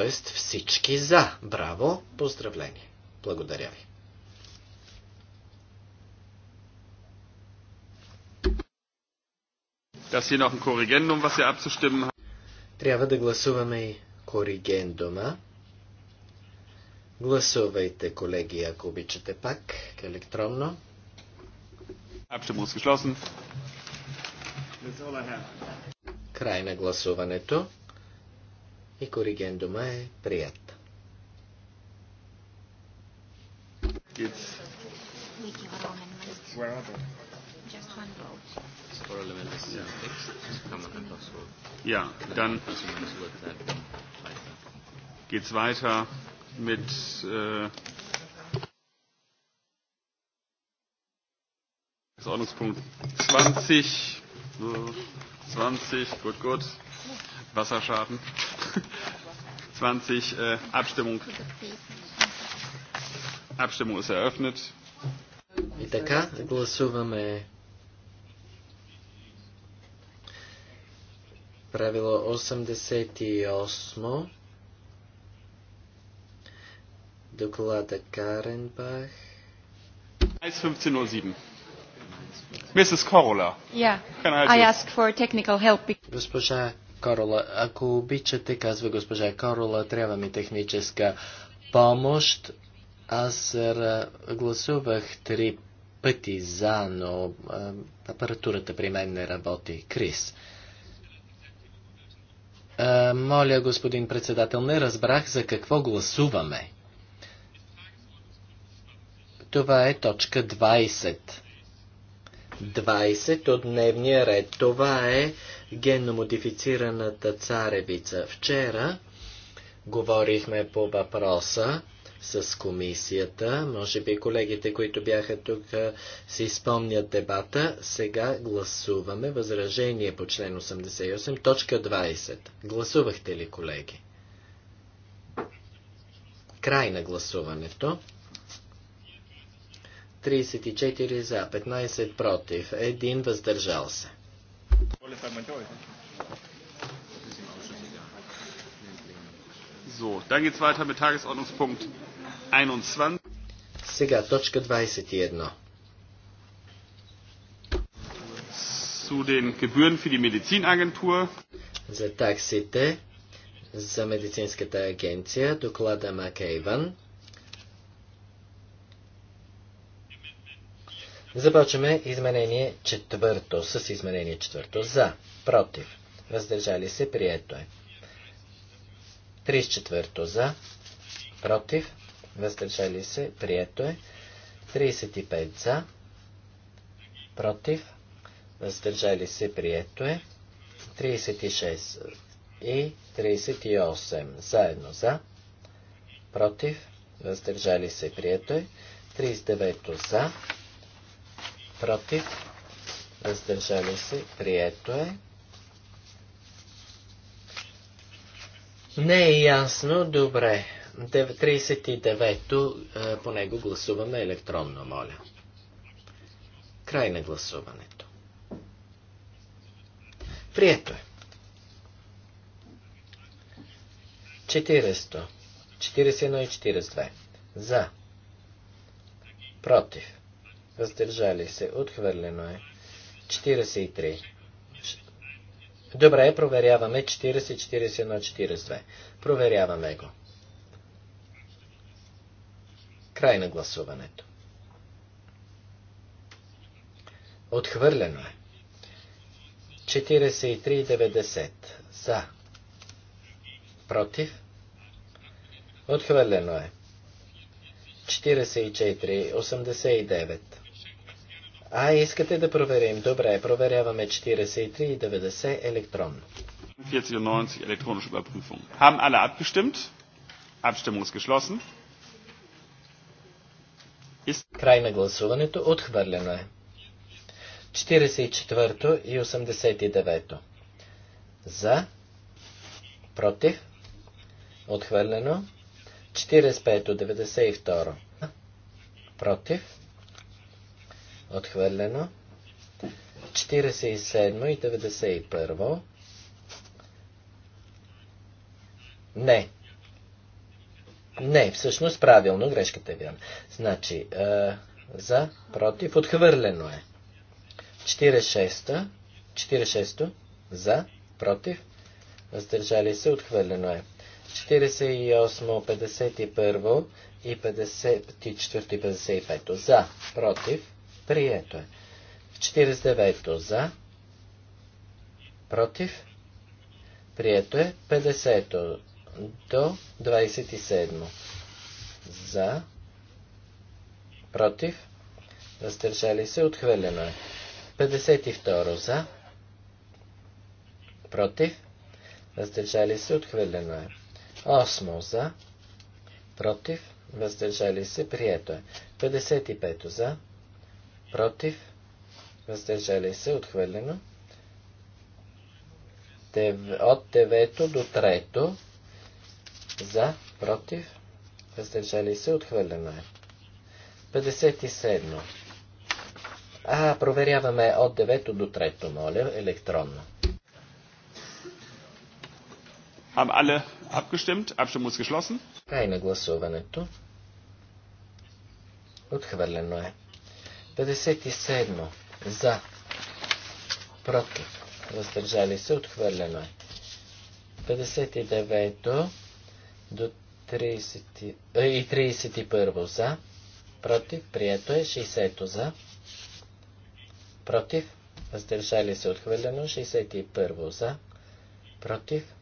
т.е. всички за. Браво, поздравление. Благодаря ви. Трябва да гласуваме и коригендума. Гласувайте, колеги, ако обичате пак, електронно. Край на гласуването и коригендума е прият. geht's weiter mit äh, Ordnungspunkt 20. 20, gut, gut. Wasserschaden. 20 äh, Abstimmung. Abstimmung ist eröffnet. И така, гласуваме правило 88, доклада Каренбах. 15.07. Mrs. Corolla. Yeah. Can I, I ask for technical help. Госпожа Корола, ако обичате, казва госпожа Корола, трябва ми техническа помощ. Аз гласувах три пъти за, но апаратурата при мен не работи. Крис. Моля, господин председател, не разбрах за какво гласуваме. Това е точка 20. 20 от дневния ред. Това е генно модифицираната царевица. Вчера говорихме по въпроса с комисията. Може би колегите, които бяха тук, си спомнят дебата. Сега гласуваме възражение по член 88, точка 20. Гласувахте ли, колеги? Край на гласуването. 34 за, 15 против, 1 въздържал се. So, dann geht's weiter mit Tagesordnungspunkt 21. Сега точка 21. Zu den Gebühren für die Medizinagentur. За таксите за медицинската агенция доклада Макейван. Започваме изменение четвърто, с изменение четвърто. За, против, въздържали се, прието е. 34 за, против, въздържали се, прието е. 35 за, против, въздържали се, прието е. 36 и 38 заедно за, против, въздържали се, прието е. 39 за, против, въздържали се, прието е. Не е ясно, добре. 39-то, е, по него гласуваме електронно, моля. Край на гласуването. Прието е. 40. 41 и 42. За. Против въздържали се, отхвърлено е. 43. Добре, проверяваме 40, 41, 42. Проверяваме го. Край на гласуването. Отхвърлено е. 43,90. За. Против. Отхвърлено е. 89. А, искате да проверим. Добре, проверяваме 43 и 90 електронно. 49 und 90 elektronische Überprüfung. Haben alle abgestimmt? Abstimmung ist geschlossen. Ist... Край на гласуването. Отхвърлено е. 44 и 89. За. Против. Отхвърлено. 45 92. Против Отхвърлено. 47 и 91. Не. Не, всъщност правилно, грешката е вярна. Значи, е, за, против, отхвърлено е. 46, 46 за, против, въздържали се, отхвърлено е. 48, 51 и 54, 55 за, против, Прието е. 49-то за. Против. Прието е. 50-то до 27-то. За. Против. Въздържали се. Отхвърлено е. 52 за. Против. Въздържали се. Отхвърлено е. 8 за. Против. Въздържали се. Прието е. 55 за против, въздържали се, отхвърлено. От 9 до трето. за, против, въздържали се, отхвърлено е. 57. А, проверяваме от 9 до трето, моля, електронно. Haben alle abgestimmt? Abstimmung ist geschlossen. Keine на гласуването. Отхвърлено е. 57. За. Против. Въздържали се. Отхвърлено е. 59 до 30, и 31 за. Против. Прието е. 60 за. Против. Въздържали се. Отхвърлено. 61 за. Против.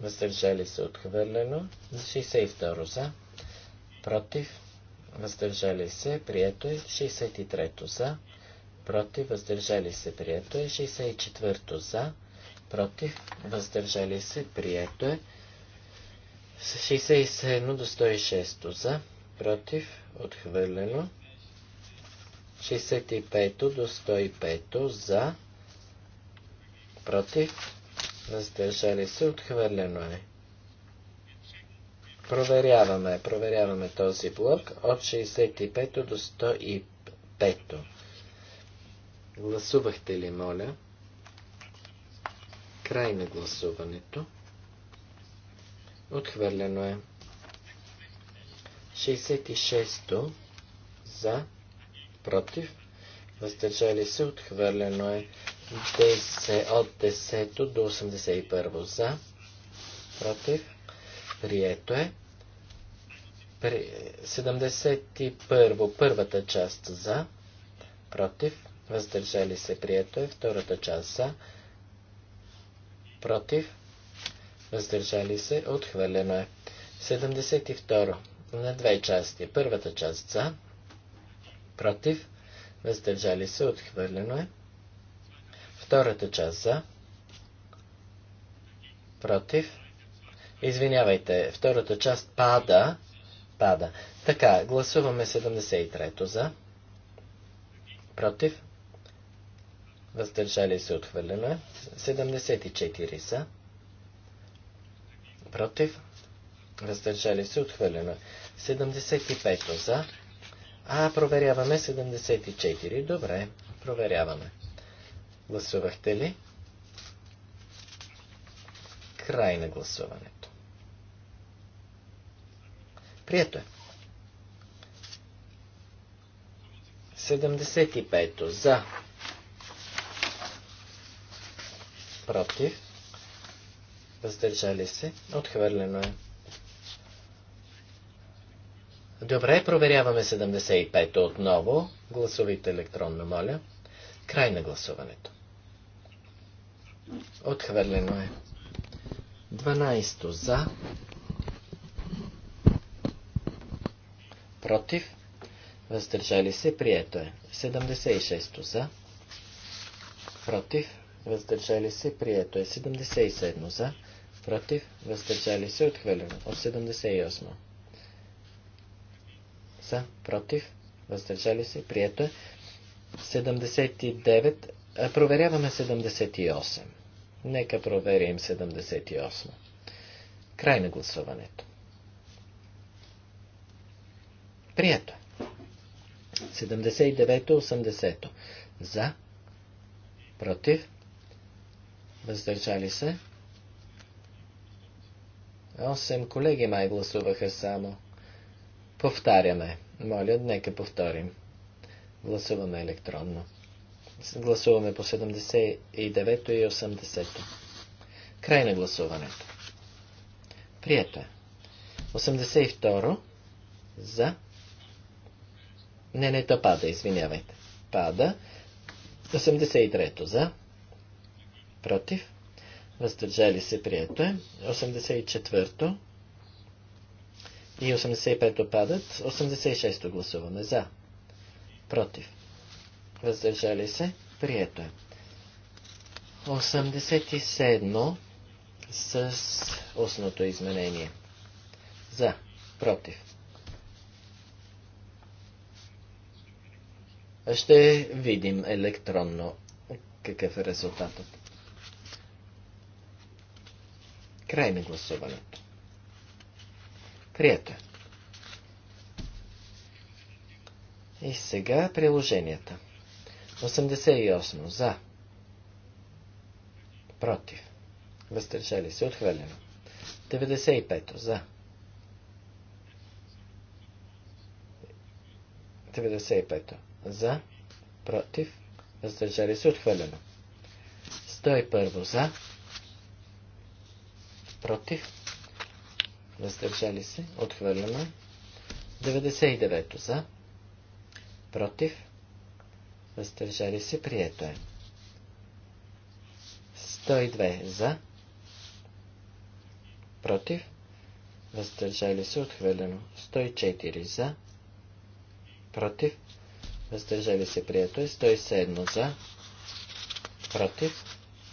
Въздържали се. Отхвърлено. 62 за. Против въздържали се, прието е 63-то за, против, въздържали се, прието е 64-то за, против, въздържали се, прието е 67 до 106 за, против, отхвърлено, 65 до 105 за, против, въздържали се, отхвърлено е. Проверяваме, проверяваме този блок от 65 до 105. Гласувахте ли, моля? Край на гласуването. Отхвърлено е. 66-то за, против, въздържали се, отхвърлено е 10, от 10 до 81 за, против, Прието е. 71. Първата част за. Против. Въздържали се. Прието е. Втората част за. Против. Въздържали се. Отхвърлено е. 72. На две части. Първата част за. Против. Въздържали се. Отхвърлено е. Втората част за. Против Извинявайте, втората част пада. Пада. Така, гласуваме 73-то за. Против. Въздържали се отхвърлено. 74 е. са. Против. Въздържали се отхвърлено. 75 е. то за. А, проверяваме 74. Добре, проверяваме. Гласувахте ли? Край на гласуването. Прието е. 75 за. Против. Въздържали се. Отхвърлено е. Добре, проверяваме 75-то отново. Гласовите електронно, моля. Край на гласуването. Отхвърлено е. 12 за, против, въздържали се, прието е. 76 за, против, въздържали се, прието е. 77 за, против, въздържали се, отхвърлено. От 78 за, против, въздържали се, прието е. 79, а, проверяваме 78. Нека проверим 78. Край на гласуването. Прието. 79-80. За. Против. Въздържали се. 8 колеги май гласуваха само. Повтаряме. Моля, нека повторим. Гласуваме електронно. Гласуваме по 79 и 80. Край на гласуването. Прието е. 82 за не, не, то пада, извинявайте. Пада. 83-то за. Против. Въздържали се, прието е. 84-то. И 85-то падат. 86-то гласуваме за. Против. Въздържали се, прието е. 87 с устното изменение. За. Против Ще видим електронно какъв е резултатът. Край на гласуването. Прието е. И сега приложенията. 88. За. Против. Въздържали се. Отхвърлено. 95. За. 95 за, против, въздържали се, отхвърлено. 101 за, против, въздържали се, отхвърлено. 99 за, против, въздържали се, прието е. 102 за, против, въздържали се, отхвърлено. 104 за, против, въздържали се, прието е. 107 за, против,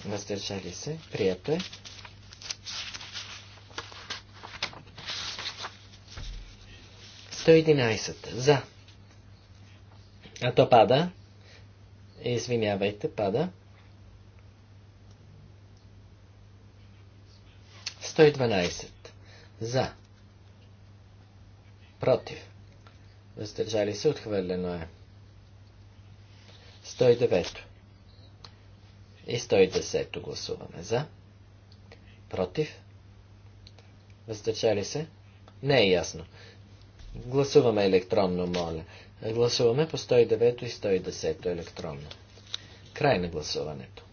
въздържали се, прието е. за. А то пада. Извинявайте, пада. 112. За. Против. Въздържали се, отхвърлено е. 109 и 110 гласуваме за. Против. Въздържали се? Не е ясно. Гласуваме електронно, моля. Гласуваме по 109 и 110 електронно. Край на гласуването.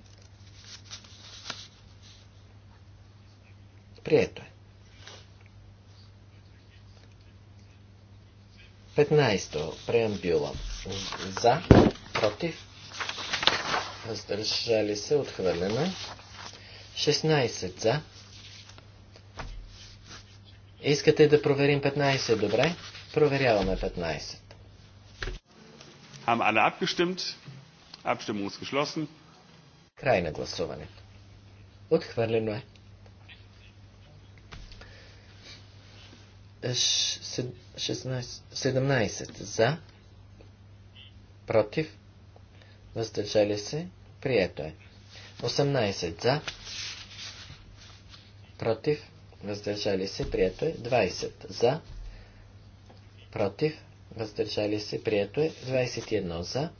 Прието е. 15. Преамбюла. За, против, въздържали се, отхвърлено. 16 за. Искате да проверим 15, добре? Проверяваме 15. Haben alle abgestimmt? Abstimmung ist geschlossen. Край на гласуване. Отхвърлено е. 17 за, против, въздържали се, Прието е. 18 за. Против. Въздържали се. Прието е. 20 за. Против. Въздържали се. Прието е. 21 за.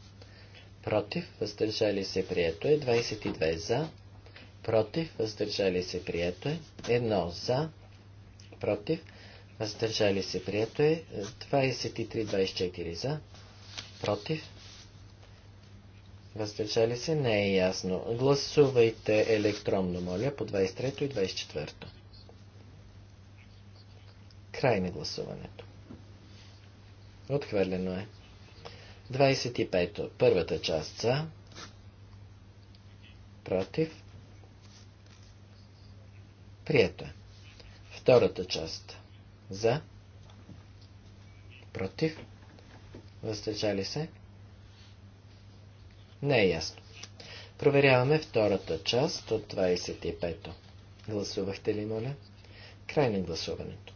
Против. Въздържали се. Прието е. 22 за. Против. Въздържали се. Прието е. 1 за. Против. Въздържали се. Прието е. 23-24 за. Против Въздържали се? Не е ясно. Гласувайте електронно, моля, по 23 и 24. Край на гласуването. Отхвърлено е. 25. то Първата част за. Против. Прието е. Втората част. За. Против. Въздържали се. Не е ясно. Проверяваме втората част от 25-то. Гласувахте ли, моля? Край на гласуването.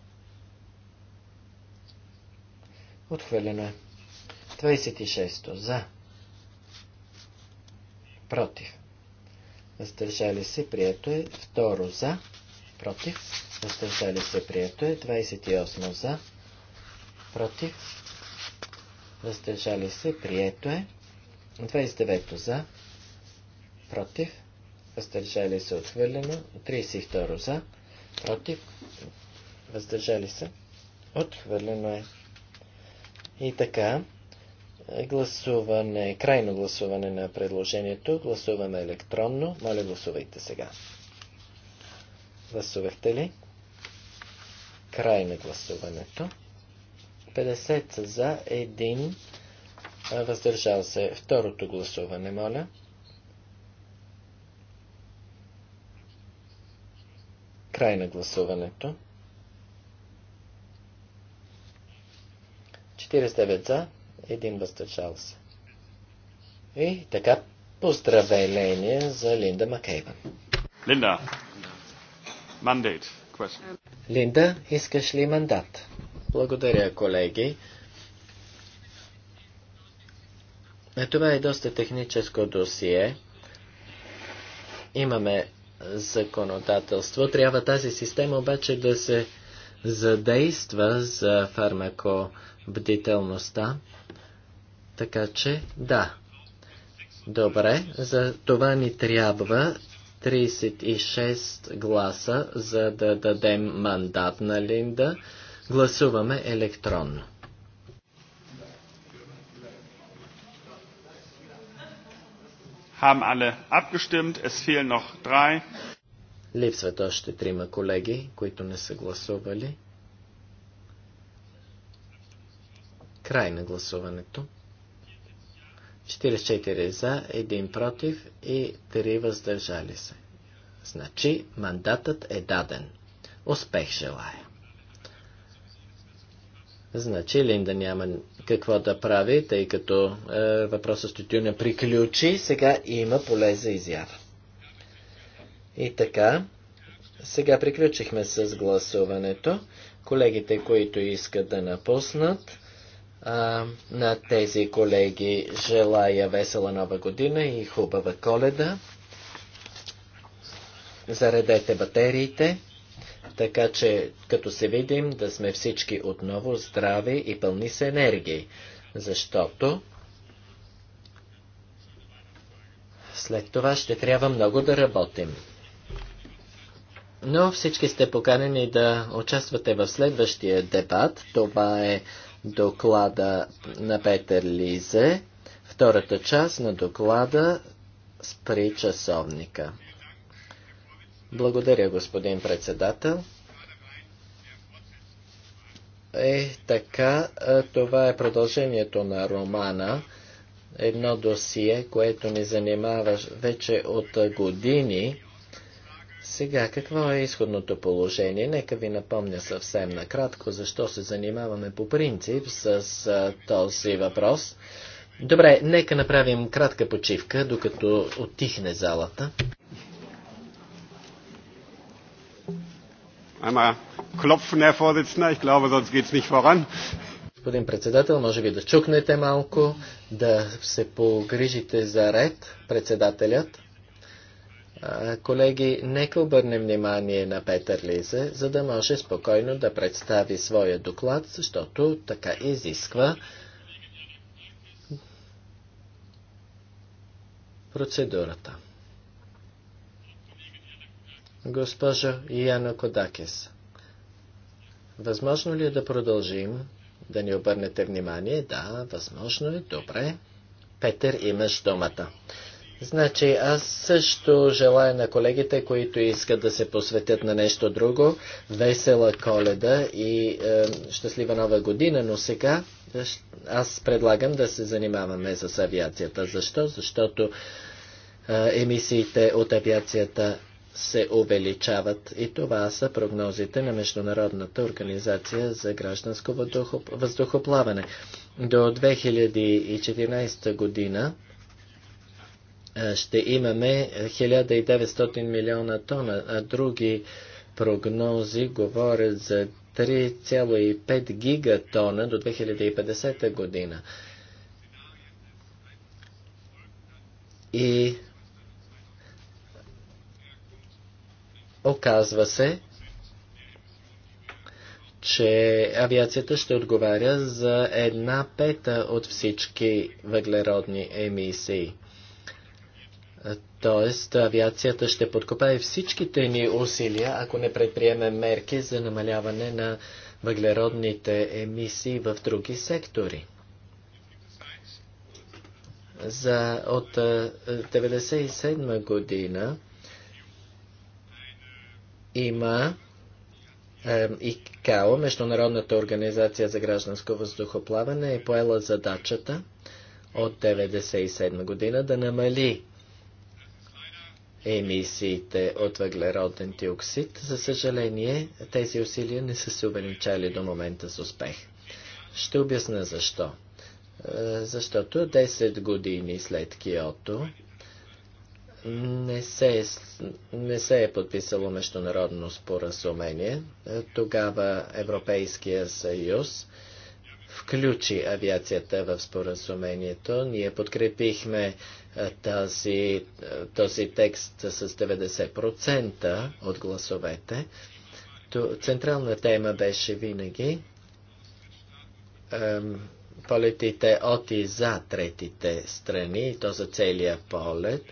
Отхвърлено е. 26-то. За. Против. Въздържали се, прието е. Второ за. Против. Въздържали се, прието е. 28 за. Против. Въздържали се, прието е. 29 за, против, въздържали се отхвърлено, 32 за, против, въздържали се, отхвърлено е. И така, гласуване, крайно гласуване на предложението, гласуваме електронно, моля гласувайте сега. Гласувахте ли? Край на гласуването. 50 за, 1 въздържал се. Второто гласуване, моля. Край на гласуването. 49 за, един въздържал се. И така, поздравление за Линда Макейван. Линда, мандат. Линда, искаш ли мандат? Благодаря, колеги. Е, това е доста техническо досие. Имаме законодателство. Трябва тази система обаче да се задейства за фармакобдителността. Така че, да. Добре, за това ни трябва 36 гласа, за да дадем мандат на Линда. Гласуваме електронно. Haben alle abgestimmt. Es fehlen noch drei. Липсват още трима колеги, които не са гласували. Край на гласуването. 44 за, 1 против и 3 въздържали се. Значи мандатът е даден. Успех желая! Значи Линда няма какво да прави, тъй като е, въпросът с тютюна приключи, сега има поле за изява. И така, сега приключихме с гласуването. Колегите, които искат да напуснат, а, на тези колеги желая весела нова година и хубава коледа. Заредете батериите. Така че, като се видим, да сме всички отново здрави и пълни с енергии. Защото след това ще трябва много да работим. Но всички сте поканени да участвате в следващия дебат. Това е доклада на Петър Лизе, втората част на доклада спри часовника. Благодаря, господин председател. Е, така, това е продължението на романа. Едно досие, което ни занимава вече от години. Сега, какво е изходното положение? Нека ви напомня съвсем накратко, защо се занимаваме по принцип с този въпрос. Добре, нека направим кратка почивка, докато отихне залата. Einmal klopfen, Herr Vorsitzender. Ich glaube, sonst es nicht voran. Господин председател, може би да чукнете малко, да се погрижите за ред, председателят. Колеги, нека обърнем внимание на Петър Лизе, за да може спокойно да представи своя доклад, защото така изисква процедурата. Госпожо Яна Кодакес, възможно ли е да продължим да ни обърнете внимание? Да, възможно е. Добре. Петър, имаш думата. Значи, аз също желая на колегите, които искат да се посветят на нещо друго, весела коледа и е, щастлива нова година, но сега аз предлагам да се занимаваме с авиацията. Защо? Защото е, емисиите от авиацията се увеличават и това са прогнозите на Международната организация за гражданско въздухоплаване. До 2014 година ще имаме 1900 милиона тона, а други прогнози говорят за 3,5 гигатона до 2050 година. И Оказва се, че авиацията ще отговаря за една пета от всички въглеродни емисии. Тоест, авиацията ще подкопае всичките ни усилия, ако не предприемем мерки за намаляване на въглеродните емисии в други сектори. За, от 1997 година има е, ИКАО, Международната организация за гражданско въздухоплаване, е поела задачата от 1997 година да намали емисиите от въглероден диоксид. За съжаление, тези усилия не са се увеличали до момента с успех. Ще обясна защо. Е, защото 10 години след Киото не се, е, не се е подписало международно споразумение. Е, тогава Европейския съюз включи авиацията в споразумението. Ние подкрепихме е, този, е, този текст с 90% от гласовете. Централна тема беше винаги ем, полетите от и за третите страни, и то за целия полет.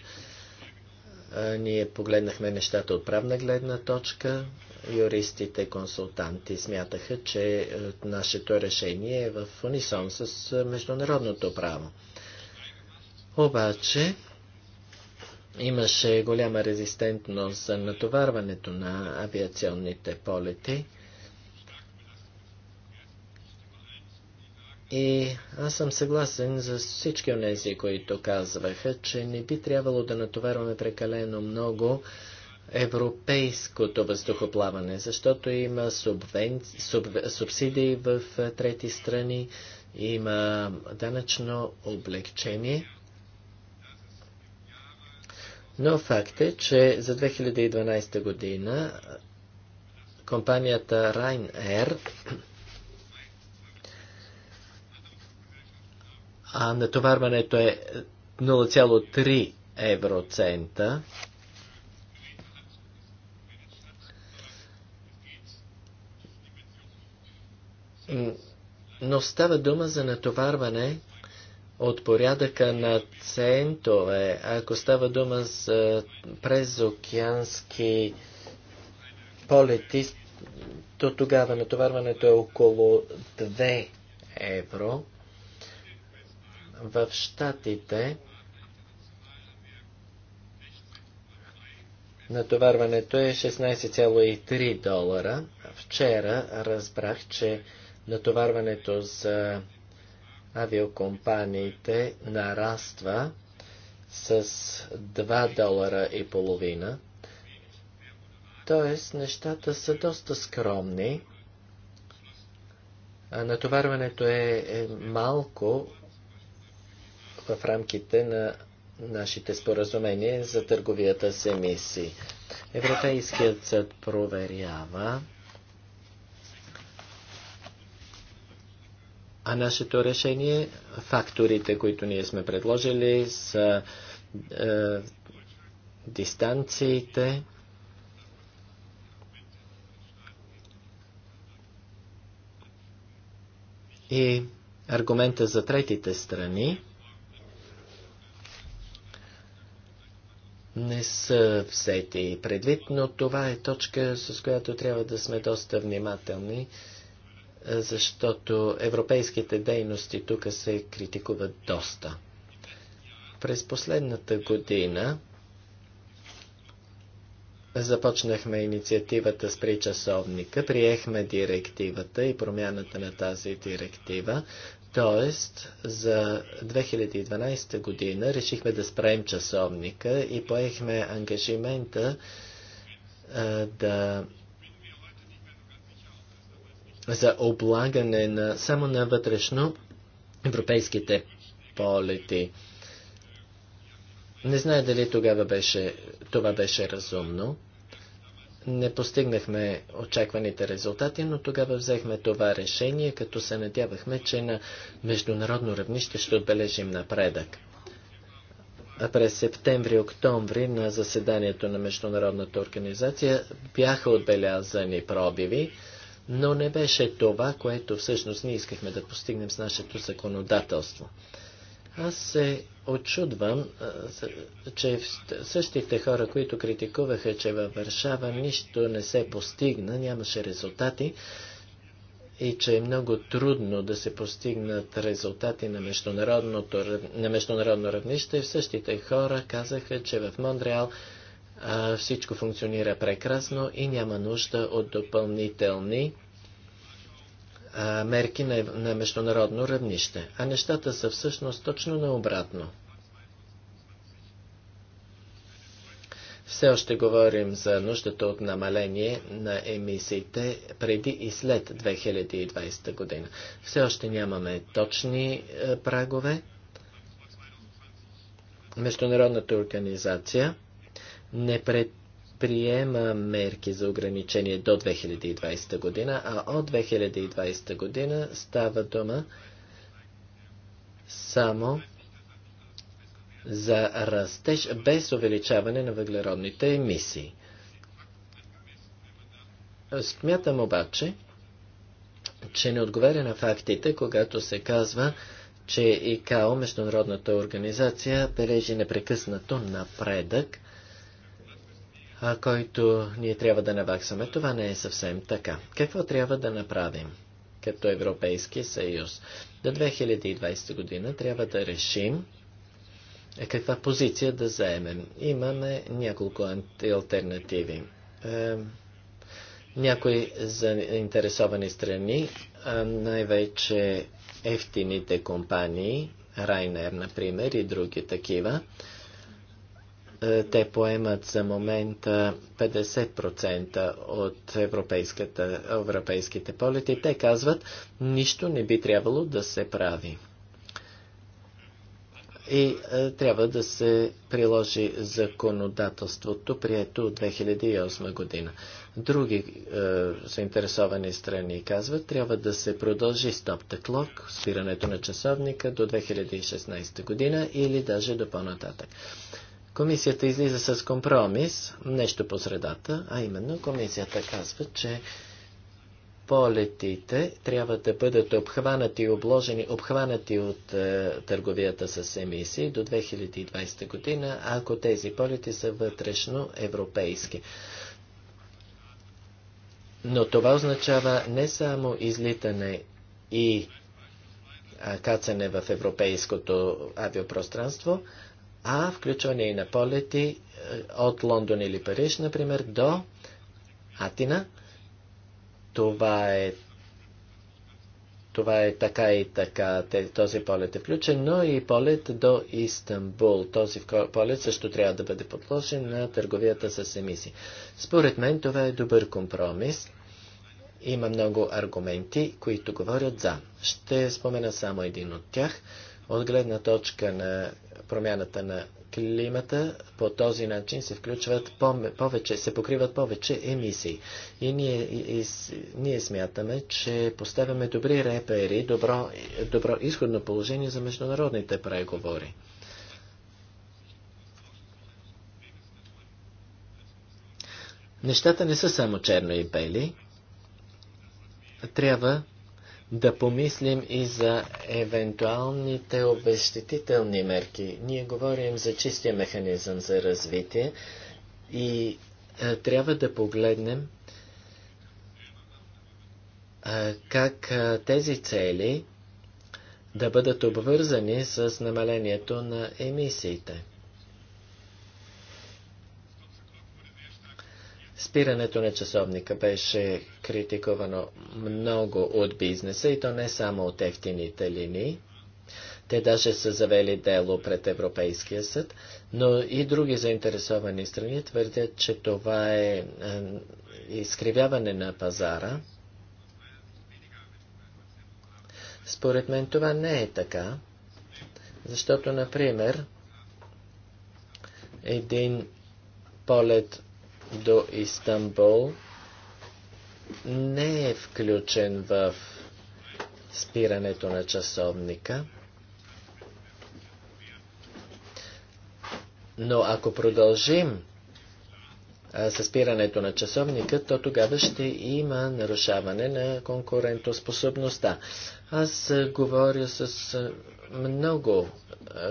Ние погледнахме нещата от правна гледна точка. Юристите, консултанти смятаха, че нашето решение е в унисон с международното право. Обаче, имаше голяма резистентност за натоварването на авиационните полети. И аз съм съгласен за всички онези, които казваха, че не би трябвало да натоварваме прекалено много европейското въздухоплаване, защото има субвен... суб... субсидии в трети страни, има данъчно облегчение. Но факт е, че за 2012 година компанията Ryanair а натоварването е 0,3 евроцента. Но става дума за натоварване от порядъка на центове, ако става дума за презокеански полети, то тогава натоварването е около 2 евро в Штатите натоварването е 16,3 долара. Вчера разбрах, че натоварването за авиокомпаниите нараства с 2 долара и половина. Тоест, нещата са доста скромни. Натоварването е, е малко, в рамките на нашите споразумения за търговията с емисии. Европейският съд проверява, а нашето решение, факторите, които ние сме предложили, са е, дистанциите, и аргумента за третите страни не са взети предвид, но това е точка, с която трябва да сме доста внимателни, е, защото европейските дейности тук се критикуват доста. През последната година Започнахме инициативата с причасовника, приехме директивата и промяната на тази директива, т.е. за 2012 година решихме да спрем часовника и поехме ангажимента а, да за облагане на само на вътрешно европейските полети. Не знае дали тогава беше, това беше разумно. Не постигнахме очакваните резултати, но тогава взехме това решение, като се надявахме, че на международно равнище ще отбележим напредък. А през септември-октомври на заседанието на Международната организация бяха отбелязани пробиви, но не беше това, което всъщност ние искахме да постигнем с нашето законодателство. Аз се очудвам, че същите хора, които критикуваха, че във Варшава нищо не се постигна, нямаше резултати и че е много трудно да се постигнат резултати на, международното, на международно равнище, и същите хора казаха, че в Монреал всичко функционира прекрасно и няма нужда от допълнителни мерки на, на международно равнище. А нещата са всъщност точно наобратно. Все още говорим за нуждата от намаление на емисиите преди и след 2020 година. Все още нямаме точни е, прагове. Международната организация не, пред, приема мерки за ограничение до 2020 година, а от 2020 година става дума само за растеж без увеличаване на въглеродните емисии. Смятам обаче, че не отговаря на фактите, когато се казва, че ИКАО, Международната организация, бележи непрекъснато напредък – който ние трябва да наваксаме. Това не е съвсем така. Какво трябва да направим като Европейски съюз? До 2020 година трябва да решим е, каква позиция да заемем. Имаме няколко альтернативи. Е, някои заинтересовани страни, най-вече ефтините компании, Райнер, например, и други такива, е, те поемат за момента 50% от европейските полети. Те казват, нищо не би трябвало да се прави. И е, трябва да се приложи законодателството, прието от 2008 година. Други е, заинтересовани страни казват, трябва да се продължи стоп клок, спирането на часовника до 2016 година или даже до по-нататък. Комисията излиза с компромис, нещо по средата, а именно комисията казва, че полетите трябва да бъдат обхванати и обложени, обхванати от е, търговията с емисии до 2020 година, ако тези полети са вътрешно европейски. Но това означава не само излитане и кацане в европейското авиопространство, а включване и на полети е, от Лондон или Париж, например, до Атина. Това е това е така и така. Този полет е включен, но и полет до Истанбул. Този полет също трябва да бъде подложен на търговията с емисии. Според мен това е добър компромис. Има много аргументи, които говорят за. Ще спомена само един от тях. От гледна точка на промяната на климата, по този начин се включват повече, се покриват повече емисии. И ние, и, ние смятаме, че поставяме добри репери, добро, добро изходно положение за международните преговори. Нещата не са само черно и бели. Трябва да помислим и за евентуалните обещетителни мерки. Ние говорим за чистия механизъм за развитие и а, трябва да погледнем а, как а, тези цели да бъдат обвързани с намалението на емисиите. Спирането на часовника беше критикувано много от бизнеса и то не само от ефтините линии. Те даже са завели дело пред Европейския съд, но и други заинтересовани страни твърдят, че това е, е изкривяване на пазара. Според мен това не е така, защото, например, един полет до Истанбул не е включен в спирането на часовника. Но ако продължим а, спирането на часовника, то тогава ще има нарушаване на конкурентоспособността. Аз говоря с много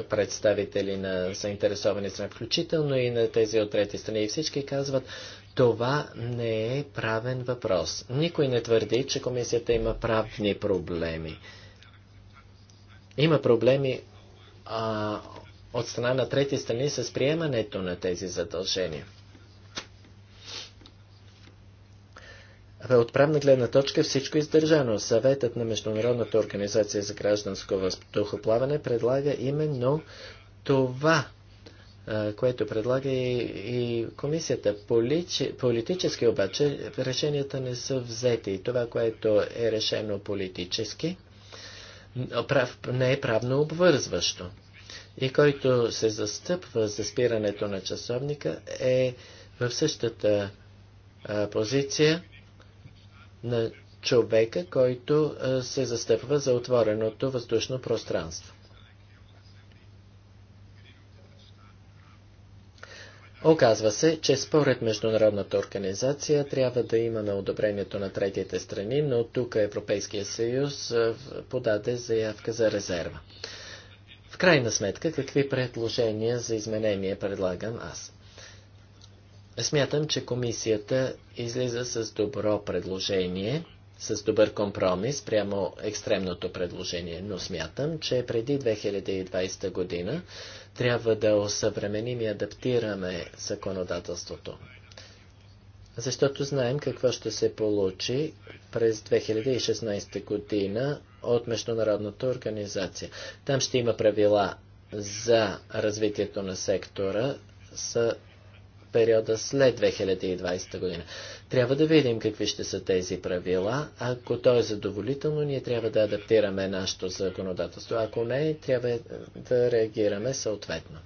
представители на заинтересовани страни, включително и на тези от трети страни. И всички казват, това не е правен въпрос. Никой не твърди, че комисията има правни проблеми. Има проблеми а, от страна на трети страни с приемането на тези задължения. От правна гледна точка всичко е издържано. Съветът на Международната организация за гражданско въздухоплаване предлага именно това, което предлага и, и комисията. Поличи, политически обаче решенията не са взети. Това, което е решено политически, прав, не е правно обвързващо. И който се застъпва за спирането на часовника е в същата а, позиция, на човека, който се застъпва за отвореното въздушно пространство. Оказва се, че според Международната организация трябва да има на одобрението на третите страни, но тук Европейския съюз подаде заявка за резерва. В крайна сметка, какви предложения за изменение предлагам аз? Смятам, че комисията излиза с добро предложение, с добър компромис прямо екстремното предложение, но смятам, че преди 2020 година трябва да осъвременим и адаптираме законодателството. Защото знаем какво ще се получи през 2016 година от Международната организация. Там ще има правила за развитието на сектора, периода след 2020 година. Трябва да видим какви ще са тези правила. Ако то е задоволително, ние трябва да адаптираме нашето законодателство. Ако не, трябва да реагираме съответно.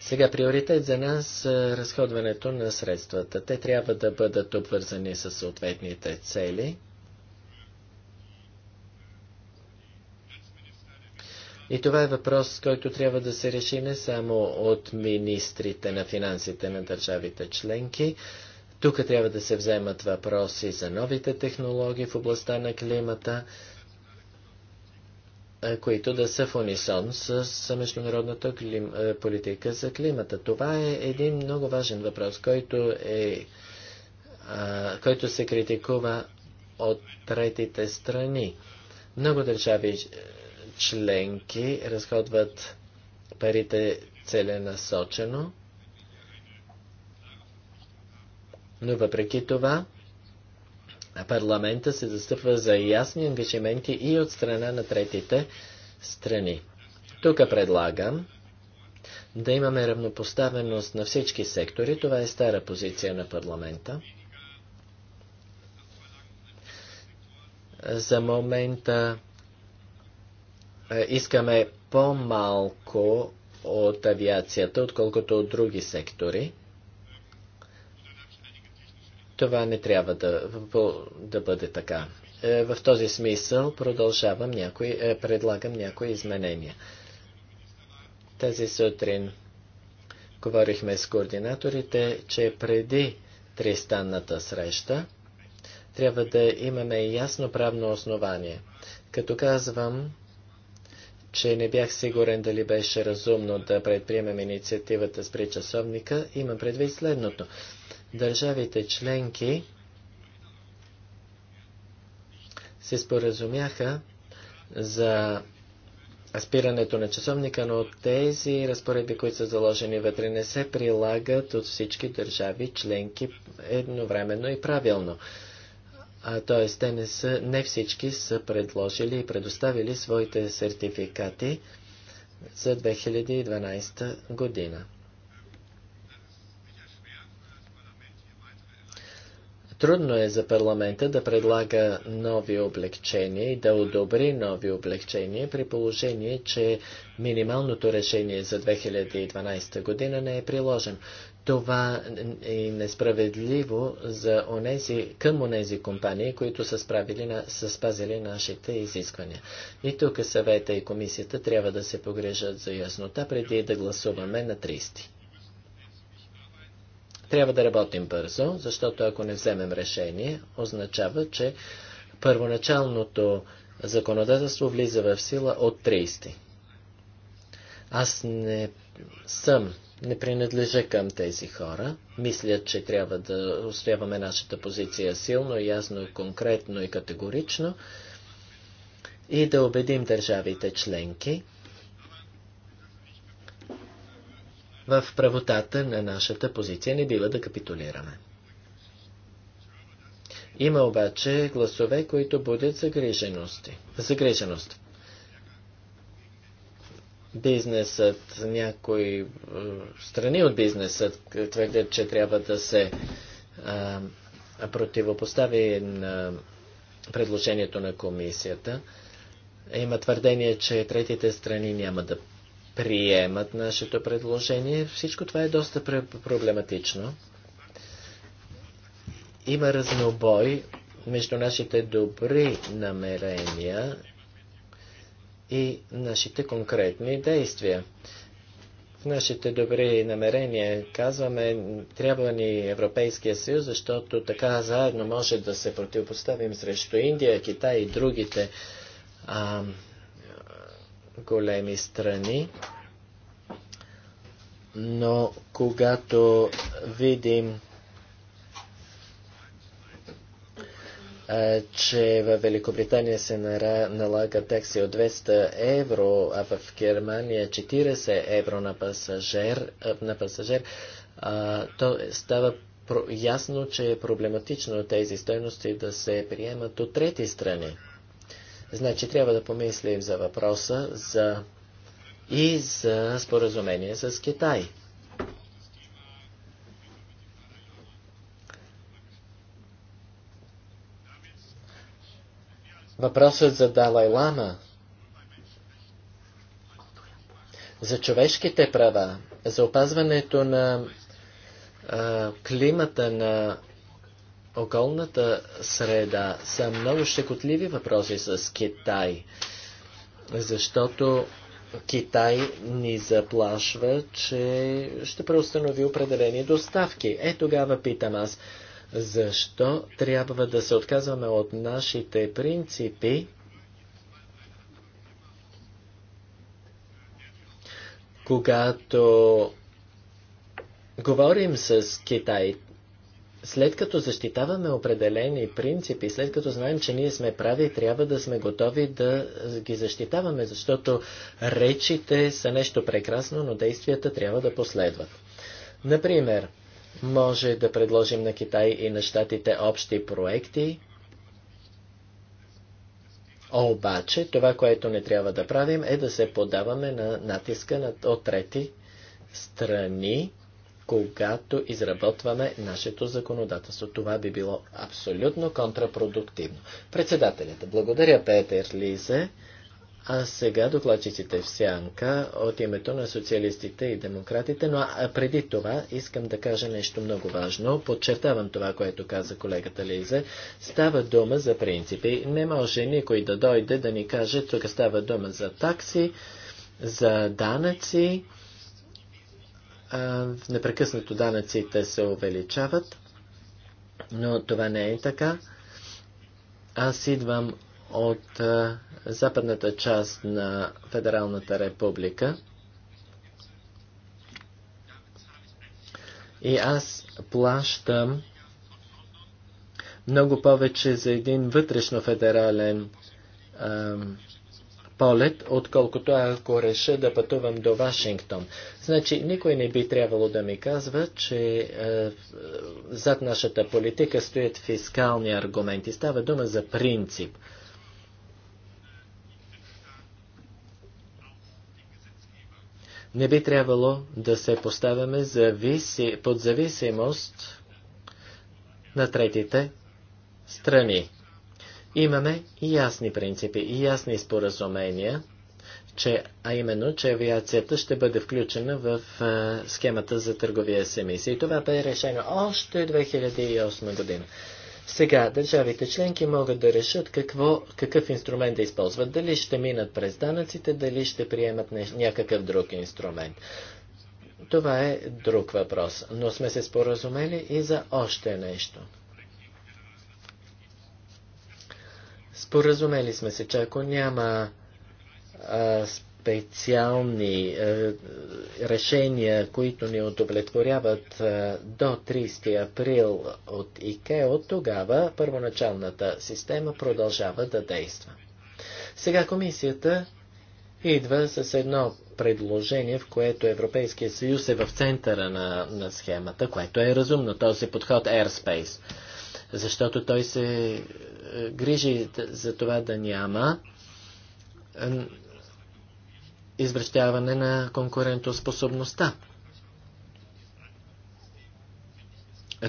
Сега приоритет за нас е разходването на средствата. Те трябва да бъдат обвързани с съответните цели – И това е въпрос, който трябва да се реши не само от министрите на финансите на държавите членки. Тук трябва да се вземат въпроси за новите технологии в областта на климата, които да са в унисон с международната клим... политика за климата. Това е един много важен въпрос, който, е, а, който се критикува от третите страни. Много държави членки разходват парите целенасочено, но въпреки това парламента се застъпва за ясни ангажименти и от страна на третите страни. Тук предлагам да имаме равнопоставеност на всички сектори. Това е стара позиция на парламента. За момента е, искаме по-малко от авиацията, отколкото от други сектори. Това не трябва да, да бъде така. Е, в този смисъл продължавам някои, е, предлагам някои изменения. Тази сутрин говорихме с координаторите, че преди тристанната среща трябва да имаме ясно правно основание. Като казвам че не бях сигурен дали беше разумно да предприемем инициативата с причасовника, имам предвид следното. Държавите членки се споразумяха за спирането на часовника, но тези разпоредби, които са заложени вътре, не се прилагат от всички държави членки едновременно и правилно т.е. те не, са, не всички са предложили и предоставили своите сертификати за 2012 година. Трудно е за парламента да предлага нови облегчения и да одобри нови облегчения при положение, че минималното решение за 2012 година не е приложено. Това е несправедливо за онези, към онези компании, които са, справили на, са спазили нашите изисквания. И тук съвета и комисията трябва да се погрежат за яснота преди да гласуваме на 30. Трябва да работим бързо, защото ако не вземем решение, означава, че първоначалното законодателство влиза в сила от 30. Аз не съм не принадлежа към тези хора. Мисля, че трябва да устояваме нашата позиция силно, ясно, конкретно и категорично и да убедим държавите членки в правотата на нашата позиция. Не бива да капитулираме. Има обаче гласове, които будят загриженост бизнесът, някои е, страни от бизнесът твърдят, че трябва да се а, е, противопостави на предложението на комисията. Има твърдение, че третите страни няма да приемат нашето предложение. Всичко това е доста проблематично. Има разнобой между нашите добри намерения и нашите конкретни действия. В нашите добри намерения казваме, трябва ни Европейския съюз, защото така заедно може да се противопоставим срещу Индия, Китай и другите а, големи страни. Но когато видим че в Великобритания се налага такси от 200 евро, а в Германия 40 евро на пасажер, на пасажер то става ясно, че е проблематично тези стоености да се приемат от трети страни. Значи трябва да помислим за въпроса за и за споразумение с Китай. Въпросът за Далай Лама, за човешките права, за опазването на а, климата, на околната среда са много щекотливи въпроси с Китай, защото Китай ни заплашва, че ще преустанови определени доставки. Е, тогава питам аз, защо трябва да се отказваме от нашите принципи, когато говорим с Китай, след като защитаваме определени принципи, след като знаем, че ние сме прави, трябва да сме готови да ги защитаваме, защото речите са нещо прекрасно, но действията трябва да последват. Например, може да предложим на Китай и на щатите общи проекти. Обаче, това, което не трябва да правим, е да се подаваме на натиска от трети страни, когато изработваме нашето законодателство. Това би било абсолютно контрапродуктивно. Председателят, благодаря Петър Лизе. А сега докладчиците в сянка от името на социалистите и демократите, но преди това искам да кажа нещо много важно. Подчертавам това, което каза колегата Лизе. Става дума за принципи. Не може никой да дойде да ни каже, тук става дума за такси, за данъци. непрекъснато данъците се увеличават, но това не е така. Аз идвам от е, западната част на Федералната република. И аз плащам много повече за един вътрешно федерален а, полет, отколкото ако реша да пътувам до Вашингтон. Значи, никой не би трябвало да ми казва, че а, е, зад нашата политика стоят фискални аргументи. Става дума за принцип. Не би трябвало да се поставяме зависи, под зависимост на третите страни. Имаме и ясни принципи и ясни споразумения, че, а именно, че авиацията ще бъде включена в а, схемата за търговия с емисии. Това бе решено още 2008 година. Сега държавите членки могат да решат какво, какъв инструмент да използват. Дали ще минат през данъците, дали ще приемат някакъв друг инструмент. Това е друг въпрос, но сме се споразумели и за още нещо. Споразумели сме се, че ако няма а, специални е, решения, които ни удовлетворяват е, до 30 април от ИКЕО, тогава първоначалната система продължава да действа. Сега комисията идва с едно предложение, в което Европейския съюз е в центъра на, на схемата, което е разумно, този подход Airspace, защото той се е, грижи за това да няма Извръщаване на конкурентоспособността.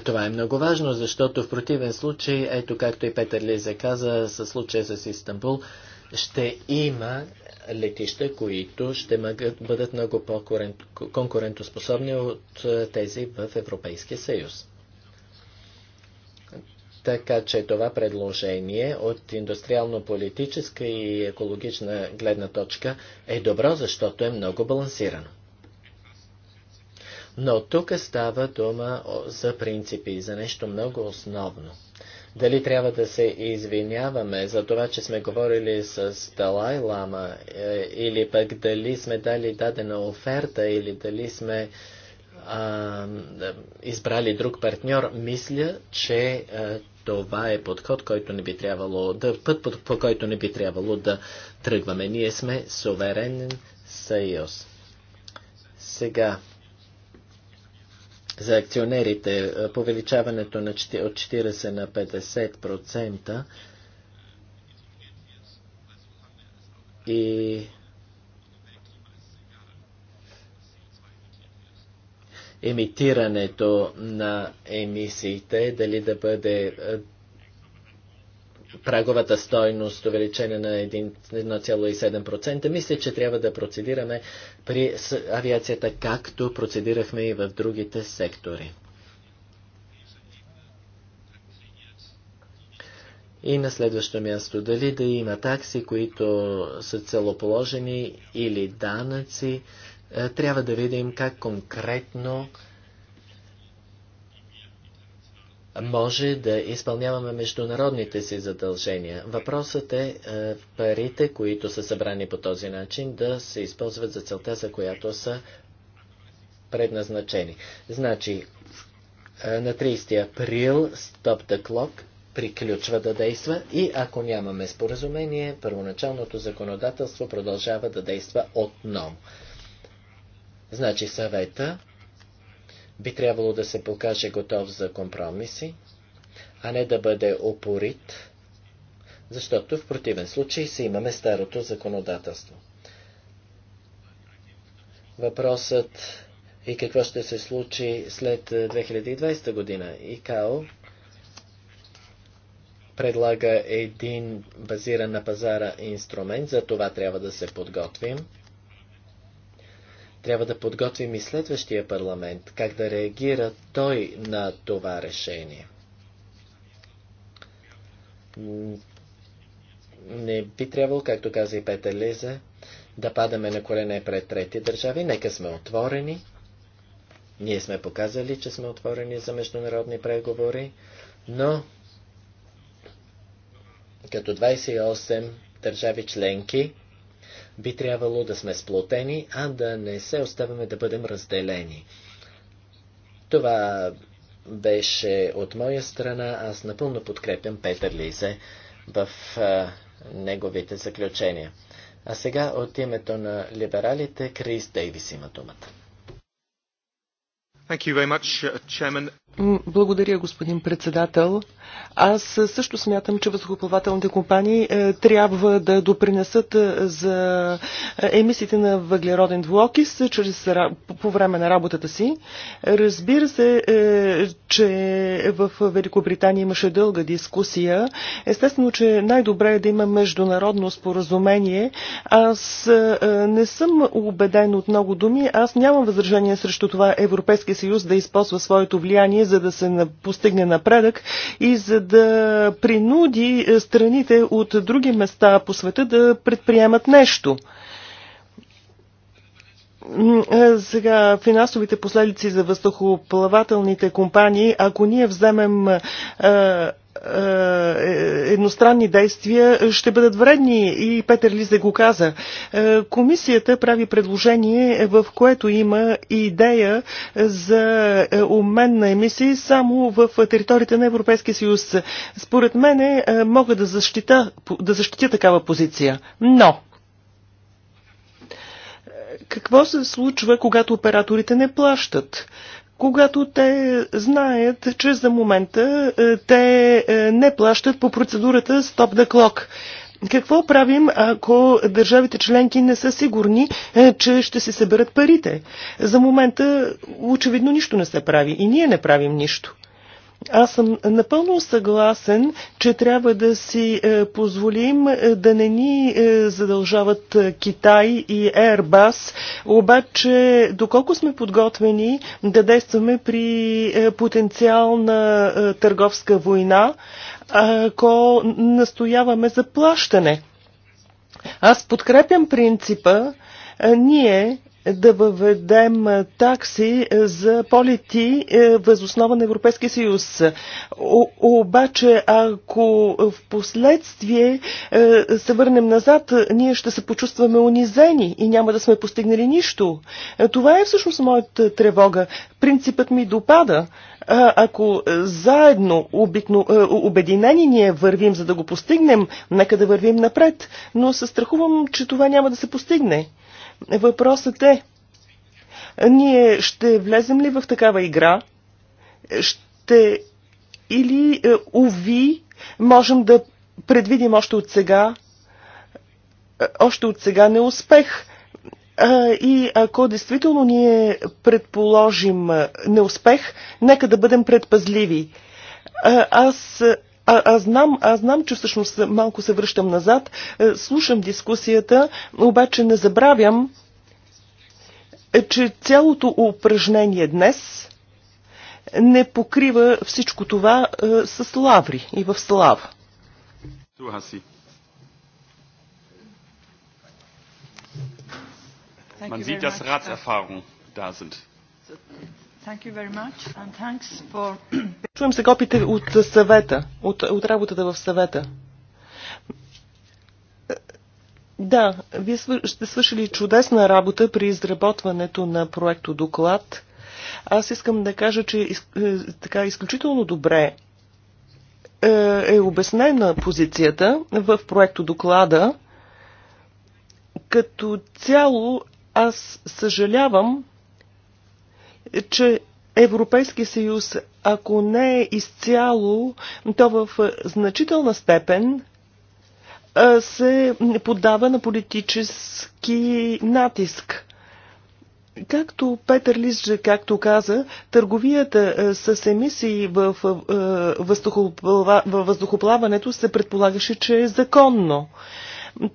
Това е много важно, защото в противен случай, ето както и Петър Лиза каза, със случая с Истанбул, ще има летища, които ще бъдат много по-конкурентоспособни от тези в Европейския съюз. Така че това предложение от индустриално-политическа и екологична гледна точка е добро, защото е много балансирано. Но тук става дума за принципи, за нещо много основно. Дали трябва да се извиняваме за това, че сме говорили с Далай Лама, е, или пък дали сме дали дадена оферта, или дали сме а, избрали друг партньор, мисля, че а, това е подход, който не би трябвало да, път, по, по който не би трябвало да тръгваме. Ние сме суверенен съюз. Сега, за акционерите, повеличаването на, от 40 на 50% и емитирането на емисиите, дали да бъде праговата стойност увеличена на 1,7%. Мисля, че трябва да процедираме при авиацията, както процедирахме и в другите сектори. И на следващо място, дали да има такси, които са целоположени или данъци, е, трябва да видим как конкретно може да изпълняваме международните си задължения. Въпросът е, е парите, които са събрани по този начин, да се използват за целта, за която са предназначени. Значи, е, на 30 април Stop the Clock приключва да действа и ако нямаме споразумение, първоначалното законодателство продължава да действа отново. Значи съвета би трябвало да се покаже готов за компромиси, а не да бъде опорит, защото в противен случай си имаме старото законодателство. Въпросът и какво ще се случи след 2020 е, година. ИКАО предлага един базиран на пазара инструмент, за това трябва да се подготвим. Трябва да подготвим и следващия парламент, как да реагира той на това решение. Не би трябвало, както каза и Петър Лиза, да падаме на колене пред трети държави. Нека сме отворени. Ние сме показали, че сме отворени за международни преговори, но като 28 държави членки, би трябвало да сме сплотени, а да не се оставяме да бъдем разделени. Това беше от моя страна. Аз напълно подкрепям Петър Лизе в а, неговите заключения. А сега от името на либералите Крис Дейвис има думата. Much, uh, благодаря, господин председател. Аз също смятам, че възхоплавателните компании е, трябва да допринесат е, за е, емисиите на въглероден двуокис чрез, по време на работата си. Разбира се, че в Великобритания имаше дълга дискусия. Естествено, че най-добре е да има международно споразумение. Аз не съм убеден от много думи. Аз нямам възражение срещу това Европейския съюз да използва своето влияние решение, за да се постигне напредък и за да принуди е, страните от други места по света да предприемат нещо. Е, сега, финансовите последици за въздухоплавателните компании, ако ние вземем е, е, едностранни действия ще бъдат вредни и Петър Лизе го каза. Е, комисията прави предложение, в което има идея за е, обмен на емисии само в територията на Европейския съюз. Според мене мога да защита, да защитя такава позиция. Но какво се случва, когато операторите не плащат? когато те знаят, че за момента е, те е, не плащат по процедурата Stop the Clock. Какво правим, ако държавите членки не са сигурни, е, че ще се съберат парите? За момента очевидно нищо не се прави и ние не правим нищо. Аз съм напълно съгласен, че трябва да си е, позволим е, да не ни е, задължават Китай и Airbus, обаче доколко сме подготвени да действаме при потенциална търговска война, ако настояваме за плащане. Аз подкрепям принципа ние да въведем такси за полети възоснова на Европейския съюз. обаче, ако в последствие се върнем назад, ние ще се почувстваме унизени и няма да сме постигнали нищо. Това е всъщност моята тревога. Принципът ми допада. Ако заедно, обикно, обединени ние вървим, за да го постигнем, нека да вървим напред, но се страхувам, че това няма да се постигне. Въпросът е, ние ще влезем ли в такава игра? Ще или, е, уви, можем да предвидим още от сега, е, още от сега неуспех. И ако действително ние предположим е, неуспех, нека да бъдем предпазливи. Аз а, аз, знам, аз знам, че всъщност малко се връщам назад, е, слушам дискусията, обаче не забравям, е, че цялото упражнение днес не покрива всичко това е, с лаври и в слава. Man sieht, dass Ratserfahrungen da sind. Чувам се копите от съвета, от, от работата в съвета. Да, вие сте свършили чудесна работа при изработването на проекто доклад. Аз искам да кажа, че из, е, така изключително добре е, е обяснена позицията в проекто доклада. Като цяло аз съжалявам, че Европейския съюз, ако не е изцяло, то в значителна степен се подава на политически натиск. Както Петър Лисджа, както каза, търговията с емисии в въздухоплаването се предполагаше, че е законно.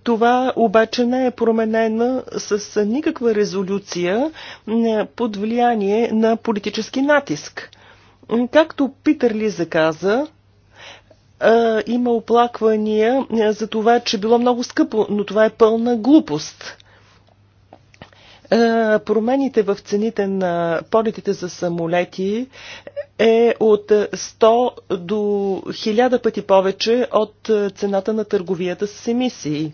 Това обаче не е променено с никаква резолюция под влияние на политически натиск. Както Питър ли заказа, има оплаквания за това, че било много скъпо, но това е пълна глупост. Е, промените в цените на полетите за самолети е от 100 до 1000 пъти повече от цената на търговията с емисии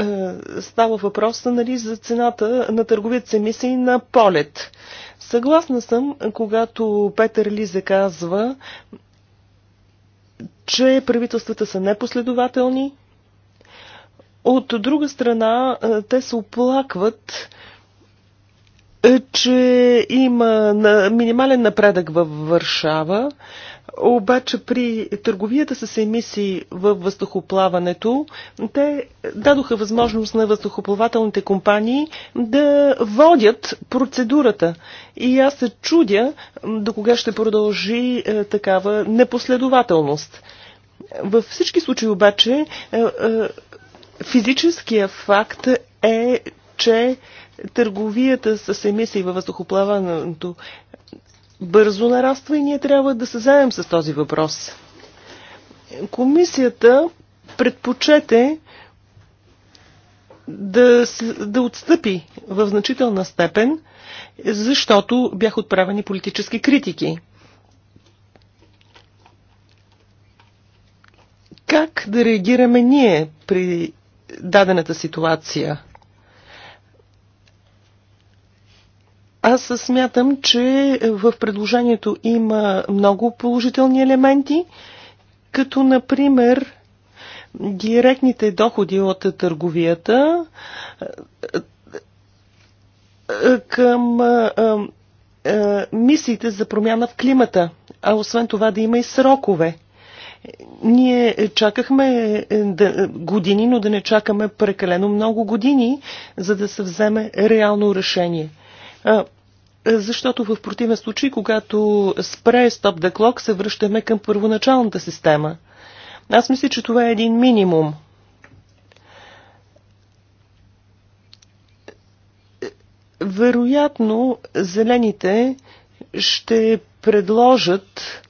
е, става въпроса нали, за цената на търговията с емисии на полет. Съгласна съм, когато Петър Лизе казва, че правителствата са непоследователни, от друга страна, е, те се оплакват, е, че има минимален напредък във Варшава, обаче при търговията с емисии във въздухоплаването, те дадоха възможност на въздухоплавателните компании да водят процедурата. И аз се чудя до кога ще продължи е, такава непоследователност. Във всички случаи обаче Физическия факт е, че търговията с емисии във въздухоплаването бързо нараства и ние трябва да се заем с този въпрос. Комисията предпочете да, да отстъпи в значителна степен, защото бях отправени политически критики. Как да реагираме ние при дадената ситуация. Аз смятам, че в предложението има много положителни елементи, като например директните доходи от търговията към мисиите за промяна в климата, а освен това да има и срокове. Ние чакахме е, да, години, но да не чакаме прекалено много години, за да се вземе реално решение. Е, защото в противен случай, когато спре стоп the clock, се връщаме към първоначалната система. Аз мисля, че това е един минимум. Вероятно, зелените ще предложат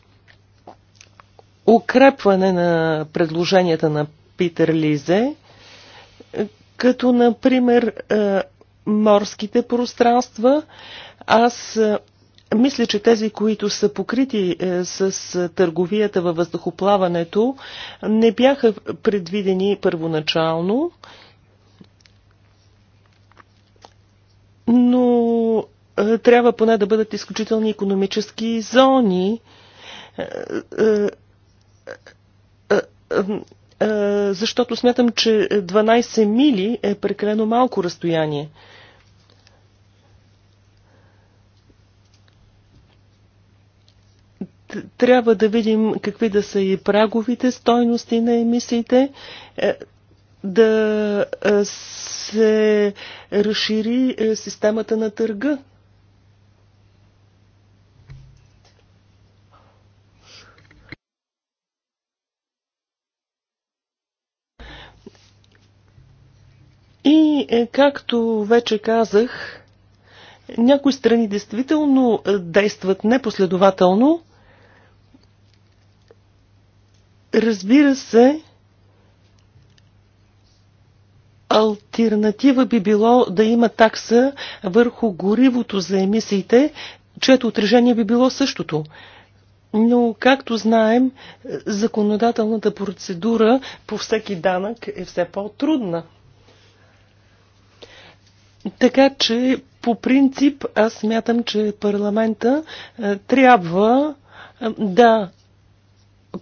укрепване на предложенията на Питер Лизе, като например е, морските пространства. Аз е, мисля, че тези, които са покрити е, с търговията във въздухоплаването, не бяха предвидени първоначално, но трябва поне да бъдат изключителни економически зони е, е, е, защото смятам, че 12 мили е прекалено малко разстояние. Трябва да видим какви да са и праговите стойности на емисиите, да се разшири системата на търга И, е, както вече казах, някои страни действително е, действат непоследователно. Разбира се, Альтернатива би било да има такса върху горивото за емисиите, чието отражение би било същото. Но, както знаем, законодателната процедура по всеки данък е все по-трудна. Така че, по принцип, аз смятам, че парламента е, трябва е, да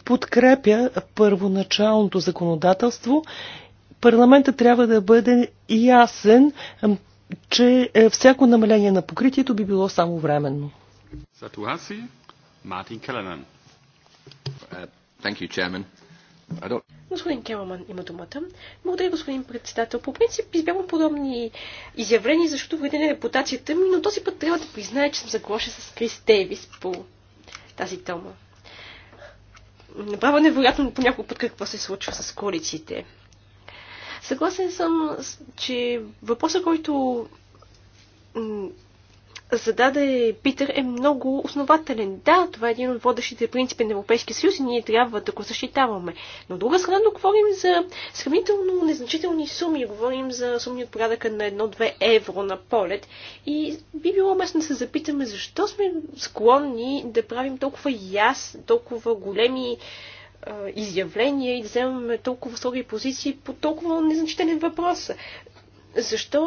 подкрепя първоначалното законодателство. Парламента трябва да бъде ясен, е, че всяко намаление на покритието би било само временно. Сатуаси, Мартин Келенан. thank you, Chairman. Господин Келман, има думата. Благодаря, господин председател. По принцип избягвам подобни изявления, защото вреди на репутацията ми, но този път трябва да призная, че съм заглоша с Крис Тейвис по тази тема. Направо невероятно по някой път какво се случва с колиците. Съгласен съм, че въпросът, който зададе Питър, е много основателен. Да, това е един от водещите принципи на Европейския съюз и ние трябва да го защитаваме. Но от друга страна, говорим за сравнително незначителни суми. Говорим за суми от порядъка на 1-2 евро на полет. И би било местно да се запитаме защо сме склонни да правим толкова яс, толкова големи изявления и да вземаме толкова строги позиции по толкова незначителен въпрос защо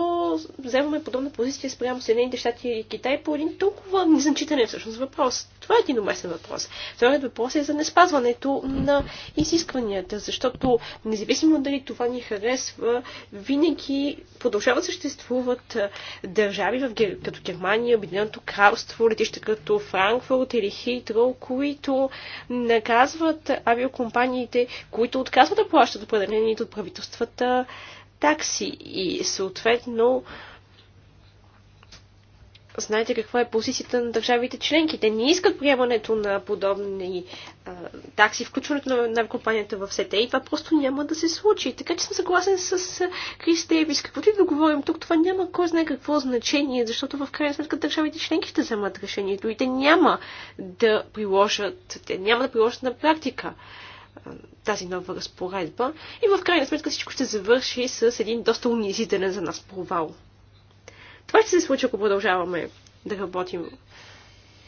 вземаме подобна позиция спрямо Съединените щати и Китай по един толкова незначителен всъщност въпрос? Това е един уместен въпрос. Вторият въпрос е за неспазването на изискванията, защото независимо дали това ни харесва, винаги продължават съществуват държави в, като Германия, Обединеното кралство, летища като Франкфурт или Хитро, които наказват авиокомпаниите, които отказват да плащат определените от правителствата такси и съответно знаете каква е позицията на държавите членки. Те не искат приемането на подобни а, такси, включването на, на компанията в сета и това просто няма да се случи. Така че съм съгласен с Крис Дейвис. Каквото и да говорим тук, това няма кой знае какво значение, защото в крайна сметка държавите членки ще вземат решението и те няма да приложат, те няма да приложат на практика. А, тази нова разпоредба. И в крайна сметка всичко ще завърши с един доста унизителен за нас провал. Това ще се случи, ако продължаваме да работим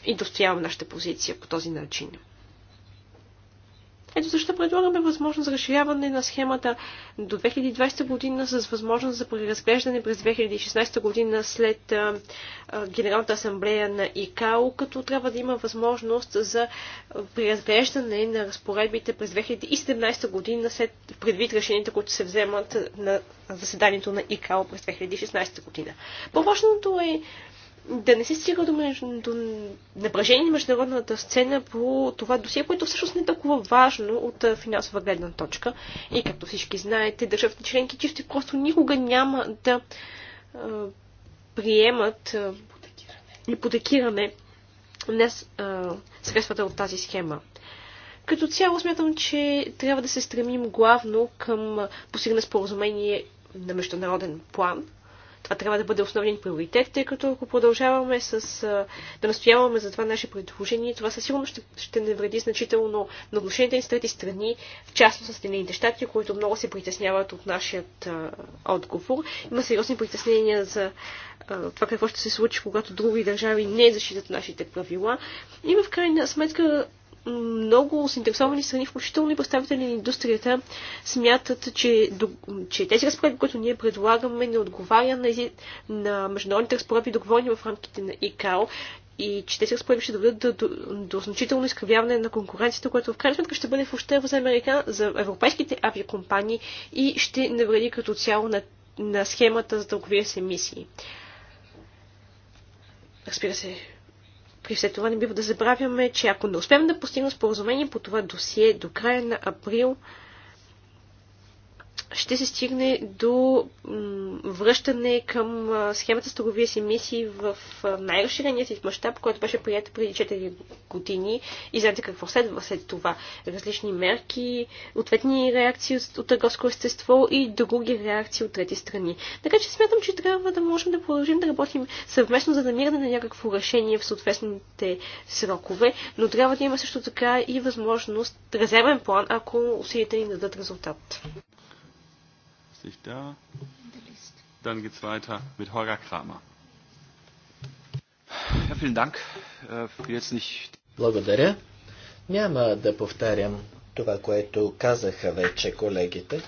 и достояваме нашата позиция по този начин. Ето защо предлагаме възможност за разширяване на схемата до 2020 година с възможност за преразглеждане през 2016 година след а, а, Генералната асамблея на ИКАО, като трябва да има възможност за преразглеждане на разпоредбите през 2017 година след предвид решенията, които се вземат на заседанието на ИКАО през 2016 година. По-важното е да не се стига до, между, до напрежение на международната сцена по това досие, което всъщност не е толкова важно от финансова гледна точка. И както всички знаете, държавните членки чисто просто никога няма да а, приемат а, ипотекиране на средствата от тази схема. Като цяло смятам, че трябва да се стремим главно към постигане споразумение на международен план, това трябва да бъде основен приоритет, тъй като ако продължаваме с, да настояваме за това наше предложение, това със сигурност ще, ще не вреди значително на отношенията ни с трети страни, в частност с Съединените щати, които много се притесняват от нашият а, отговор. Има сериозни притеснения за а, това какво ще се случи, когато други държави не защитат нашите правила. И в крайна сметка много заинтересовани страни, включително и представители на индустрията, смятат, че, че тези разпоредби, които ние предлагаме, не отговаря на, на международните разпоредби, договорени в рамките на ИКАО и че тези разпоредби ще доведат до, до, до значително изкривяване на конкуренцията, което в крайна сметка ще бъде в ущерба за, Америка, за европейските авиакомпании и ще навреди като цяло на, на схемата за търговия с емисии. Разбира се, при все това не бива да забравяме, че ако не успеем да постигнем споразумение по това досие до края на април, ще се стигне до връщане към схемата с търговия с емисии в най-разширения си мащаб, който беше прият преди 4 години и знаете какво следва след това. Различни мерки, ответни реакции от търговско естество и други реакции от трети страни. Така че смятам, че трябва да можем да продължим да работим съвместно за намиране на някакво решение в съответните срокове, но трябва да има също така и възможност резервен план, ако усилите ни дадат резултат ist nicht da. Dann geht es weiter mit Holger Kramer. Ja, vielen Dank. Äh, jetzt nicht... Благодаря. Няма да повтарям това, което казаха вече колегите,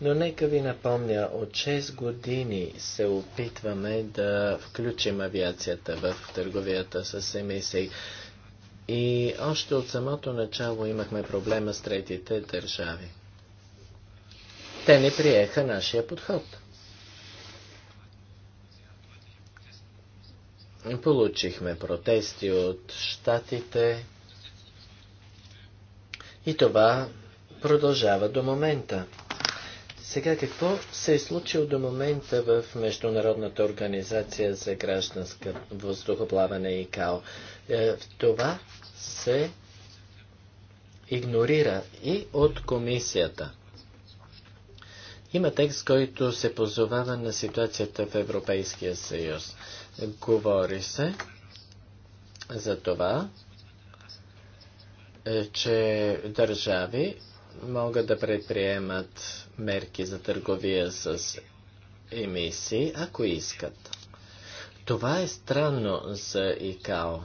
но нека ви напомня, от 6 години се опитваме да включим авиацията в търговията с емисии. И още от самото начало имахме проблема с третите държави те не приеха нашия подход. Получихме протести от щатите и това продължава до момента. Сега какво се е случило до момента в Международната организация за гражданска въздухоплаване и КАО? Е, това се игнорира и от комисията. Има текст, който се позовава на ситуацията в Европейския съюз. Говори се за това, е, че държави могат да предприемат мерки за търговия с емисии, ако искат. Това е странно за ИКАО.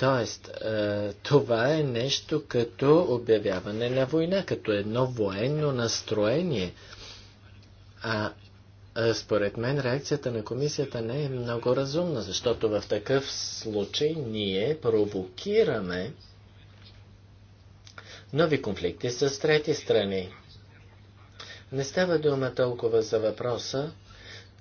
Тоест, е, това е нещо като обявяване на война, като едно военно настроение. А според мен реакцията на комисията не е много разумна, защото в такъв случай ние провокираме нови конфликти с трети страни. Не става дума толкова за въпроса,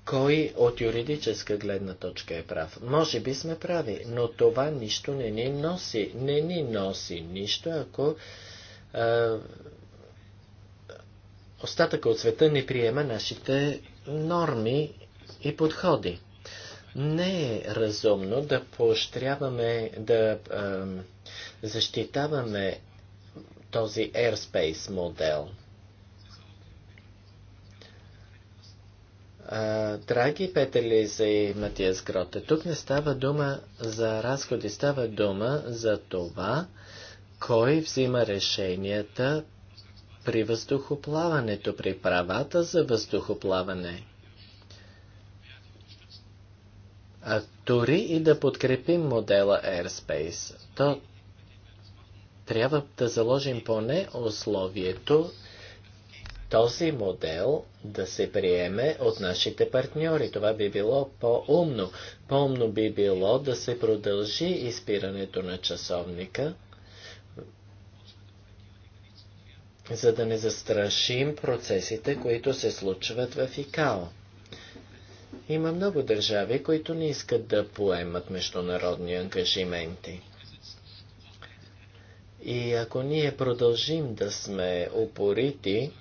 кой от юридическа гледна точка е прав. Може би сме прави, но това нищо не ни носи. Не ни носи нищо, ако а, остатъка от света не приема нашите норми и подходи. Не е разумно да поощряваме, да а, защитаваме този airspace модел – Драги Петелиза и Матиас Гроте, тук не става дума за разходи, става дума за това, кой взима решенията при въздухоплаването, при правата за въздухоплаване. А дори и да подкрепим модела Airspace, то трябва да заложим поне условието този модел да се приеме от нашите партньори. Това би било по-умно. По-умно би било да се продължи изпирането на часовника, за да не застрашим процесите, които се случват в ИКАО. Има много държави, които не искат да поемат международни ангажименти. И ако ние продължим да сме упорити,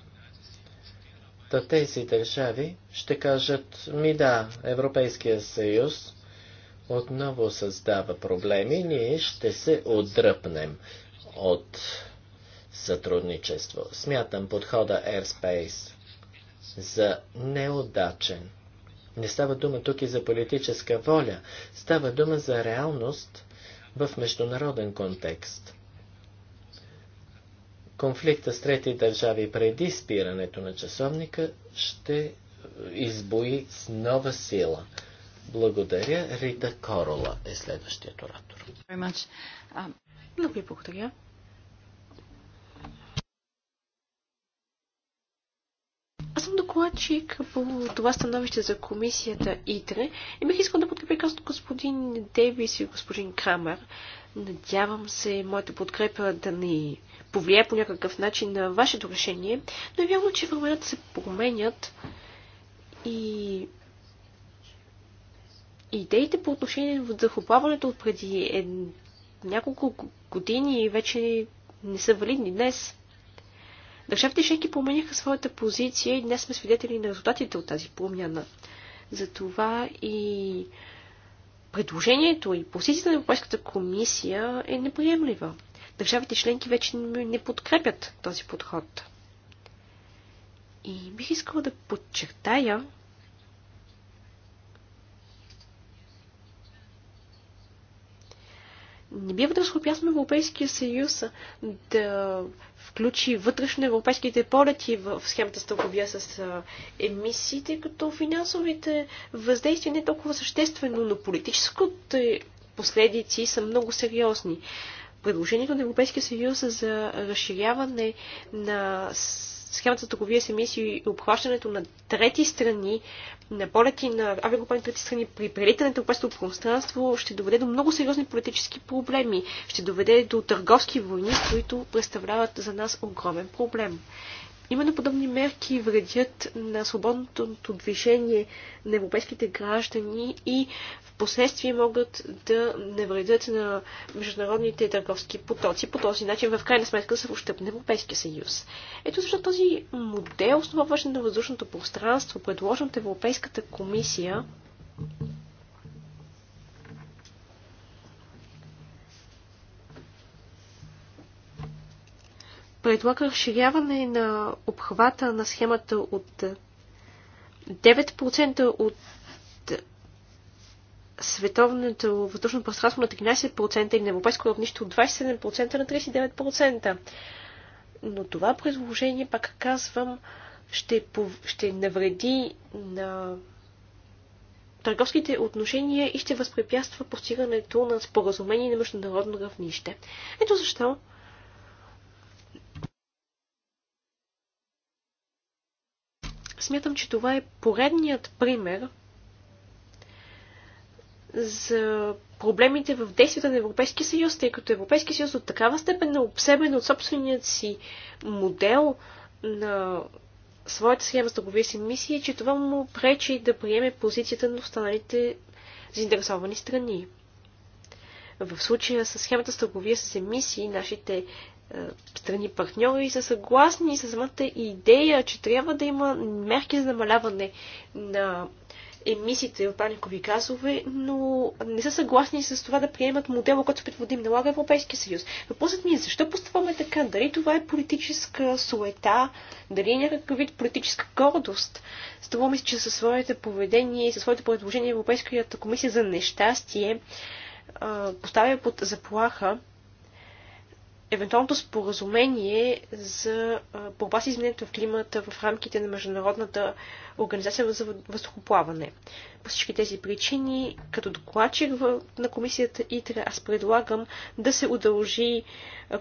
Та тези държави ще кажат, ми да, Европейския съюз отново създава проблеми, ние ще се отдръпнем от сътрудничество. Смятам подхода Airspace за неудачен. Не става дума тук и за политическа воля, става дума за реалност в международен контекст конфликта с трети държави преди спирането на часовника ще избои с нова сила. Благодаря. Рита Корола е следващият оратор. Um, Много ви благодаря. Аз съм докладчик по това становище за комисията ИТРЕ и бих искал да подкрепя казано господин Дейвис и господин Крамер. Надявам се моята подкрепа да ни повлияе по някакъв начин на вашето решение, но е вярно, че времената се променят и идеите по отношение на захоплаването от преди е... няколко години вече не са валидни днес. Държавите шейки променяха своята позиция и днес сме свидетели на резултатите от тази промяна. Затова и предложението и позицията на Европейската комисия е неприемлива държавите членки вече не подкрепят този подход. И бих искала да подчертая, не бива да схлопясме Европейския съюз да включи вътрешно европейските полети в схемата стълковия с емисиите, като финансовите въздействия не е толкова съществено, но политическите последици са много сериозни предложението на Европейския съюз за разширяване на схемата за търговия с емисии и обхващането на трети страни, на полети на авиакомпании трети страни при прелитането на европейското пространство ще доведе до много сериозни политически проблеми. Ще доведе до търговски войни, които представляват за нас огромен проблем. Именно подобни мерки вредят на свободното движение на европейските граждани и в последствие могат да не вредят на международните търговски потоци. По този начин, в крайна сметка, са в ущърп на Европейския съюз. Ето защо този модел, основаващ на въздушното пространство, предложен от Европейската комисия, предлага разширяване на обхвата на схемата от 9% от световното въздушно пространство на 13% и на европейско равнище от 27% на 39%. Но това предложение, пак казвам, ще, пов... ще навреди на търговските отношения и ще възпрепятства постигането на споразумение на международно равнище. Ето защо Смятам, че това е поредният пример за проблемите в действията на Европейския съюз, тъй като Европейския съюз от такава степен е обсебен от собственият си модел на своята схема с търговия си мисия, че това му пречи да приеме позицията на останалите заинтересовани страни. В случая с схемата с търговия с емисии, нашите е, страни партньори са съгласни с самата идея, че трябва да има мерки за намаляване на емисиите от паникови газове, но не са съгласни с това да приемат модела, който се да им налага Европейския съюз. Въпросът ми е защо поставаме така? Дали това е политическа суета? Дали е някакъв вид политическа гордост? Става ми се, че със своите поведение и със своите предложения Европейската комисия за нещастие поставя под заплаха евентуалното споразумение за борба с изменението в климата в рамките на Международната организация за въздухоплаване. По всички тези причини, като докладчик на комисията ИТРА, аз предлагам да се удължи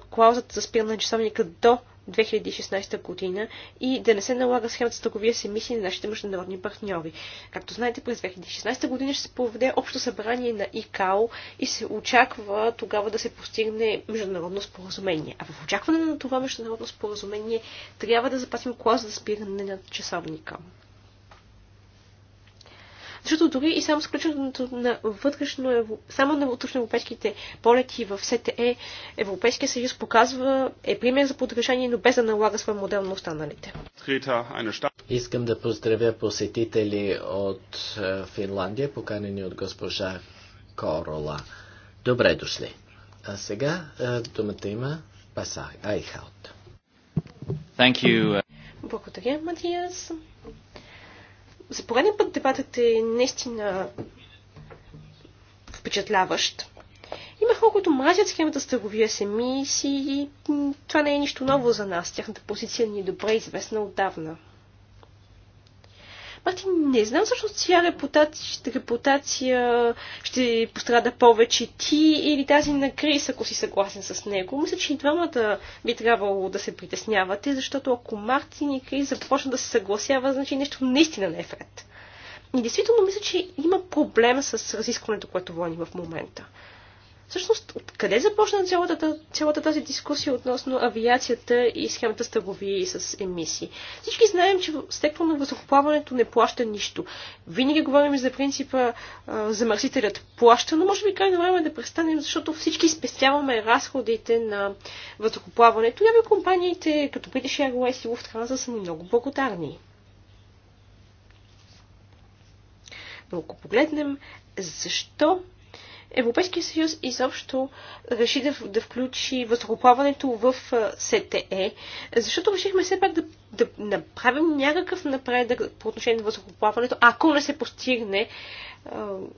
клаузата за спиране на часовника до 2016 година и да не се налага схемата с търговия с емисии на нашите международни партньори. Както знаете, през 2016 година ще се проведе общо събрание на ИКАО и се очаква тогава да се постигне международно споразумение. А в очакване на това международно споразумение трябва да запасим клас за спиране на часовника. Защото дори и само сключването на вътрешно, само на вътрешноевропейските полети в СТЕ, Европейския съюз показва, е пример за подражание, но без да налага своя модел на останалите. Искам да поздравя посетители от е, Финландия, поканени от госпожа Корола. Добре дошли. А сега е, думата има Паса Айхаут. Благодаря, Матиас за пореден път дебатът е наистина впечатляващ. Има хора, които мразят схемата с търговия с емисии и това не е нищо ново за нас. Тяхната позиция ни е добре известна отдавна. Мартин, не знам всъщност чия репутация, репутация ще пострада повече ти или тази на Крис, ако си съгласен с него. Мисля, че и двамата би трябвало да се притеснявате, защото ако Мартин и Крис започнат да се съгласяват, значи нещо наистина не е вред. И действително мисля, че има проблем с разискването, което водим в момента. Всъщност, къде започна цялата, цялата тази дискусия относно авиацията и схемата с търговия и с емисии? Всички знаем, че стекло на въздухоплаването не плаща нищо. Винаги говорим за принципа а, замърсителят плаща, но може би крайно време е да престанем, защото всички спестяваме разходите на въздухоплаването. И компаниите, като British Airways и Lufthansa, са ни много благодарни. Но ако погледнем защо Европейския съюз изобщо реши да, да включи възхоплаването в СТЕ, защото решихме все пак да, да направим някакъв напредък по отношение на възхоплаването, ако не се постигне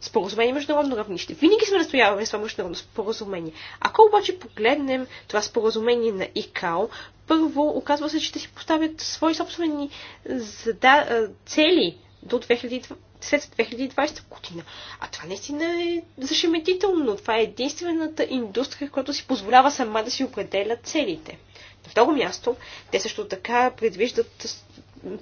споразумение международно равнище. Винаги сме настоявали с това международно споразумение. Ако обаче погледнем това споразумение на ИКАО, първо оказва се, че те си поставят свои собствени цели до 2020 след 2020 година. А това наистина е зашеметително. Това е единствената индустрия, която си позволява сама да си определя целите. На второ място, те също така предвиждат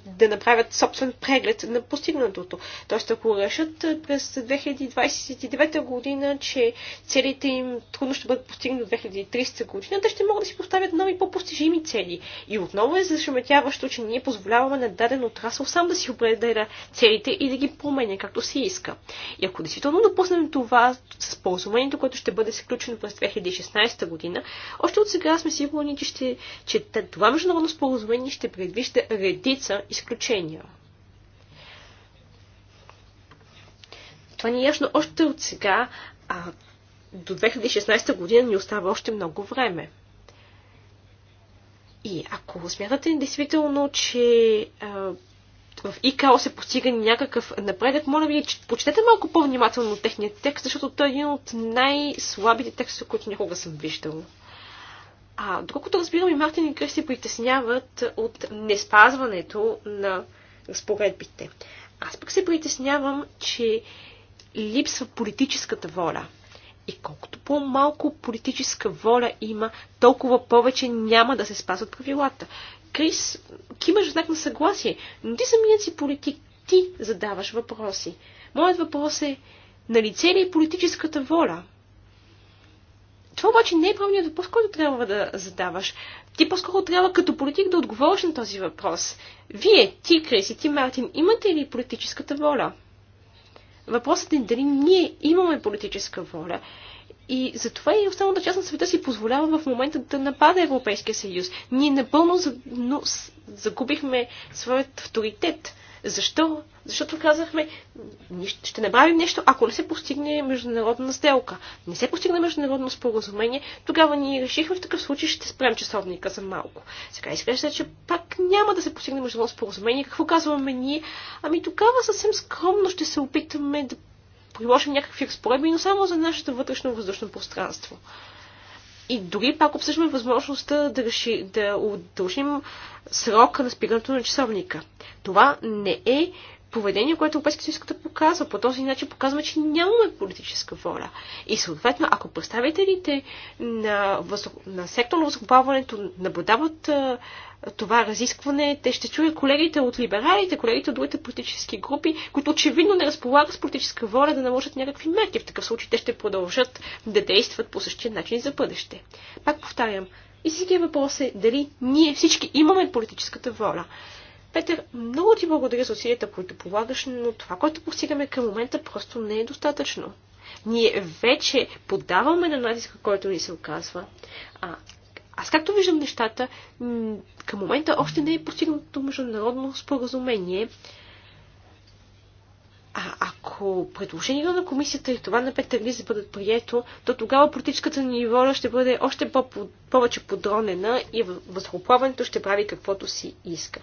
да направят собствен преглед на постигнатото. Тоест, ако решат през 2029 година, че целите им трудно ще бъдат постигнати до 2030 година, те ще могат да си поставят нови по-постижими цели. И отново е зашеметяващо, че ние позволяваме на даден отрасъл сам да си определя целите и да ги променя както си иска. И ако действително допуснем това с ползването, което ще бъде сключено през 2016 година, още от сега сме сигурни, че, ще, че това международно споразумение ще предвижда редица са изключения. Това ни е ясно още от сега, а до 2016 година ни остава още много време. И ако смятате действително, че а, в ИКО се постига някакъв напредък, моля ви, почетете малко по-внимателно техния текст, защото той е един от най-слабите текстове, които някога съм виждала. А доколкото разбирам и Мартин и Крис се притесняват от неспазването на разпоредбите. Аз пък се притеснявам, че липсва политическата воля. И колкото по-малко политическа воля има, толкова повече няма да се спазват правилата. Крис, кимаш знак на съгласие, но ти самият си политик, ти задаваш въпроси. Моят въпрос е, на лице ли е политическата воля? Това обаче не е правилният въпрос, който трябва да задаваш. Ти по-скоро трябва като политик да отговориш на този въпрос. Вие, ти, Крис и ти, Мартин, имате ли политическата воля? Въпросът е дали ние имаме политическа воля. И затова и останалата част на света си позволява в момента да напада Европейския съюз. Ние напълно загубихме своят авторитет защо? Защото казахме, ще направим нещо, ако не се постигне международна сделка. Не се постигне международно споразумение, тогава ние решихме в такъв случай ще спрем часовника за малко. Сега изглежда, че пак няма да се постигне международно споразумение. Какво казваме ние? Ами тогава съвсем скромно ще се опитаме да приложим някакви разпоредби, но само за нашето вътрешно въздушно пространство. И дори пак обсъждаме възможността да, реши, да удължим срока на спирането на часовника. Това не е поведение, което Европейския съюз иска да показва. По този начин показваме, че нямаме политическа воля. И съответно, ако представителите на, възр... на сектор на възхопаването наблюдават а, това разискване. Те ще чуят колегите от либералите, колегите от другите политически групи, които очевидно не разполагат с политическа воля да наложат някакви мерки. В такъв случай те ще продължат да действат по същия начин за бъдеще. Пак повтарям, истинският въпрос е дали ние всички имаме политическата воля. Петър, много ти благодаря за усилията, които полагаш, но това, което постигаме към момента, просто не е достатъчно. Ние вече подаваме на натиска, който ни се оказва. А аз както виждам нещата, към момента още не е постигнато международно споразумение. А ако предложението на комисията и това на Петър Лиза бъдат прието, то тогава политическата ни воля ще бъде още по- повече подронена и възхоплаването ще прави каквото си иска.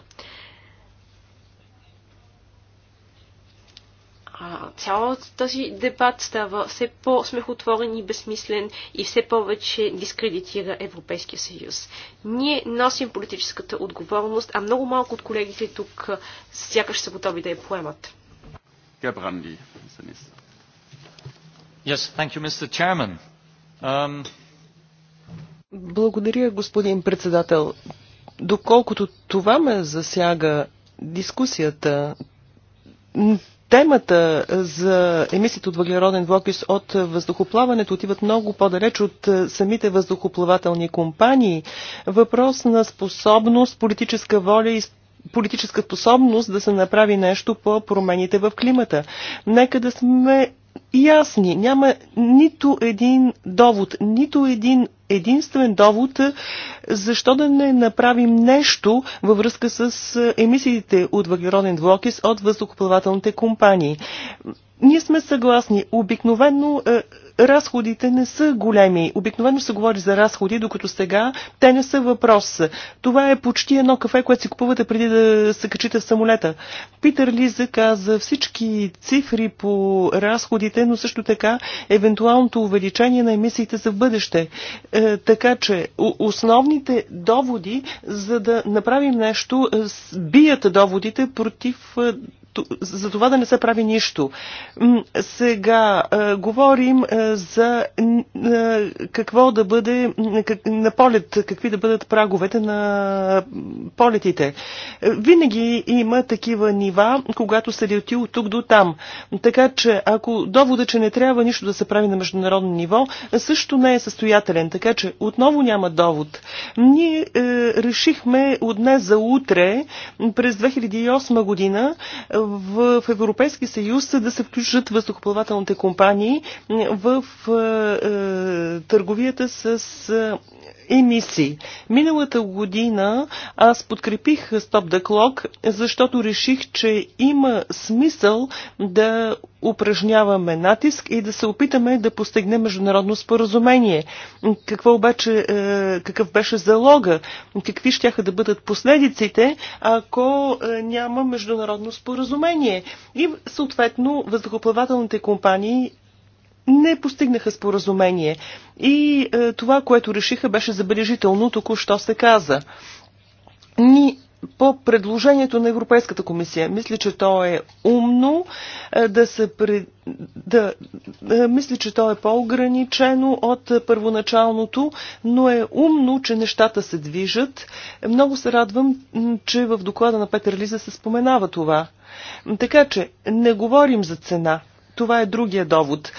цялата този дебат става все по-смехотворен и безсмислен и все повече дискредитира Европейския съюз. Ние носим политическата отговорност, а много малко от колегите тук сякаш са готови да я поемат. Yes, thank you, Mr. Chairman. Um... Благодаря, господин председател. Доколкото това ме засяга дискусията, темата за емисията от въглероден двокис от въздухоплаването отиват много по-далеч от е, самите въздухоплавателни компании. Въпрос на способност, политическа воля и политическа способност да се направи нещо по промените в климата. Нека да сме ясни. Няма нито един довод, нито един единствен довод е, защо да не направим нещо във връзка с е, емисиите от въглероден двуокис от въздухоплавателните компании. Ние сме съгласни. Обикновено е, разходите не са големи. Обикновено се говори за разходи, докато сега те не са въпрос. Това е почти едно кафе, което си купувате преди да се качите в самолета. Питър Лиза каза всички цифри по разходите, но също така евентуалното увеличение на емисиите за бъдеще. Е, така че основните доводи, за да направим нещо, е, бият доводите против е, за това да не се прави нищо. Сега говорим за какво да бъде как, на полет, какви да бъдат праговете на полетите. Винаги има такива нива, когато се лети от тук до там. Така че, ако довода, че не трябва нищо да се прави на международно ниво, също не е състоятелен. Така че, отново няма довод. Ние е, решихме от днес за утре, през 2008 година, в Европейски съюз да се включат въздухоплавателните компании в е, е, търговията с е, емисии. Миналата година аз подкрепих Stop the Clock, защото реших, че има смисъл да упражняваме натиск и да се опитаме да постигнем международно споразумение. Какво обаче, е, какъв беше залога? Какви ще да бъдат последиците, ако е, няма международно споразумение? И съответно въздухоплавателните компании не постигнаха споразумение. И е, това, което решиха, беше забележително, току-що се каза. Ни, по предложението на Европейската комисия. Мисля, че то е умно е, да се пред... да... Е, мисля, че то е по-ограничено от първоначалното, но е умно, че нещата се движат. Много се радвам, че в доклада на Петър Лиза се споменава това. Така че не говорим за цена. Това е другия довод.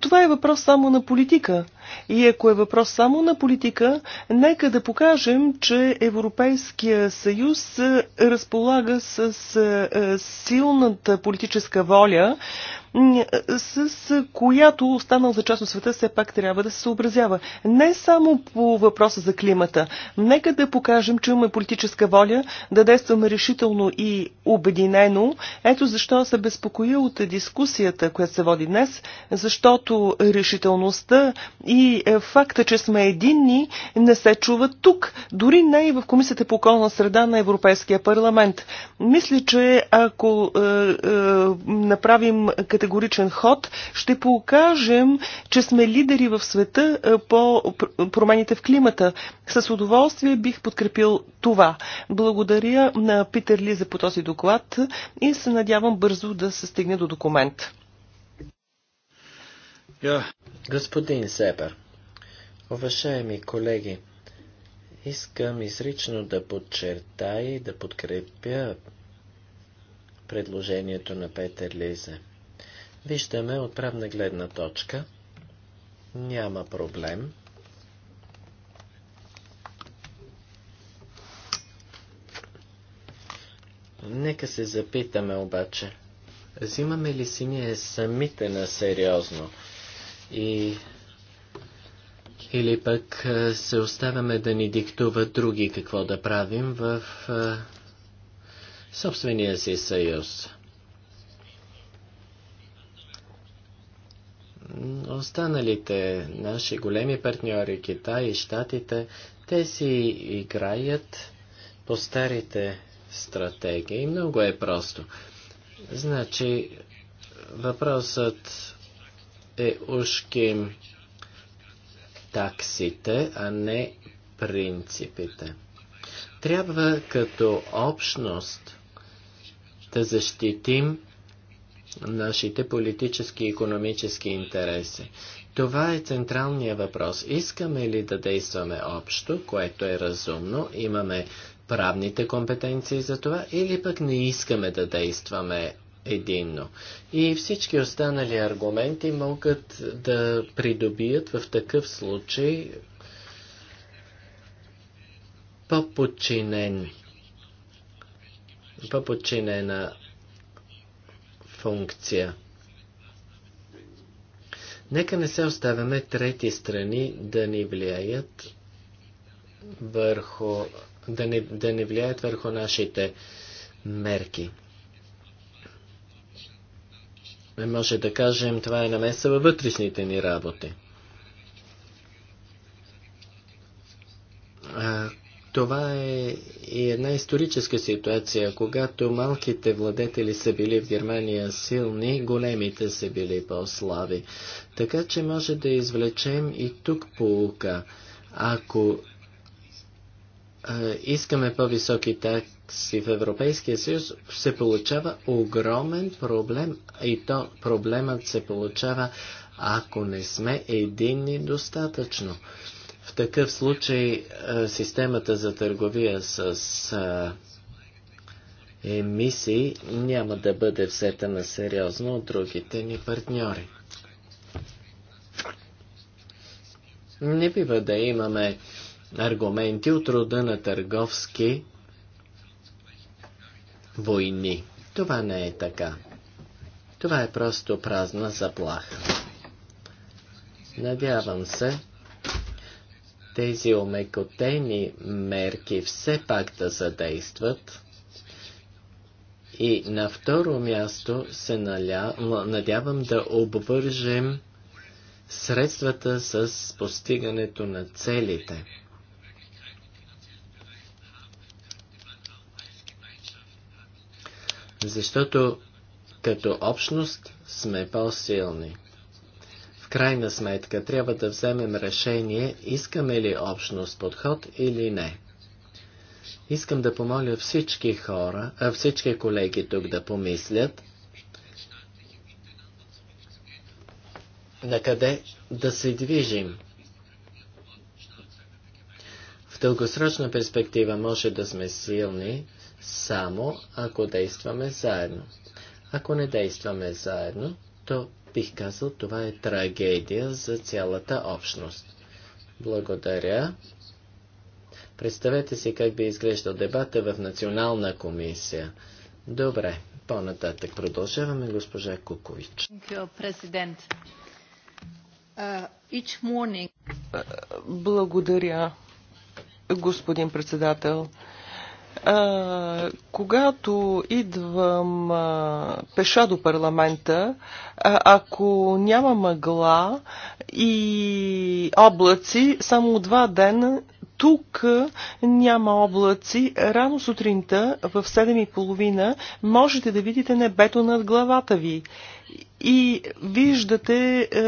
Това е въпрос само на политика. И ако е въпрос само на политика, нека да покажем, че Европейския съюз е, разполага с е, е, силната политическа воля, с която останалата част от света все пак трябва да се съобразява. Не само по въпроса за климата. Нека да покажем, че имаме политическа воля да действаме решително и обединено. Ето защо се безпокоя от дискусията, която се води днес, защото решителността и и е, факта, че сме единни, не се чува тук, дори не и в Комисията по околна среда на Европейския парламент. Мисля, че ако е, е, направим категоричен ход, ще покажем, че сме лидери в света е, по промените в климата. С удоволствие бих подкрепил това. Благодаря на Питер Лиза по този доклад и се надявам бързо да се стигне до документ. Yeah. Господин Себер, уважаеми колеги, искам изрично да подчертая и да подкрепя предложението на Петър Лизе. Виждаме от правна гледна точка. Няма проблем. Нека се запитаме обаче. Взимаме ли си ние самите на сериозно и или пък се оставяме да ни диктуват други какво да правим в собствения си съюз. Останалите наши големи партньори, Китай и Штатите, те си играят по старите стратегии. Много е просто. Значи, въпросът е ушки таксите, а не принципите. Трябва като общност да защитим нашите политически и економически интереси. Това е централният въпрос. Искаме ли да действаме общо, което е разумно, имаме правните компетенции за това, или пък не искаме да действаме единно. И всички останали аргументи могат да придобият в такъв случай по-подчинен по-подчинена функция. Нека не се оставяме трети страни да ни влияят върху, да не, да не влияят върху нашите мерки може да кажем, това е намеса във вътрешните ни работи. А, това е и една историческа ситуация. Когато малките владетели са били в Германия силни, големите са били по слави Така че може да извлечем и тук поука. Ако искаме по-високи такси в Европейския съюз, се получава огромен проблем и то проблемът се получава, ако не сме единни достатъчно. В такъв случай системата за търговия с емисии няма да бъде взета на сериозно от другите ни партньори. Не бива да имаме аргументи от рода на търговски войни. Това не е така. Това е просто празна заплаха. Надявам се, тези омекотени мерки все пак да задействат. И на второ място се наля... надявам да обвържем средствата с постигането на целите. Защото като общност сме по-силни. В крайна сметка трябва да вземем решение, искаме ли общност подход или не. Искам да помоля всички хора, а всички колеги тук да помислят, на къде да се движим. В дългосрочна перспектива може да сме силни, само ако действаме заедно. Ако не действаме заедно, то бих казал, това е трагедия за цялата общност. Благодаря. Представете си как би изглеждал дебата в Национална комисия. Добре, по-нататък продължаваме госпожа Кукович. президент. Uh, Благодаря, господин председател. А, когато идвам а, пеша до парламента, а, ако няма мъгла и облаци, само два дена тук няма облаци. Рано сутринта в 7.30 можете да видите небето над главата ви. И виждате е,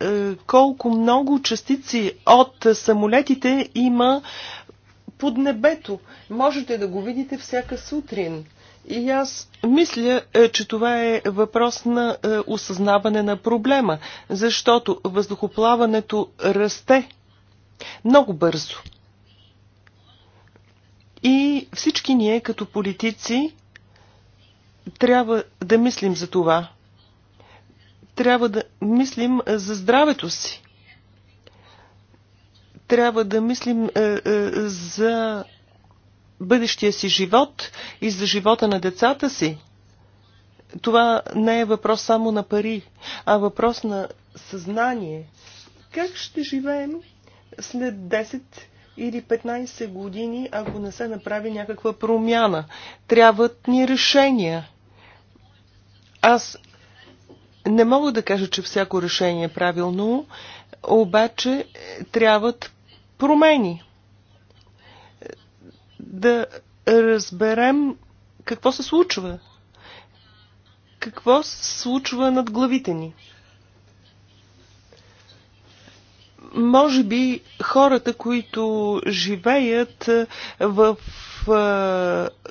е, колко много частици от самолетите има е, под небето. Можете да го видите всяка сутрин. И аз мисля, е, че това е въпрос на е, осъзнаване на проблема, защото въздухоплаването расте много бързо. И всички ние като политици трябва да мислим за това. Трябва да мислим за здравето си трябва да мислим е, е, за бъдещия си живот и за живота на децата си. Това не е въпрос само на пари, а въпрос на съзнание. Как ще живеем след 10 или 15 години, ако не се направи някаква промяна? Трябват ни решения. Аз не мога да кажа, че всяко решение е правилно, обаче трябват промени. Да разберем какво се случва. Какво се случва над главите ни. Може би хората, които живеят в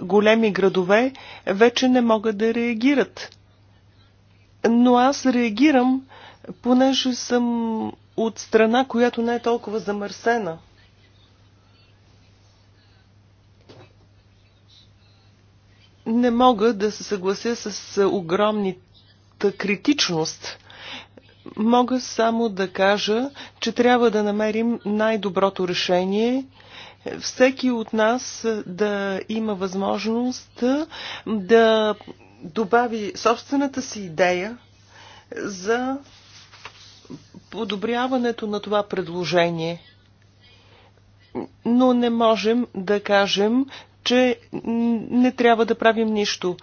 големи градове, вече не могат да реагират. Но аз реагирам, понеже съм от страна, която не е толкова замърсена. Не мога да се съглася с огромната критичност. Мога само да кажа, че трябва да намерим най-доброто решение всеки от нас да има възможност да добави собствената си идея за подобряването на това предложение. Но не можем да кажем, че не трябва да правим нищо.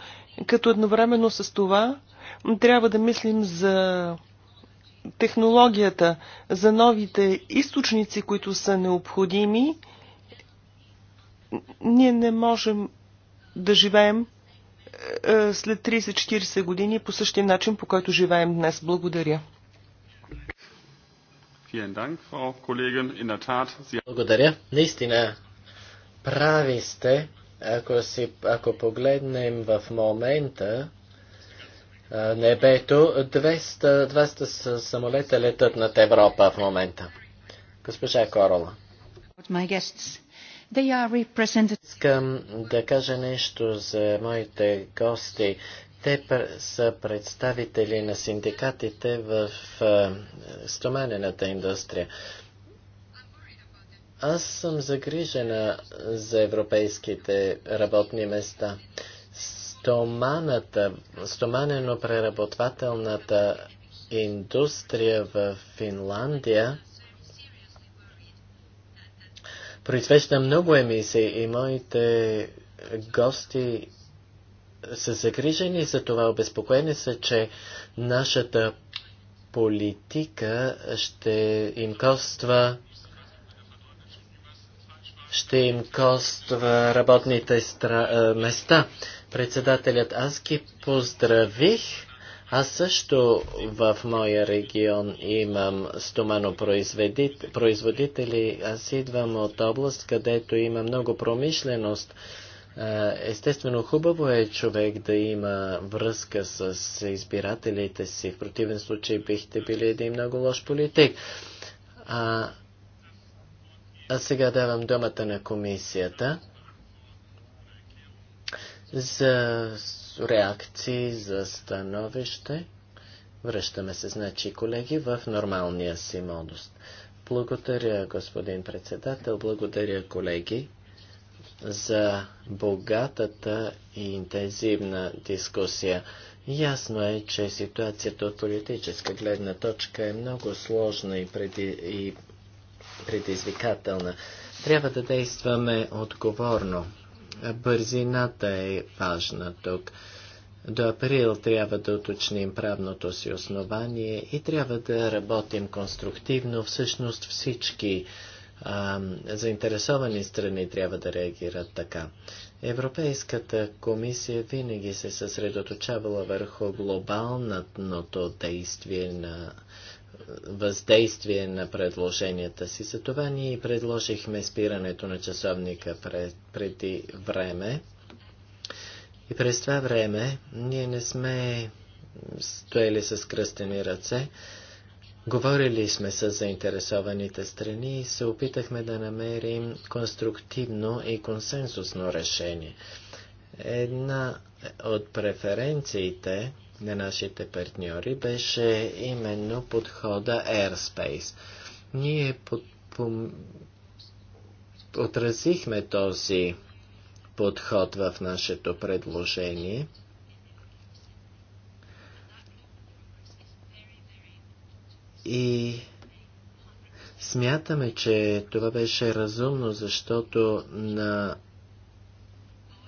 Като едновременно с това трябва да мислим за технологията, за новите източници, които са необходими. Ние не можем да живеем е, е, след 30-40 години по същия начин, по който живеем днес. Благодаря. Благодаря. Наистина, прави сте, ако, си, ако погледнем в момента небето, 200, 200 самолета летат над Европа в момента. Госпожа Корола. Искам да кажа нещо за моите гости. Те са представители на синдикатите в стоманената индустрия. Аз съм загрижена за европейските работни места. Стоманата, стоманено-преработвателната индустрия в Финландия произвежда много емисии и моите гости са загрижени за това, обезпокоени са, че нашата политика ще им коства ще им коства работните стра... места. Председателят, аз ги поздравих. Аз също в моя регион имам стоманопроизводители. Аз идвам от област, където има много промишленост. Е, естествено, хубаво е човек да има връзка с избирателите си. В противен случай бихте били един много лош политик. А, а сега давам думата на комисията за реакции, за становище. Връщаме се, значи, колеги, в нормалния си модус. Благодаря, господин председател, благодаря, колеги за богатата и интензивна дискусия. Ясно е, че ситуацията от политическа гледна точка е много сложна и, преди, и предизвикателна. Трябва да действаме отговорно. Бързината е важна тук. До април трябва да уточним правното си основание и трябва да работим конструктивно. Всъщност всички а, заинтересовани страни трябва да реагират така. Европейската комисия винаги се съсредоточавала върху глобалното действие на въздействие на предложенията си. За това ние предложихме спирането на часовника пред, преди време. И през това време ние не сме стоели с кръстени ръце, Говорили сме с заинтересованите страни и се опитахме да намерим конструктивно и консенсусно решение. Една от преференциите на нашите партньори беше именно подхода Airspace. Ние под, по, отразихме този подход в нашето предложение – И смятаме, че това беше разумно, защото на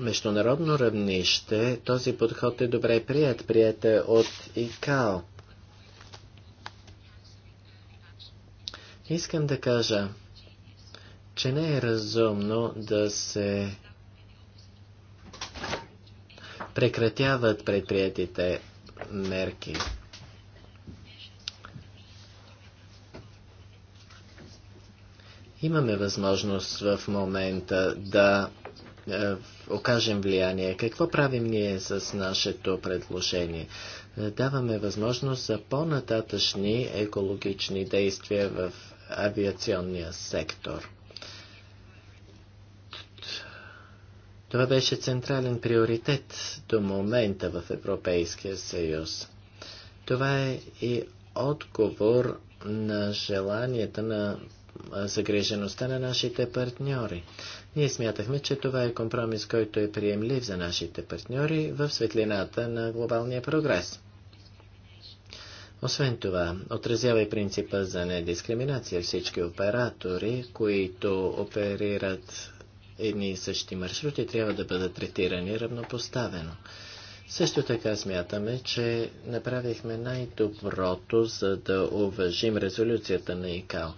международно равнище този подход е добре прият, прият е от ИКАО. Искам да кажа, че не е разумно да се прекратяват предприятите мерки. Имаме възможност в момента да е, окажем влияние. Какво правим ние с нашето предложение? Е, даваме възможност за по-нататъчни екологични действия в авиационния сектор. Това беше централен приоритет до момента в Европейския съюз. Това е и отговор на желанията, на загрежеността на нашите партньори. Ние смятахме, че това е компромис, който е приемлив за нашите партньори в светлината на глобалния прогрес. Освен това, отразява и принципа за недискриминация. Всички оператори, които оперират едни и същи маршрути, трябва да бъдат третирани равнопоставено. Също така смятаме, че направихме най-доброто, за да уважим резолюцията на ИКАО.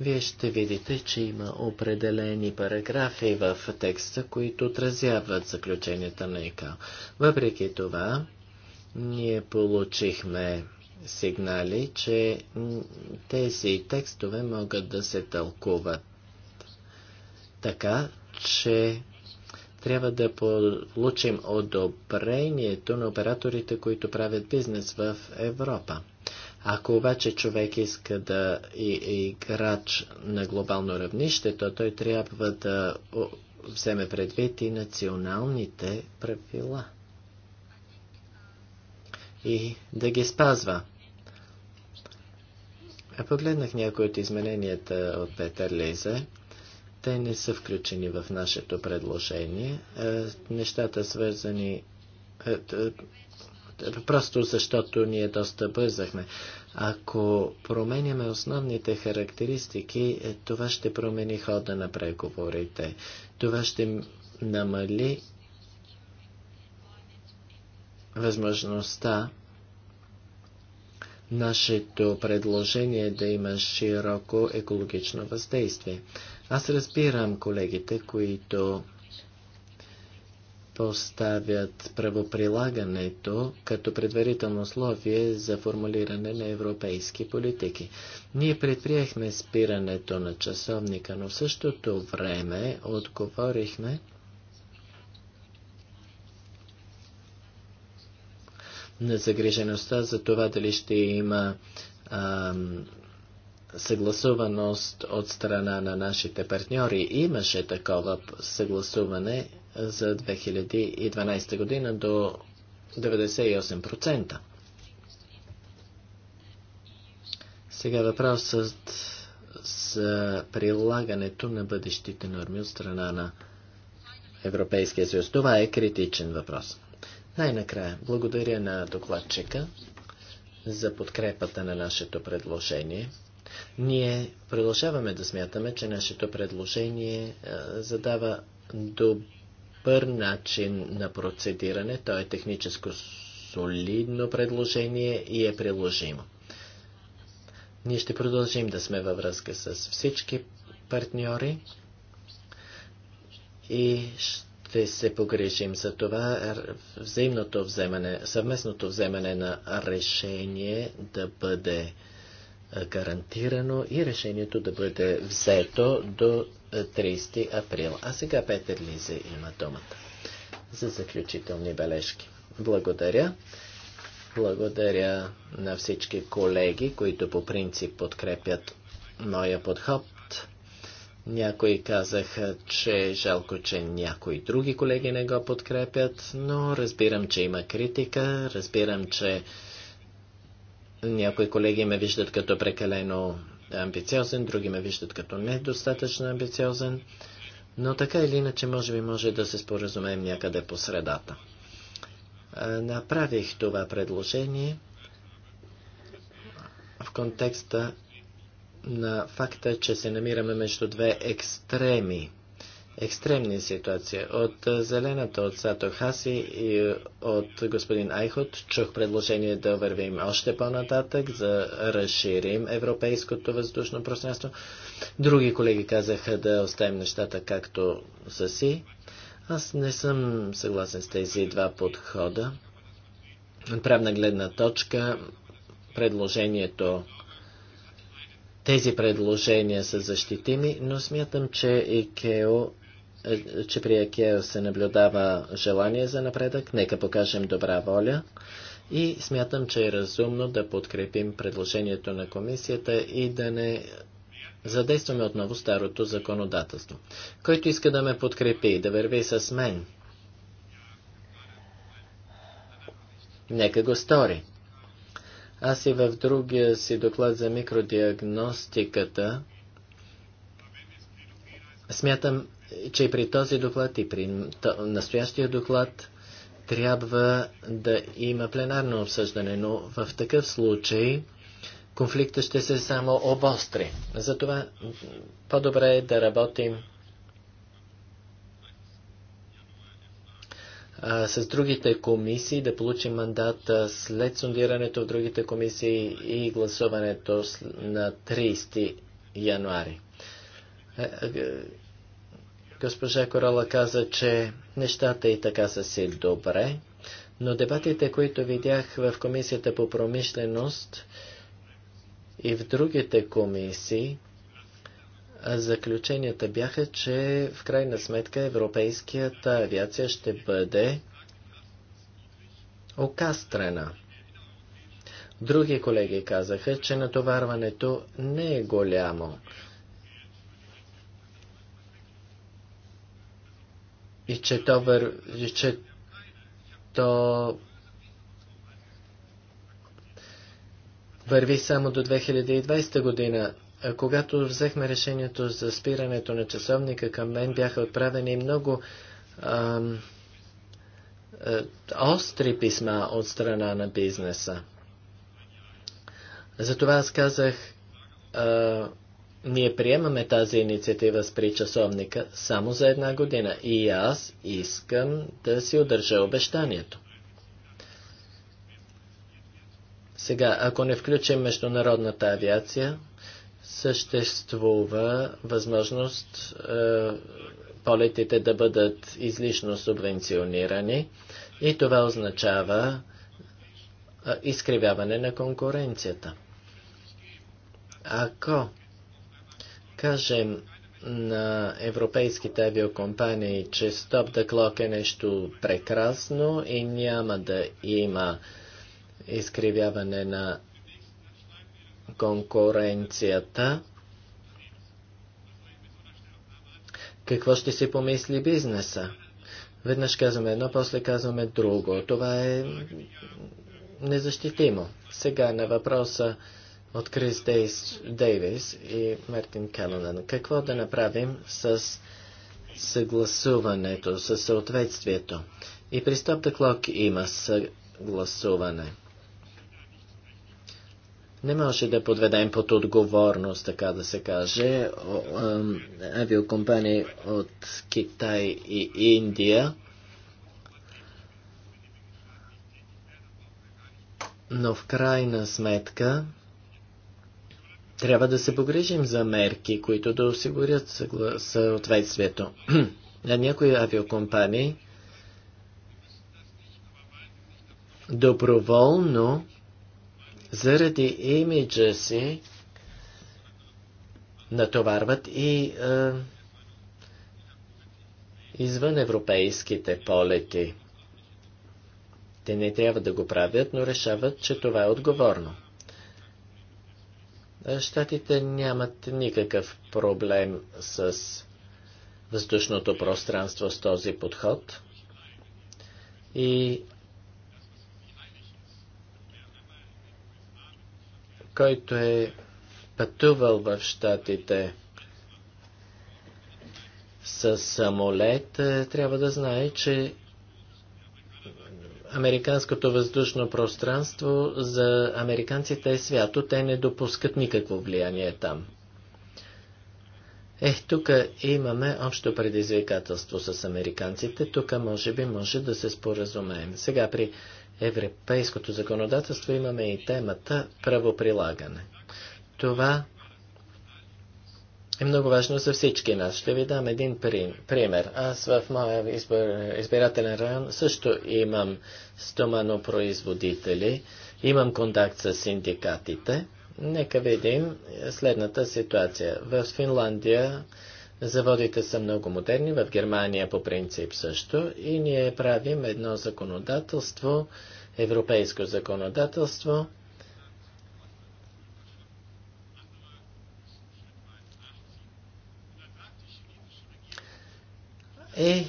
Вие ще видите, че има определени параграфи в текста, които отразяват заключенията на ИКАО. Въпреки това, ние получихме сигнали, че тези текстове могат да се тълкуват така, че трябва да получим одобрението на операторите, които правят бизнес в Европа. Ако обаче човек иска да е играч на глобално равнище, то той трябва да вземе предвид и националните правила и да ги спазва. А погледнах някои от измененията от Петър Лизе те не са включени в нашето предложение. Е, нещата свързани е, е, просто защото ние доста бързахме. Ако променяме основните характеристики, това ще промени хода на преговорите. Това ще намали възможността нашето предложение да има широко екологично въздействие. Аз разбирам колегите, които поставят правоприлагането като предварително условие за формулиране на европейски политики. Ние предприехме спирането на часовника, но в същото време отговорихме на загрижеността за това дали ще има ам, съгласуваност от страна на нашите партньори. Имаше такова съгласуване за 2012 година до 98%. Сега въпросът за прилагането на бъдещите норми от страна на Европейския съюз. Това е критичен въпрос. Най-накрая, благодаря на докладчика за подкрепата на нашето предложение. Ние продължаваме да смятаме, че нашето предложение е, задава добър начин на процедиране. То е техническо солидно предложение и е приложимо. Ние ще продължим да сме във връзка с всички партньори и ще се погрежим за това взаимното вземане, съвместното вземане на решение да бъде гарантирано и решението да бъде взето до 30 април. А сега Петър Лизе има думата за заключителни бележки. Благодаря. Благодаря на всички колеги, които по принцип подкрепят моя подход. Някои казаха, че жалко, че някои други колеги не го подкрепят, но разбирам, че има критика, разбирам, че някои колеги ме виждат като прекалено амбициозен, други ме виждат като недостатъчно амбициозен, но така или иначе може би може да се споразумеем някъде по средата. Направих това предложение в контекста на факта, че се намираме между две екстреми екстремни ситуации. От Зелената, от Сато Хаси и от господин Айхот чух предложение да вървим още по-нататък, за разширим европейското въздушно пространство. Други колеги казаха да оставим нещата както са си. Аз не съм съгласен с тези два подхода. От правна гледна точка предложението тези предложения са защитими, но смятам, че ИКЕО е, че при Акео се наблюдава желание за напредък. Нека покажем добра воля. И смятам, че е разумно да подкрепим предложението на комисията и да не задействаме отново старото законодателство. Който иска да ме подкрепи и да върви с мен, нека го стори. Аз и в другия си доклад за микродиагностиката смятам, че при този доклад и при настоящия доклад трябва да има пленарно обсъждане, но в такъв случай конфликта ще се само обостри. Затова по-добре е да работим а, с другите комисии, да получим мандата след сондирането в другите комисии и гласуването на 30 януари. Е, е, Госпожа Корола каза, че нещата и така са си добре, но дебатите, които видях в Комисията по промишленост и в другите комисии, заключенията бяха, че в крайна сметка европейската авиация ще бъде окастрена. Други колеги казаха, че натоварването не е голямо. и че то, вър... и че то върви само до 2020 година. Когато взехме решението за спирането на часовника, към мен бяха отправени много ам, а, остри писма от страна на бизнеса. Затова аз казах, а, ние приемаме тази инициатива с причасовника само за една година и аз искам да си удържа обещанието. Сега, ако не включим международната авиация, съществува възможност е, полетите да бъдат излишно субвенционирани и това означава е, изкривяване на конкуренцията. Ако кажем на европейските авиокомпании, че Stop the Clock е нещо прекрасно и няма да има изкривяване на конкуренцията. Какво ще си помисли бизнеса? Веднъж казваме едно, после казваме друго. Това е незащитимо. Сега на въпроса от Крис Дейс, Дейвис и Мартин Келлен. Какво да направим с съгласуването, с съответствието? И при Stop the Clock има съгласуване. Не може да подведем под отговорност, така да се каже, авиокомпании от Китай и Индия. Но в крайна сметка трябва да се погрижим за мерки, които да осигурят съответствието. На някои авиокомпании доброволно заради имиджа си натоварват и е, извън европейските полети. Те не трябва да го правят, но решават, че това е отговорно. Штатите нямат никакъв проблем с въздушното пространство с този подход. И който е пътувал в щатите с самолет, е, трябва да знае, че американското въздушно пространство за американците е свято. Те не допускат никакво влияние там. Ех, тук имаме общо предизвикателство с американците. Тук може би може да се споразумеем. Сега при европейското законодателство имаме и темата правоприлагане. Това е много важно за всички нас. Ще ви дам един пример. Аз в моя избор, избирателен район също имам стоманопроизводители, имам контакт с синдикатите. Нека видим следната ситуация. В Финландия заводите са много модерни, в Германия по принцип също и ние правим едно законодателство, европейско законодателство, И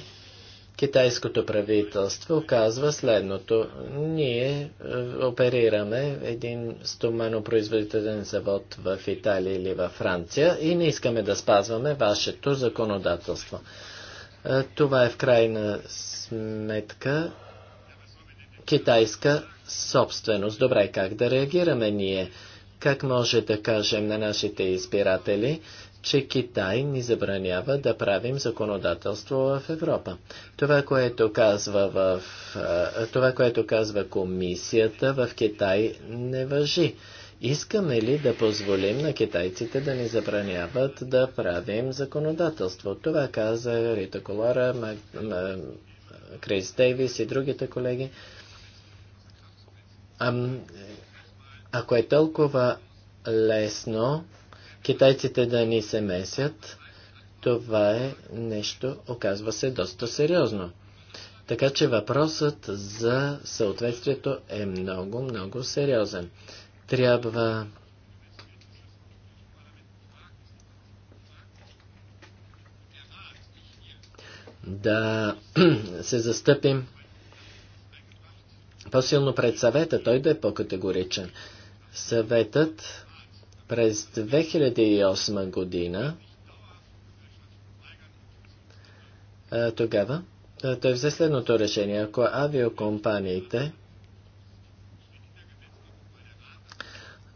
китайското правителство казва следното. Ние е, оперираме един стоманопроизводителен завод в Италия или във Франция и не искаме да спазваме вашето законодателство. Е, това е в крайна сметка китайска собственост. Добре, как да реагираме ние? Как може да кажем на нашите избиратели, че Китай ни забранява да правим законодателство в Европа. Това, което казва, в, това, което казва комисията в Китай не въжи. Искаме ли да позволим на китайците да ни забраняват да правим законодателство? Това каза Рита Колара, Мак... Крис Дейвис и другите колеги. Ам, ако е толкова лесно китайците да ни се месят, това е нещо, оказва се, доста сериозно. Така че въпросът за съответствието е много, много сериозен. Трябва да се застъпим по-силно пред съвета, той да е по-категоричен. Съветът през 2008 година тогава той взе следното решение. Ако авиокомпаниите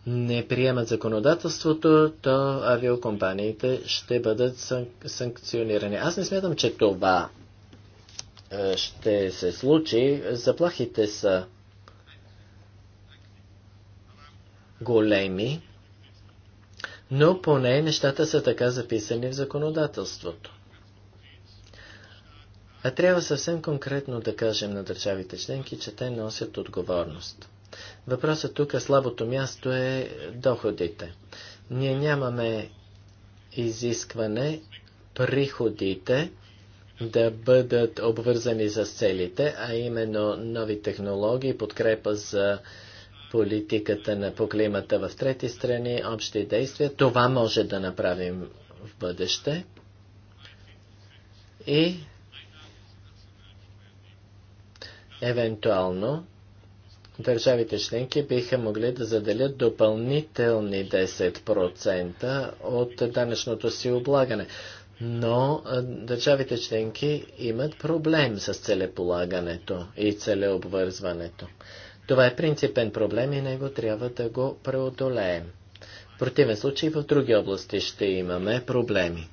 не приемат законодателството, то авиокомпаниите ще бъдат санкционирани. Аз не смятам, че това ще се случи. Заплахите са големи но поне нещата са така записани в законодателството. А трябва съвсем конкретно да кажем на държавите членки, че те носят отговорност. Въпросът тук, слабото място е доходите. Ние нямаме изискване приходите да бъдат обвързани с целите, а именно нови технологии, подкрепа за политиката на по климата в трети страни, общи действия. Това може да направим в бъдеще. И евентуално държавите членки биха могли да заделят допълнителни 10% от данъчното си облагане. Но държавите членки имат проблем с целеполагането и целеобвързването. Това е принципен проблем и него трябва да го преодолеем. В противен случай в други области ще имаме проблеми.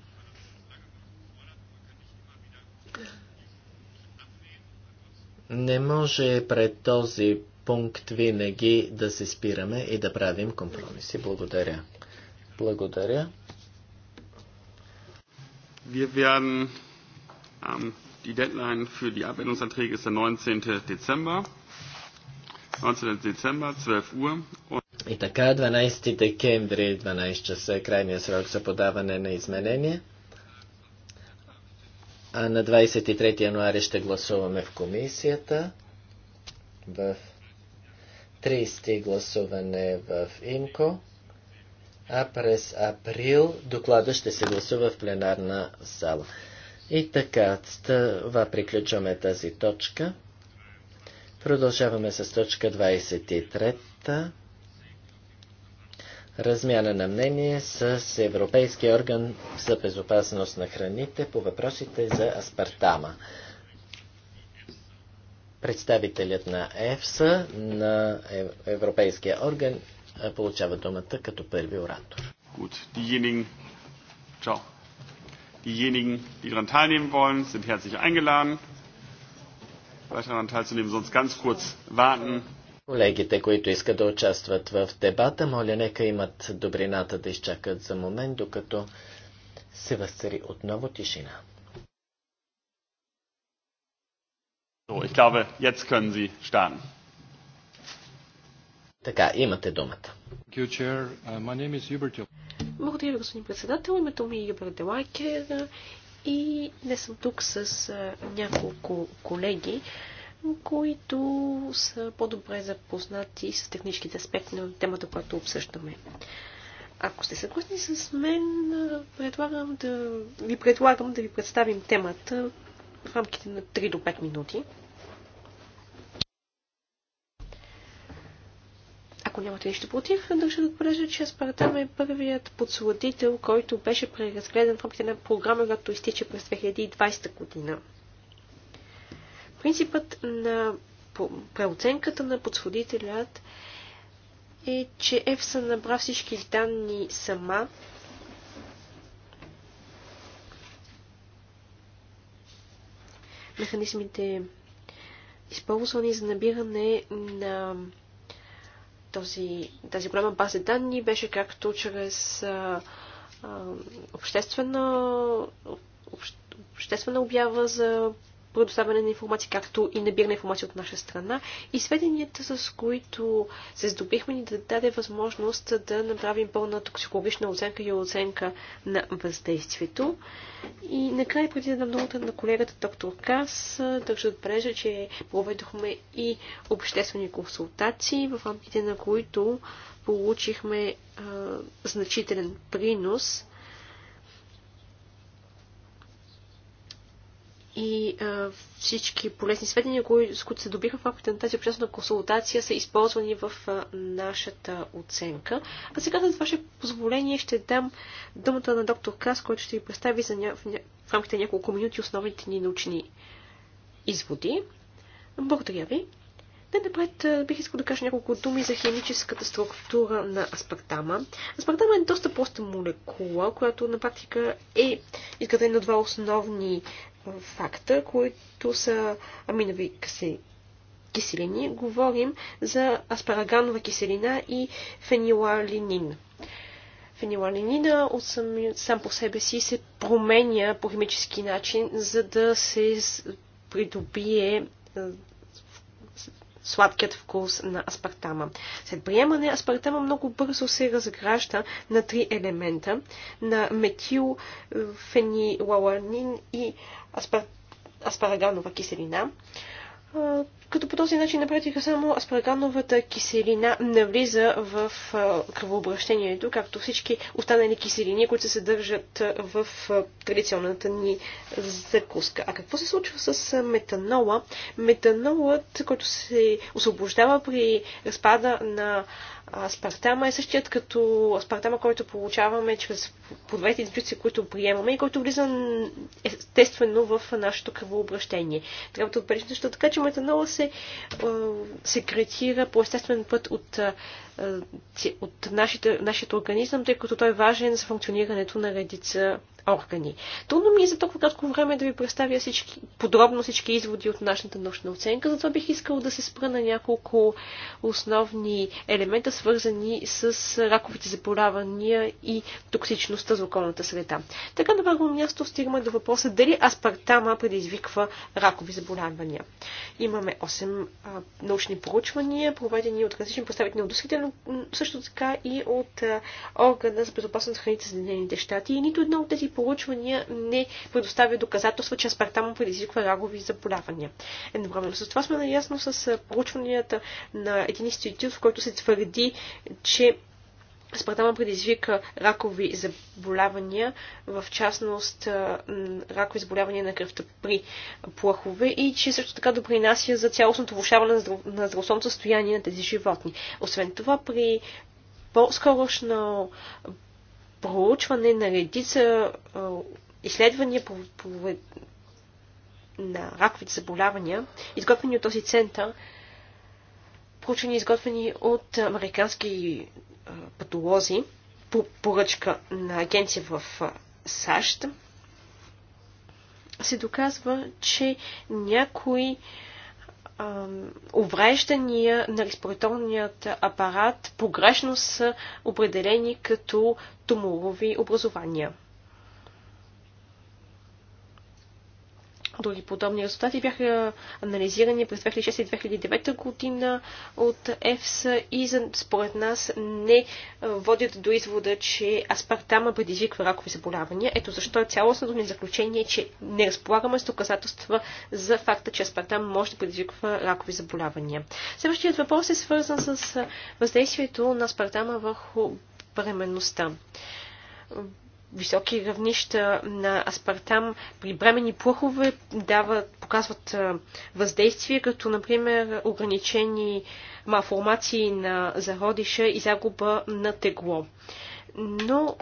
Не може пред този пункт винаги да се спираме и да правим компромиси. Благодаря. Благодаря. Wir werden, um, die Deadline für die Abwendungsanträge ist der 19. Dezember. И така, 12 декември, 12 часа е крайния срок за подаване на изменения. А на 23 януари ще гласуваме в комисията. В 30 гласуване в ИМКО. А през април доклада ще се гласува в пленарна зала. И така, това приключваме тази точка. Продължаваме с точка 23. Размяна на мнение с Европейския орган за безопасност на храните по въпросите за аспартама. Представителят на ЕФСА, на Европейския орган, получава думата като първи оратор. Gut, diejenigen, ciao. Diejenigen, die daran teilnehmen wollen, sind herzlich eingeladen weiter daran teilzunehmen, sonst ganz kurz warten. Колегите, които искат да участват в дебата, моля нека имат добрината да изчакат за момент, докато се възцари отново тишина. Така, имате думата. Uh, Благодаря ви, господин председател. Името ми е Юбер Делакер и не съм тук с няколко колеги, които са по-добре запознати с техническите аспекти на темата, която обсъждаме. Ако сте съгласни с мен, предлагам да ви предлагам да ви представим темата в рамките на 3 до 5 минути. ако нямате нищо против, държа да отбележа, че Спартан е първият подсладител, който беше преразгледан в рамките на програма, която изтича през 2020 година. Принципът на преоценката на подсладителят е, че ЕФСА набра всички данни сама механизмите използвани за набиране на този, тази голяма база данни беше както чрез а, а, обществена, обществена обява за предоставяне на информация, както и набиране информация от наша страна. И сведенията, с които се здобихме, ни да даде възможност да направим пълна токсикологична оценка и оценка на въздействието. И накрая, преди да дам думата на колегата доктор Кас, държа отбележа, че проведохме и обществени консултации, в рамките на които получихме а, значителен принос и а, всички полезни сведения, кои, с които се добиха в рамките на тази обществена консултация, са използвани в а, нашата оценка. А сега, с ваше позволение, ще дам думата на доктор Кас, който ще ви представи за ня... в, ня... в рамките на няколко минути основните ни научни изводи. Благодаря ви. Най-напред бих искал да кажа няколко думи за химическата структура на аспартама. Аспартама е доста проста молекула, която на практика е изградена на два основни факта, които са аминови киселини. Говорим за аспараганова киселина и фенилалинин. Фенилалинина от сам, сам по себе си се променя по химически начин, за да се придобие сладкият вкус на аспартама. След приемане аспартама много бързо се разгражда на три елемента на метил, фенилаланин и аспар... аспараганова киселина като по този начин напратиха само аспаргановата киселина навлиза в кръвообращението, както всички останали киселини, които се съдържат в традиционната ни закуска. А какво се случва с метанола? Метанолът, който се освобождава при разпада на аспартама е същият като аспартама, който получаваме чрез по двете които приемаме и който влиза естествено в нашето кръвообращение. Трябва да отбележим също така, че метанола се секретира по естествен път от, от нашите, нашия организъм, тъй като той е важен за функционирането на редица органи. Трудно ми е за толкова кратко време да ви представя всички, подробно всички изводи от нашата научна оценка, затова бих искал да се спра на няколко основни елемента, свързани с раковите заболявания и токсичността за околната среда. Така на първо място стигаме до въпроса дали аспартама предизвиква ракови заболявания. Имаме 8 а, научни проучвания, проведени от различни представители на индустрията, но също така и от а, органа за безопасност на храните за Съединените щати. И нито едно от тези проучвания не предоставя доказателства, че аспарта му предизвиква ракови заболявания. Едновременно с това сме наясно с проучванията на един институт, в който се твърди, че Аспартама предизвика ракови заболявания, в частност ракови заболявания на кръвта при плахове и че също така допринася за цялостното влушаване на, на здравословното състояние на тези животни. Освен това, при по-скорошно проучване на редица изследвания по, по, на раковите заболявания, изготвени от този център, проучвани изготвени от американски патолози по поръчка на агенция в САЩ, се доказва, че някои увреждания на респираторният апарат погрешно са определени като туморови образования. други подобни резултати бяха анализирани през 2006 и 2009 година от ЕФСА и според нас не водят до извода, че аспартама предизвиква ракови заболявания. Ето защо е цялостното ни заключение, че не разполагаме с доказателства за факта, че аспартам може да предизвиква ракови заболявания. Следващият въпрос е свързан с въздействието на аспартама върху бременността високи равнища на аспартам при бремени плъхове дават, показват въздействие, като например ограничени малформации на зародиша и загуба на тегло. Но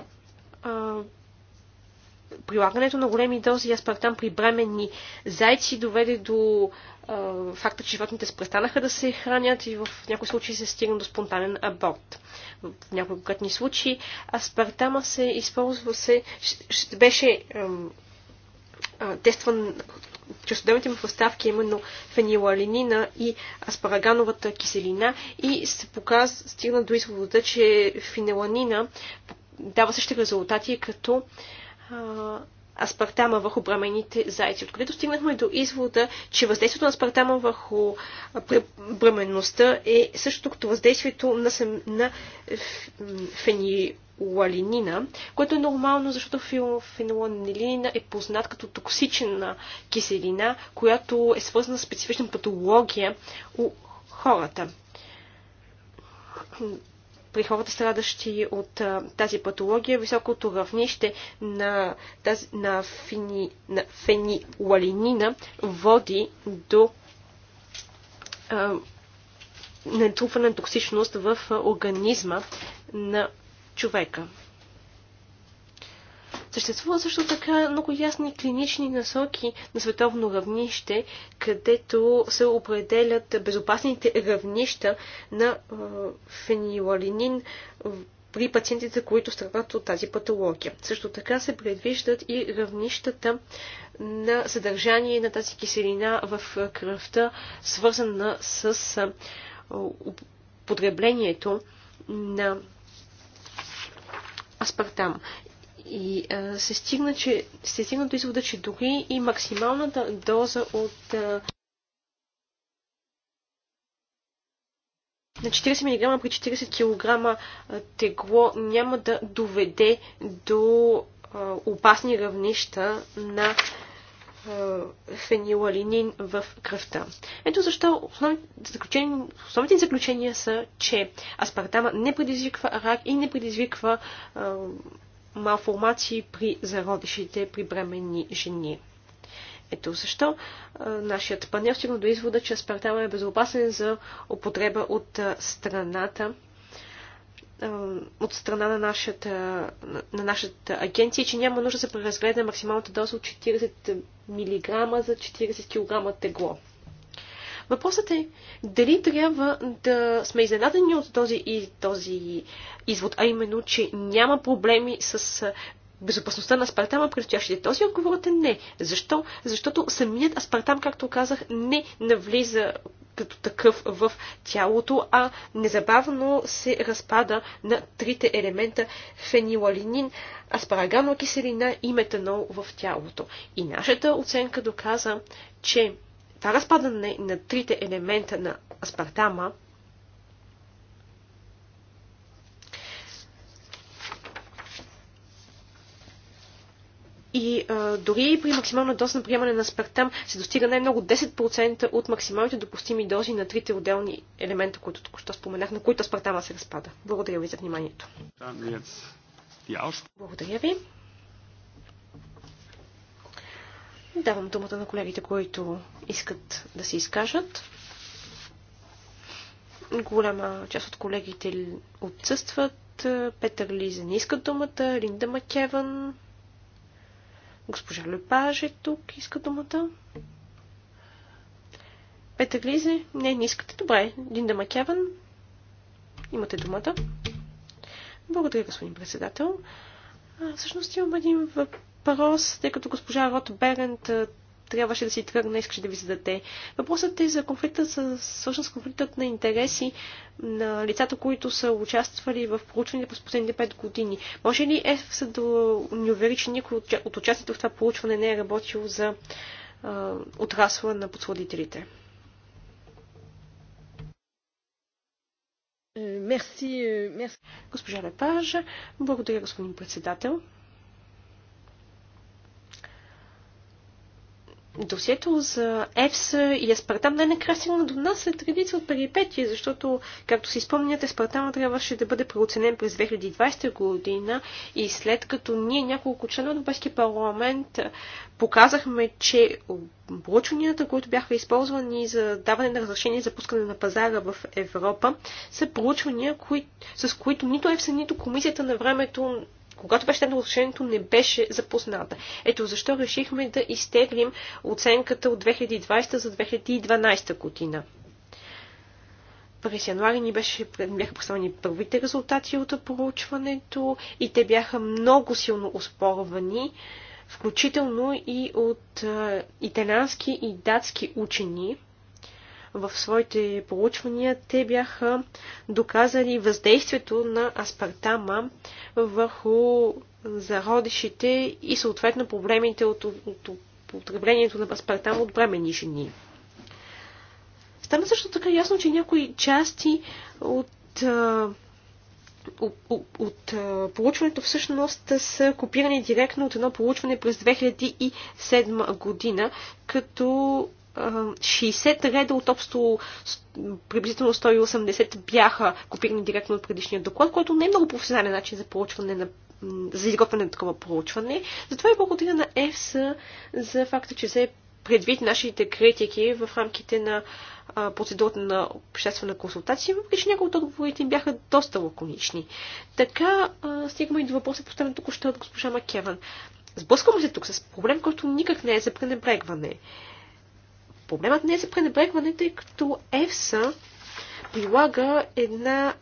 прилагането на големи дози аспартам при бременни зайци доведе до а, факта, че животните престанаха да се хранят и в някои случаи се стигна до спонтанен аборт. В някои конкретни случаи аспартама се използва се, ще беше а, тестван чрез отделните му поставки, именно фенилалинина и аспарагановата киселина и се показ, стигна до извода, че фениланина дава същите резултати като а, аспартама върху бременните зайци, откъдето стигнахме до извода, че въздействието на аспартама върху бременността е същото като въздействието на, сем... на фенилалинина, което е нормално, защото фенилалинина е познат като токсична киселина, която е свързана с специфична патология у хората при хората страдащи от а, тази патология, високото равнище на, тази, на, фени, на фенилалинина води до натрупване на токсичност в организма на човека. Съществува също така много ясни клинични насоки на световно равнище, където се определят безопасните равнища на фенилалинин при пациентите, които страдат от тази патология. Също така се предвиждат и равнищата на съдържание на тази киселина в кръвта, свързана с потреблението на аспартам. И а, се, стигна, че, се стигна до извода, че дори и максималната доза от а, на 40 мг при 40 кг тегло няма да доведе до а, опасни равнища на фенилалинин в кръвта. Ето защо основните заключения, основните заключения са, че аспартама не предизвиква рак и не предизвиква а, малформации при зародишите при бременни жени. Ето защо а, нашият панел стигна до извода, че аспартама е безопасен за употреба от а, страната от страна на нашата, на нашата агенция, че няма нужда да се преразгледа максималната доза от 40 мг за 40 кг тегло. Въпросът е дали трябва да сме изненадани от този, и този извод, а именно, че няма проблеми с безопасността на аспартама предстоящите. Този отговорът е не. Защо? Защото самият аспартам, както казах, не навлиза като такъв в тялото, а незабавно се разпада на трите елемента фенилалинин, аспарагано киселина и метанол в тялото. И нашата оценка доказа, че това разпадане на трите елемента на аспартама И а, дори при максимална доза на приемане на аспартам се достига най-много 10% от максималните допустими дози на трите отделни елемента, които току-що споменах, на които аспартама се разпада. Благодаря ви за вниманието. Благодаря ви. Давам думата на колегите, които искат да се изкажат. Голяма част от колегите отсъстват. Петър Лиза не иска думата. Линда Макеван. Госпожа Лепаж е тук, иска думата. Петър Лизе? Не, не искате. Добре. Линда Макеван. Имате думата. Благодаря, господин председател. А, всъщност имам един въпрос Парос, тъй като госпожа Рот Берент трябваше да си тръгне, искаше да ви зададе. Въпросът е за конфликта, с, всъщност конфликтът на интереси на лицата, които са участвали в проучването през последните 5 години. Може ли ЕФСА да ни увери, че никой от участието в това проучване не е работил за а, отрасла на подсладителите? Е, мерси, е, мерси. Госпожа Лепаж, благодаря господин председател. досието за ЕФСА и Аспартам не накрая стигна до нас след редица от перипетия, защото, както си спомняте, Аспартама трябваше да бъде преоценен през 2020 година и след като ние няколко члена от Европейския парламент показахме, че проучванията, които бяха използвани за даване на разрешение за пускане на пазара в Европа, са проучвания, кои... с които нито ЕФСА, нито комисията на времето когато беше дадено решението, не беше запозната. Ето защо решихме да изтеглим оценката от 2020 за 2012 година. През януари ни беше, бяха представени първите резултати от проучването и те бяха много силно оспорвани, включително и от италиански и датски учени, в своите проучвания, те бяха доказали въздействието на аспартама върху зародишите и съответно проблемите от, от, потреблението на Аспартама от бремени жени. Стана също така ясно, че някои части от, от, от, от получването всъщност са копирани директно от едно получване през 2007 година, като 60 реда от общо приблизително 180 бяха копирани директно от предишния доклад, който не е много професионален начин за получване на за изготвяне на такова проучване. Затова и благодаря на ЕФСА за факта, че се предвид нашите критики в рамките на процедурата на обществена консултация, въпреки че някои от отговорите им бяха доста лаконични. Така стигаме и до въпроса, поставен тук още от госпожа Макеван. Сблъскваме се тук с проблем, който никак не е за пренебрегване. Проблемът не е за пренебрегване, тъй като ЕФСА прилага една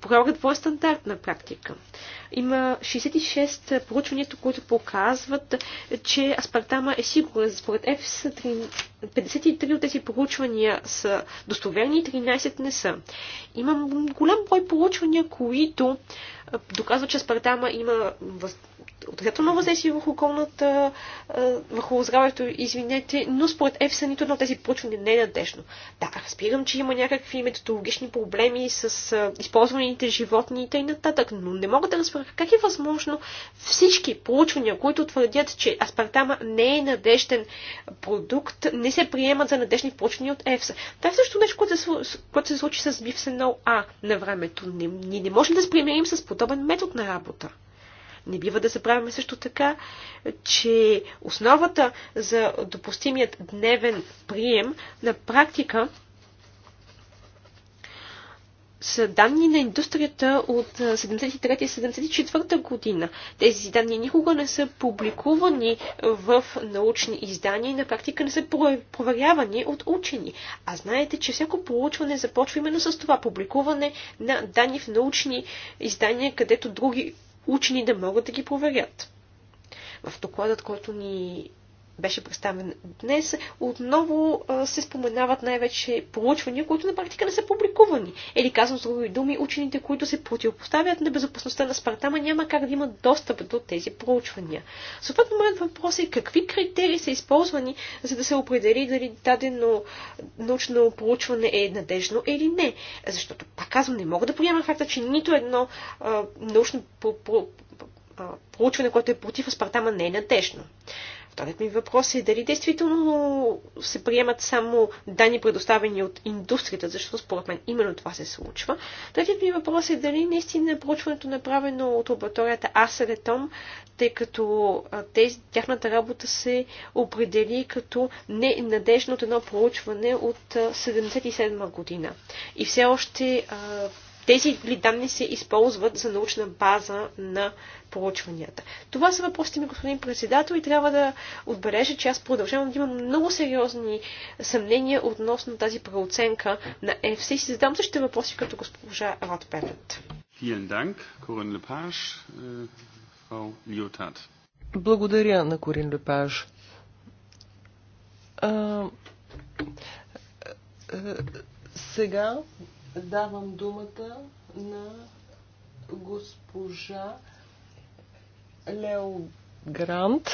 прилага двоя стандарт на практика. Има 66 проучвания, които показват, че аспартама е сигурен. Според ЕФС 53 от тези проучвания са достоверни, 13 не са. Има голям брой проучвания, които доказват, че аспартама има отрицателно въздействие върху околната, върху здравето, извинете, но според ЕФСА нито едно тези проучвания не е надежно. Да, разбирам, че има някакви методологични проблеми с използваните животни и нататък, но не мога да разбера как е възможно всички проучвания, които твърдят, че аспартама не е надежден продукт, не се приемат за надежни проучвания от ЕФСА. Това е също нещо, което се, което се случи с бифсенол А на времето. Ние не, не можем да се примерим с подобен метод на работа. Не бива да забравяме също така, че основата за допустимият дневен прием на практика са данни на индустрията от 73 74 година. Тези данни никога не са публикувани в научни издания и на практика не са проверявани от учени. А знаете, че всяко проучване започва именно с това публикуване на данни в научни издания, където други учени да могат да ги проверят. В докладът, който ни беше представен днес, отново се споменават най-вече проучвания, които на практика не са публикувани. Или казвам с други думи, учените, които се противопоставят на безопасността на Спартама, няма как да имат достъп до тези проучвания. Съответно, моят въпрос е какви критерии са използвани, за да се определи дали дадено научно проучване е надежно или не. Защото, пак казвам, не мога да приема факта, че нито едно а, научно проучване, което е против аспартама, не е надежно. Вторият ми въпрос е дали действително се приемат само данни предоставени от индустрията, защото според мен именно това се случва. Третият ми въпрос е дали наистина проучването направено от лабораторията Асеретом, тъй като тези, тяхната работа се определи като ненадежно от едно проучване от 1977 година. И все още а, тези данни се използват за научна база на проучванията. Това са въпросите ми, господин председател, и трябва да отбележа, че аз продължавам да имам много сериозни съмнения относно тази преоценка на ЕФС и си задам същите въпроси като госпожа Рот Пенет. Э, Благодаря на Корин Лепаж. А, а, сега Давам думата на госпожа Лео Грант.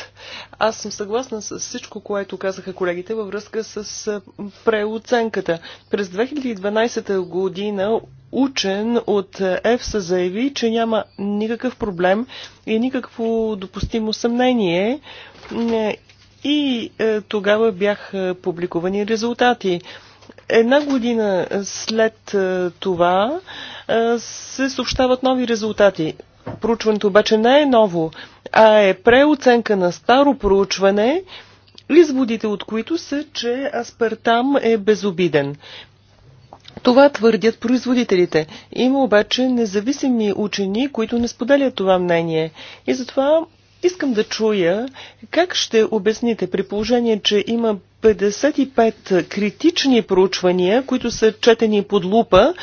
Аз съм съгласна с всичко, което казаха колегите във връзка с преоценката. През 2012 година учен от ЕФСА заяви, че няма никакъв проблем и никакво допустимо съмнение. И е, тогава бяха публикувани резултати. Една година е, след е, това е, се съобщават нови резултати. Проучването обаче не е ново, а е преоценка на старо проучване, изводите от които са, че аспартам е безобиден. Това твърдят производителите. Има обаче независими учени, които не споделят това мнение. И затова Искам да чуя как ще обясните при положение, че има 55 критични проучвания, които са четени под лупа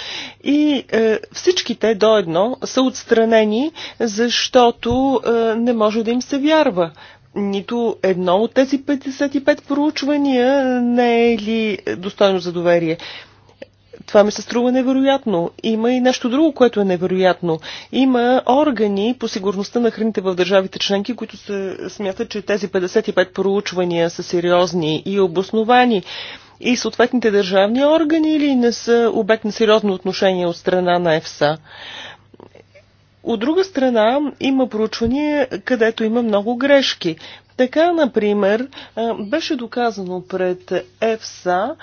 и е, всички те до едно са отстранени, защото е, не може да им се вярва. Нито едно от тези 55 проучвания не е ли достойно за доверие това ми се струва невероятно. Има и нещо друго, което е невероятно. Има органи по сигурността на храните в държавите членки, които се смятат, че тези 55 проучвания са сериозни и обосновани. И съответните държавни органи или не са обект на сериозно отношение от страна на ЕФСА. От друга страна, има проучвания, където има много грешки. Така, например, беше доказано пред ЕФСА,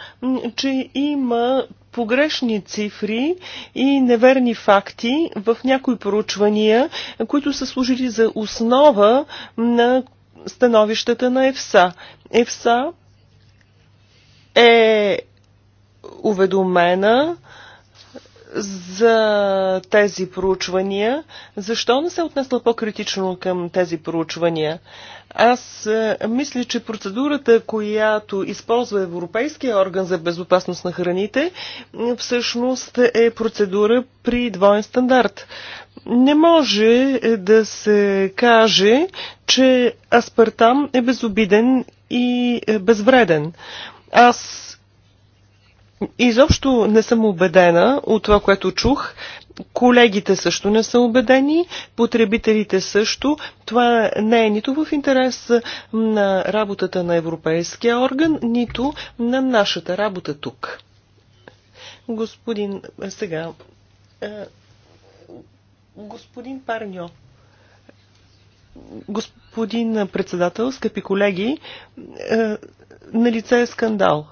че има погрешни цифри и неверни факти в някои проучвания, които са служили за основа на становищата на ЕФСА. ЕФСА е уведомена за тези проучвания. Защо не се отнесла по-критично към тези проучвания? Аз е, мисля, че процедурата, която използва Европейския орган за безопасност на храните, всъщност е процедура при двоен стандарт. Не може е, да се каже, че аспартам е безобиден и е, безвреден. Аз Изобщо не съм убедена от това, което чух. Колегите също не са убедени, потребителите също. Това не е нито в интерес на работата на Европейския орган, нито на нашата работа тук. Господин, сега, е, господин Парньо, господин председател, скъпи колеги, е, на лице е скандал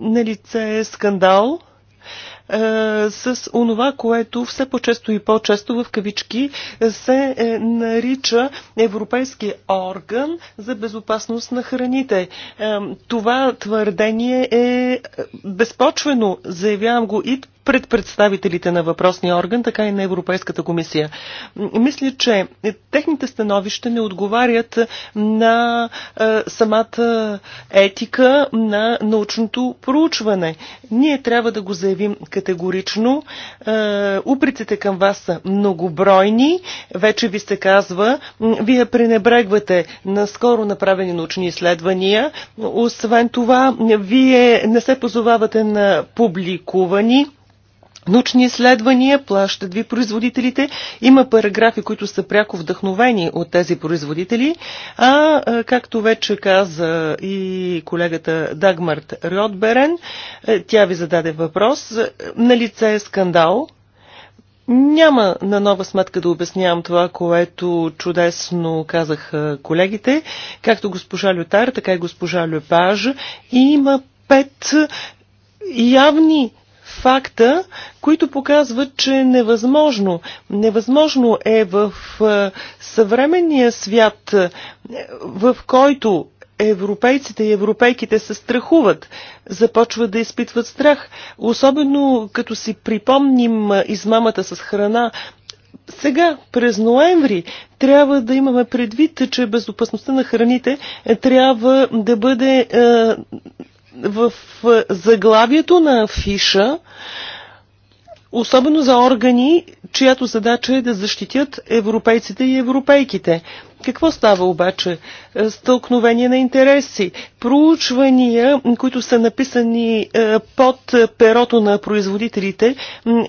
на лице е скандал е, с онова, което все по-често и по-често в кавички се е, нарича Европейски орган за безопасност на храните. Е, това твърдение е безпочвено, заявявам го и пред представителите на въпросния орган, така и на Европейската комисия. Мисля, че техните становища не отговарят на е, самата етика на научното проучване. Ние трябва да го заявим категорично. Е, уприците към вас са многобройни. Вече ви се казва, вие пренебрегвате на скоро направени научни изследвания. Освен това, вие не се позовавате на публикувани научни изследвания, плащат ви производителите. Има параграфи, които са пряко вдъхновени от тези производители. А, както вече каза и колегата Дагмарт Рьотберен, е, тя ви зададе въпрос. Е, на лице е скандал, няма на нова сметка да обяснявам това, което чудесно казах колегите, както госпожа Лютар, така и госпожа Лепаж. Има пет явни факта, които показват, че е невъзможно. Невъзможно е в е, съвременния свят, е, в който европейците и европейките се страхуват, започват да изпитват страх, особено като си припомним е, измамата с храна. Сега, през ноември, трябва да имаме предвид, че безопасността на храните трябва да бъде в заглавието на афиша, особено за органи, чиято задача е да защитят европейците и европейките. Какво става обаче? Е, стълкновение на интереси, проучвания, които са написани е, под перото на производителите,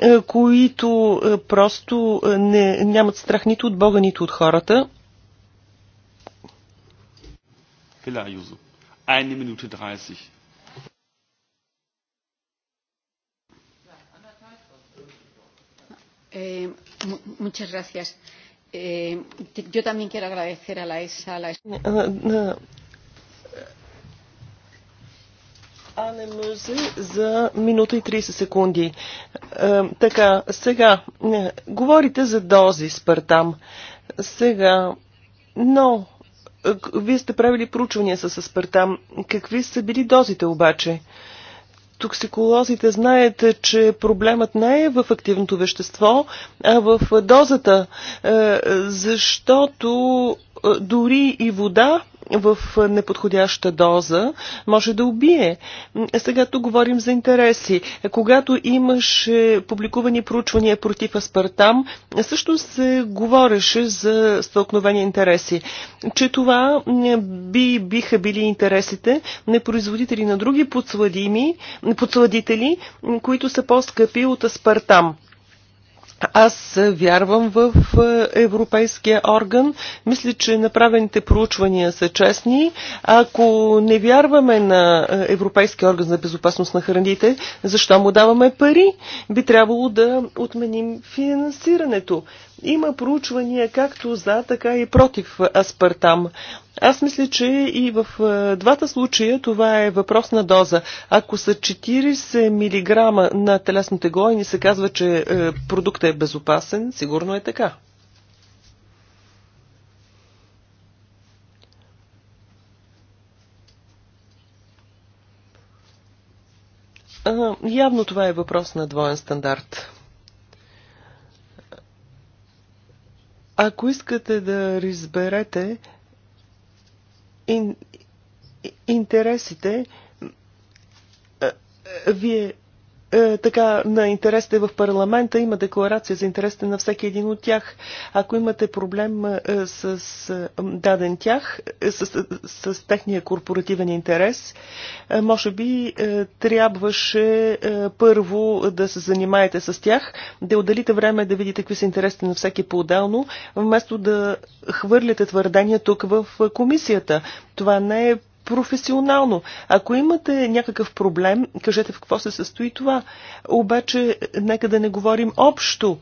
е, които просто не, нямат страх нито от Бога, нито от хората. Фила Юзо, 1 минута 30. Eh, eh, yo también quiero agradecer a la ESA. la Ане за минута и 30 секунди. Е, така, сега, не, говорите за дози спартам. Сега, но е, вие сте правили проучвания с аспартам. Какви са били дозите обаче? Е, токсиколозите знаят, че проблемът не е в активното вещество, а в дозата, е, защото е, дори и вода в неподходяща доза може да убие. Сега тук говорим за интереси. Когато имаш публикувани проучвания против аспартам, също се говореше за стълкновени интереси. Че това би, биха били интересите на производители на други подсладими, подсладители, които са по-скъпи от аспартам. Аз вярвам в е, Европейския орган. Мисля, че направените проучвания са честни. Ако не вярваме на е, Европейския орган за безопасност на храните, защо му даваме пари? Би трябвало да отменим финансирането. Има проучвания както за, така и против аспартам. Аз мисля, че и в е, двата случая това е въпрос на доза. Ако са 40 мг на телесно тегло и ни се казва, че е, продуктът е безопасен, сигурно е така. явно това е въпрос на двоен стандарт. Ако искате да разберете ин, интересите, вие е, така, на интересите в парламента има декларация за интересите на всеки един от тях. Ако имате проблем е, с е, даден тях, с, с, с техния корпоративен интерес, може би трябваше първо да се занимаете с тях, да отделите време да видите какви са интересите на всеки по-отделно, вместо да хвърляте твърдения тук в комисията. Това не е професионално. Ако имате някакъв проблем, кажете в какво се състои това. Обаче, нека да не говорим общо.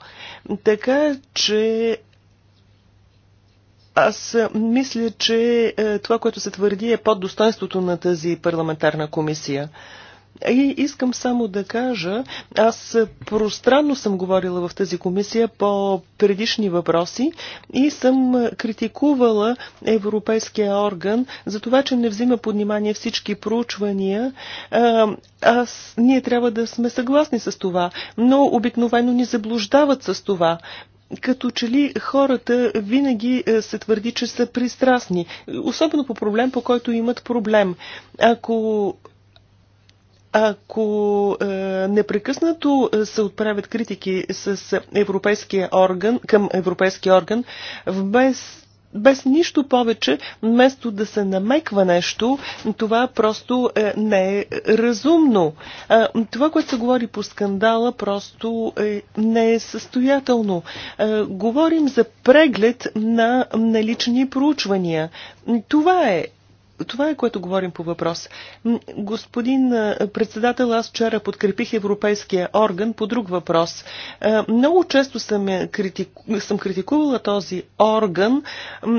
Така че аз мисля, че е, това, което се твърди е под достоинството на тази парламентарна комисия. И искам само да кажа, аз пространно съм говорила в тази комисия по предишни въпроси и съм критикувала Европейския орган за това, че не взима под внимание всички проучвания. Аз, ние трябва да сме съгласни с това, но обикновено ни заблуждават с това като че ли хората винаги е, се твърди, че са пристрастни, особено по проблем, по който имат проблем. Ако ако е, непрекъснато е, се отправят критики с европейския орган, към европейския орган, без без нищо повече, вместо да се намеква нещо, това просто е, не е разумно. А, е, това, което се говори по скандала, просто е, не е състоятелно. А, е, говорим за преглед на налични проучвания. Това е това е което говорим по въпрос. Господин председател, аз вчера подкрепих Европейския орган по друг въпрос. Много често съм, е, критику... съм критикувала този орган.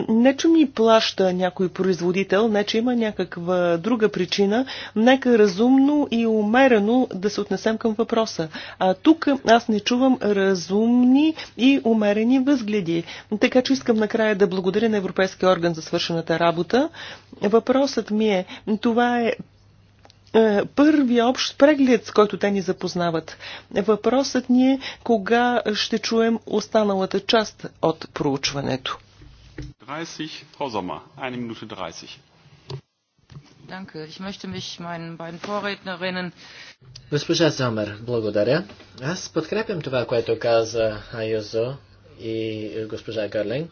Не, че ми плаща някой производител, не, че има някаква друга причина. Нека разумно и умерено да се отнесем към въпроса. А тук аз не чувам разумни и умерени възгледи. Така че искам накрая да благодаря на Европейския орган за свършената работа. Въпрос Въпросът ми е, това е, е първи общ преглед, с който те ни запознават. Въпросът ни е кога ще чуем останалата част от проучването. 30, Хозама, Sommer, 1 минута 30. Danke. Ich möchte mich meinen beiden Vorrednerinnen. Госпожа Сомер, благодаря. Аз подкрепям това, което каза Айозо и госпожа Гърлинг.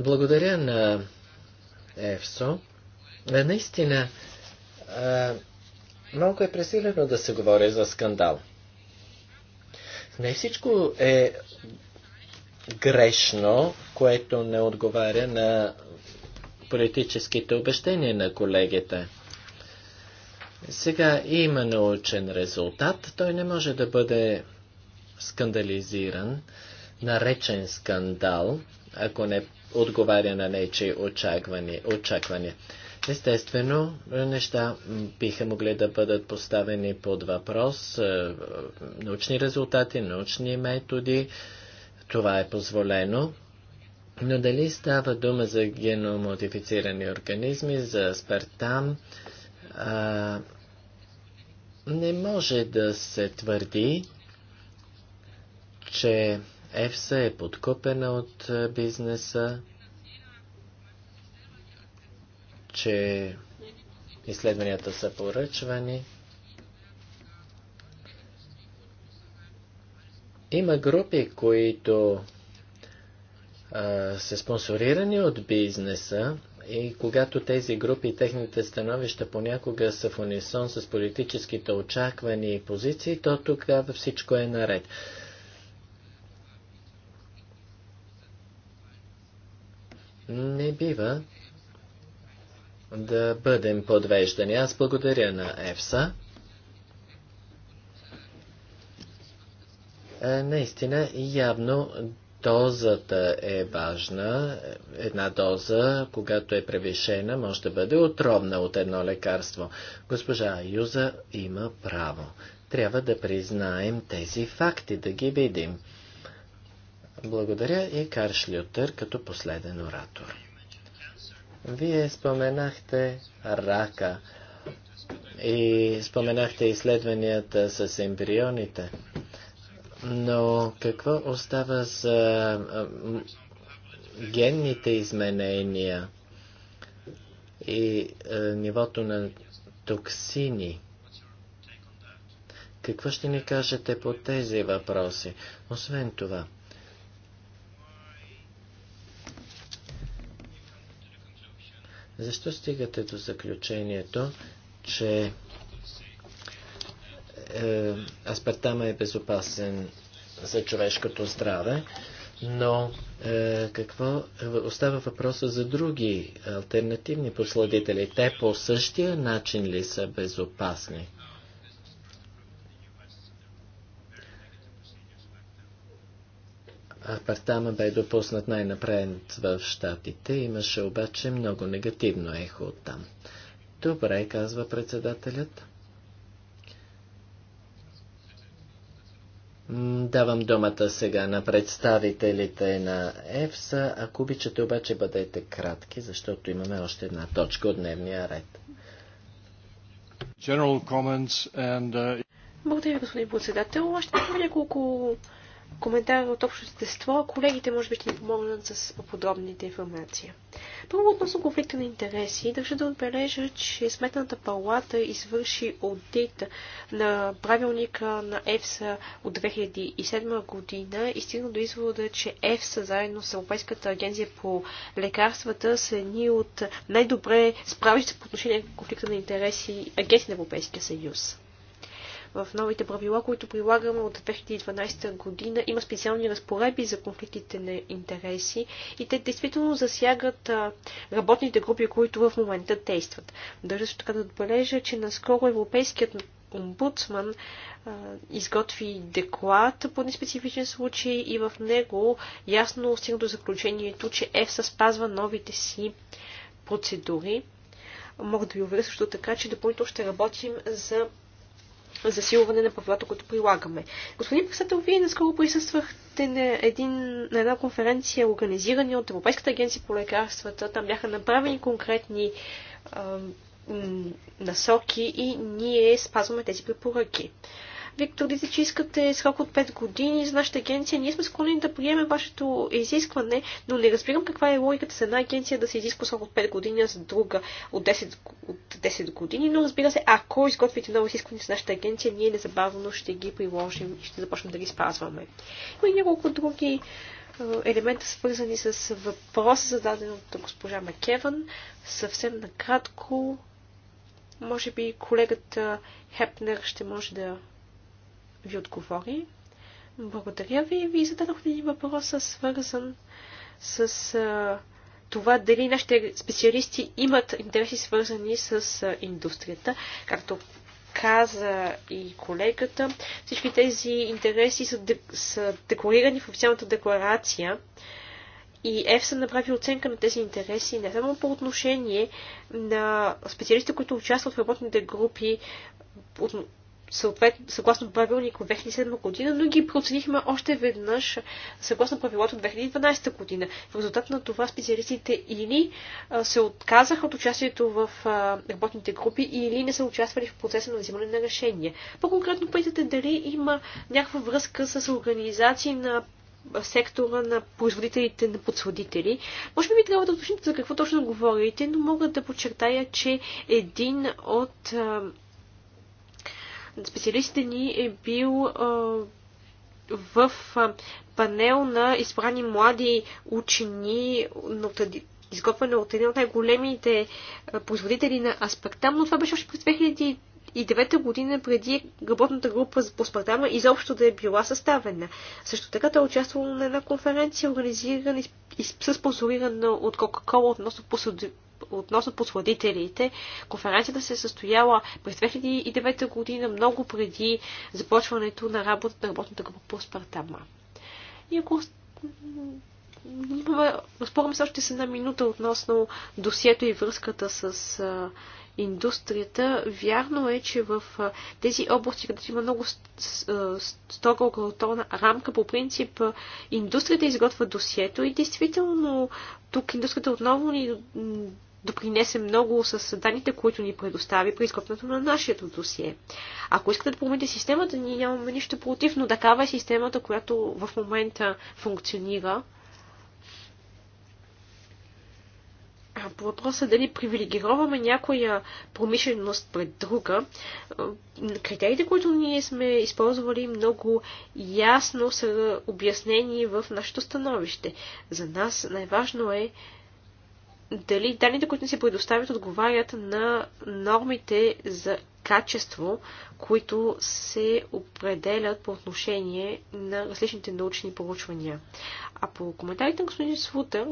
Благодаря на ЕФСО. Е, наистина, е, малко е пресилено да се говори за скандал. Не всичко е грешно, което не отговаря на политическите обещания на колегите. Сега има научен резултат, той не може да бъде скандализиран, наречен скандал, ако не отговаря на нечи очаквания. очакване. Естествено, неща биха могли да бъдат поставени под въпрос, е, научни резултати, научни методи, това е позволено, но дали става дума за геномодифицирани организми, за аспартам, а, не може да се твърди, че ЕФСА е подкупена от е, бизнеса, че изследванията са поръчвани. Има групи, които а, са спонсорирани от бизнеса и когато тези групи и техните становища понякога са в унисон с политическите очаквания и позиции, то тогава всичко е наред. Не бива да бъдем подвеждани. Аз благодаря на Евса. Е, наистина, явно дозата е важна. Една доза, когато е превишена, може да бъде отровна от едно лекарство. Госпожа Юза има право. Трябва да признаем тези факти, да ги видим. Благодаря и Карш Лютер като последен оратор. Вие споменахте рака и споменахте изследванията с ембрионите. Но какво остава за генните изменения и е, нивото на токсини? Какво ще ни кажете по тези въпроси? Освен това, Защо стигате до заключението, че е, аспартама е безопасен за човешкото здраве, но е, какво остава въпроса за други альтернативни посладители? Те по същия начин ли са безопасни? Партама бе допуснат най-напред в щатите. имаше обаче много негативно ехо от там. Добре, казва председателят. Давам думата сега на представителите на ЕФСА. Ако обичате, обаче бъдете кратки, защото имаме още една точка от дневния ред. And, uh... Благодаря, господин председател. Още няколко коментар от общо естество, колегите може би ще ни помогнат с подробните информация. Първо относно конфликта на интереси, държа да отбележа, че Сметната палата извърши аудит на правилника на ЕФСА от 2007 година и стигна до извода, че ЕФСА заедно с Европейската агенция по лекарствата са едни от най-добре справящи се по отношение на конфликта на интереси агенции на Европейския съюз. В новите правила, които прилагаме от 2012 година, има специални разпоредби за конфликтите на интереси и те действително засягат работните групи, които в момента действат. Държа също така да отбележа, че наскоро Европейският омбудсман изготви декларат по един специфичен случай и в него ясно стигна до заключението, че ЕФСА спазва новите си процедури. Мога да ви уверя също така, че допълнително ще работим за засилване на правилата, които прилагаме. Господин председател, вие наскоро присъствахте на, един, на една конференция, организирана от Европейската агенция по лекарствата. Там бяха направени конкретни а, насоки и ние спазваме тези препоръки. Вие твърдите, че искате срок от 5 години за нашата агенция. Ние сме склонни да приемем вашето изискване, но не разбирам каква е логиката за една агенция да се изисква срок от 5 години, а за друга от 10, от 10 години. Но разбира се, ако изготвите ново изискване за нашата агенция, ние незабавно ще ги приложим и ще започнем да ги спазваме. Има и няколко други елемента, свързани с въпроса, зададен от госпожа Макеван. Съвсем накратко, може би колегата Хепнер ще може да ви отговори. Благодаря ви. Ви зададох един въпрос, свързан с а, това дали нашите специалисти имат интереси свързани с а, индустрията. Както каза и колегата, всички тези интереси са, де, са декларирани в официалната декларация. И ЕФСА направи оценка на тези интереси не само по отношение на специалистите, които участват в работните групи съответ, съгласно правилник от 2007 година, но ги проценихме още веднъж съгласно правилата от 2012 година. В резултат на това специалистите или се отказаха от участието в работните групи, или не са участвали в процеса на взимане на решения. По-конкретно питате дали има някаква връзка с организации на сектора на производителите на подсладители. Може би трябва да уточните за какво точно говорите, но мога да подчертая, че един от специалистите ни е бил в панел на избрани млади учени, изготвяне от един от най-големите производители на аспартам, но това беше още през 2009 година преди работната група по Спартама изобщо да е била съставена. Също така той е участвал на една конференция, организирана и спонсорирана от кока cola относно относно подсладителите. Конференцията се е състояла през 2009 година, много преди започването на работа на работната група по Спартама. И ако Спорим се още с една минута относно досието и връзката с а, индустрията. Вярно е, че в а, тези области, където има много строга околотолна рамка, по принцип а, индустрията изготвя досието и действително тук индустрията отново ни допринесе много с данните, които ни предостави при изкопването на нашето досие. Ако искате да промените системата, ние нямаме нищо против, но такава е системата, която в момента функционира. по въпроса дали привилегироваме някоя промишленост пред друга, критериите, които ние сме използвали много ясно са обяснени в нашето становище. За нас най-важно е дали данните, които ни се предоставят, отговарят на нормите за качество, които се определят по отношение на различните научни проучвания. А по коментарите на господин Свутър,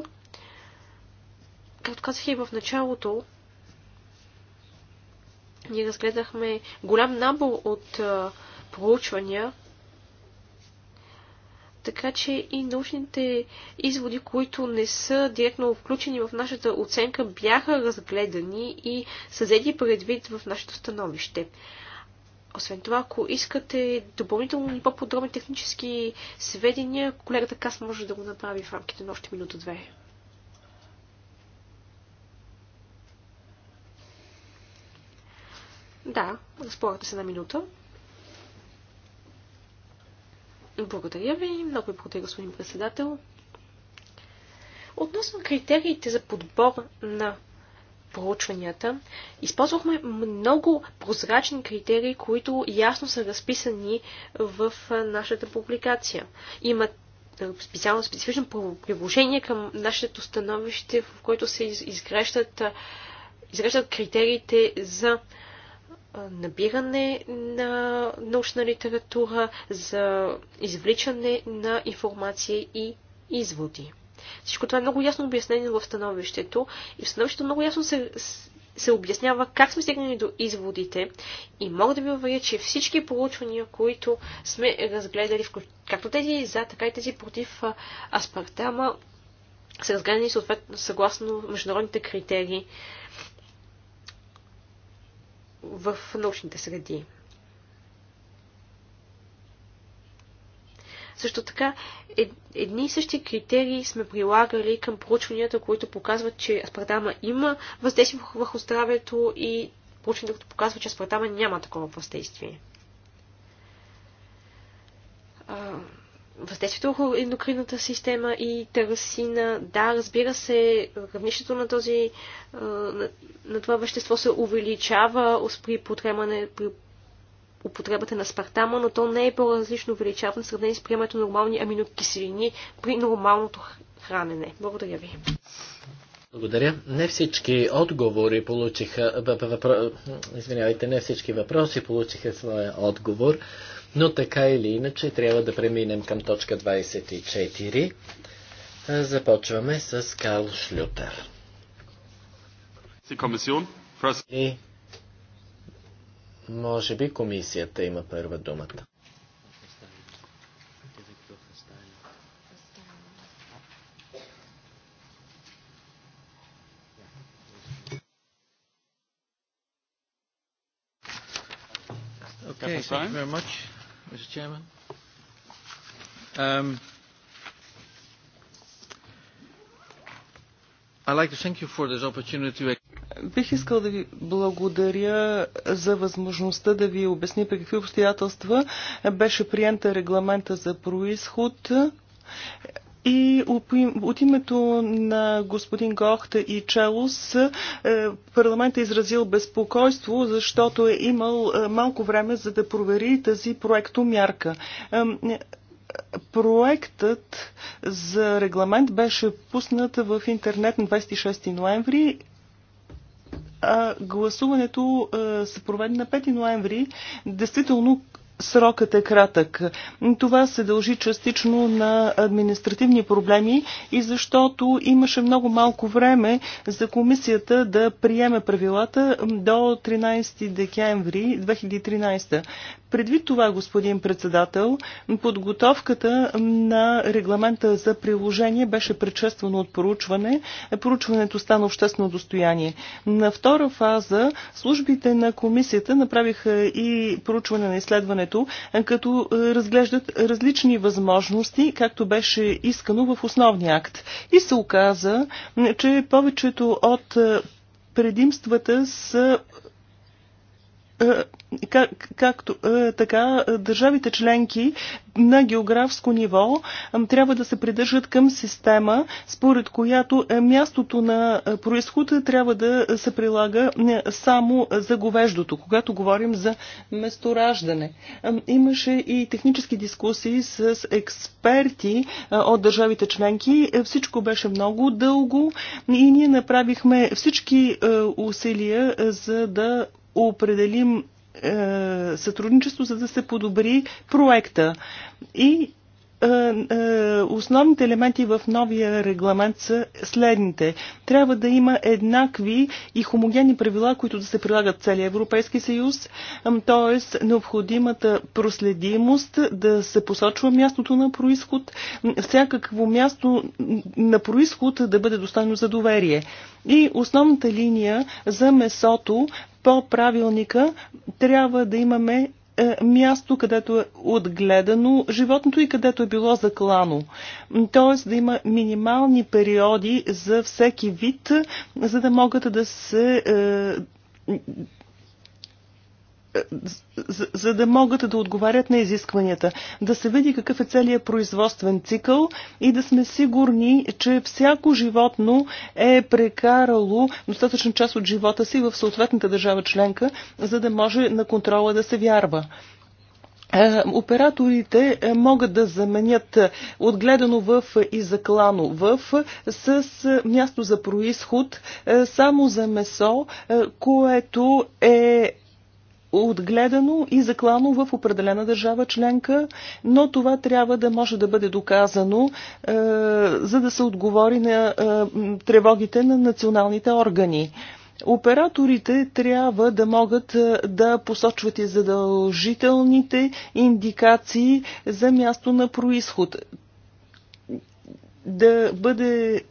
както казах и в началото, ние разгледахме голям набор от проучвания, така че и научните изводи, които не са директно включени в нашата оценка, бяха разгледани и са взети предвид в нашето становище. Освен това, ако искате допълнително и по-подробни технически сведения, колегата Кас може да го направи в рамките на още минута-две. Да, разполагате се на минута. Благодаря ви. Много ви благодаря, господин председател. Относно критериите за подбор на проучванията, използвахме много прозрачни критерии, които ясно са разписани в нашата публикация. Има специално специфично приложение към нашето становище, в което се изгрещат, изгрещат критериите за набиране на научна литература, за извличане на информация и изводи. Всичко това е много ясно обяснено в становището и в становището много ясно се, се обяснява как сме стигнали до изводите и мога да ви уверя, че всички проучвания, които сме разгледали, както тези за, така и тези против аспартама, са разгледани съответно съгласно международните критерии в научните среди. Също така, е, едни и същи критерии сме прилагали към проучванията, които показват, че аспартама има въздействие върху здравето и проучванията, които показват, че аспартама няма такова въздействие въздействието върху ендокринната система и търсина. Да, разбира се, равнището на, този, на, на това вещество се увеличава при, при употребата на спартама, но то не е по-различно увеличаване в сравнение с приемането на нормални аминокиселини при нормалното хранене. Благодаря ви. Благодаря. Не всички отговори получиха, извинявайте, не всички въпроси получиха своя отговор. Но така или иначе трябва да преминем към точка 24. Започваме с Карл Шлютер. И може би комисията има първа думата. Okay, thank you very much. Mr. Chairman. Um, I'd like to thank you for this opportunity Бих искал да ви благодаря за възможността да ви обясня при какви обстоятелства беше приента регламента за происход и от името на господин Гохта и Челос е, парламентът е изразил безпокойство, защото е имал е, малко време за да провери тази проектомярка. Е, проектът за регламент беше пуснат в интернет на 26 ноември а гласуването се проведе на 5 ноември. Действително срокът е кратък. Това се дължи частично на административни проблеми и защото имаше много малко време за комисията да приеме правилата до 13 декември 2013. Предвид това, господин председател, подготовката на регламента за приложение беше предшествано от поручване. Поручването стана обществено достояние. На втора фаза службите на комисията направиха и поручване на изследването, като е, разглеждат различни възможности, както беше искано в основния акт. И се оказа, че повечето от е, предимствата са е, как, както е, така, държавите членки на географско ниво трябва да се придържат към система, според която е, мястото на происход трябва да се прилага само за говеждото, когато говорим за местораждане. Имаше и технически дискусии с експерти от държавите членки. Всичко беше много дълго и ние направихме всички усилия за да определим е, сътрудничество, за да се подобри проекта. И е, е, основните елементи в новия регламент са следните. Трябва да има еднакви и хомогенни правила, които да се прилагат в целия Европейски съюз, т.е. необходимата проследимост да се посочва мястото на происход, всякакво място на происход да бъде достойно за доверие. И основната линия за месото по правилника трябва да имаме е, място, където е отгледано животното и където е било заклано. Тоест да има минимални периоди за всеки вид, за да могат да се е, за, за да могат да отговарят на изискванията, да се види какъв е целият производствен цикъл и да сме сигурни, че всяко животно е прекарало достатъчно част от живота си в съответната държава членка, за да може на контрола да се вярва. Е, операторите е, могат да заменят е, отгледано в и заклано в с място за происход само за месо, което е отгледано и заклано в определена държава членка, но това трябва да може да бъде доказано, е, за да се отговори на е, тревогите на националните органи. Операторите трябва да могат е, да посочват и задължителните индикации за място на происход. Да бъде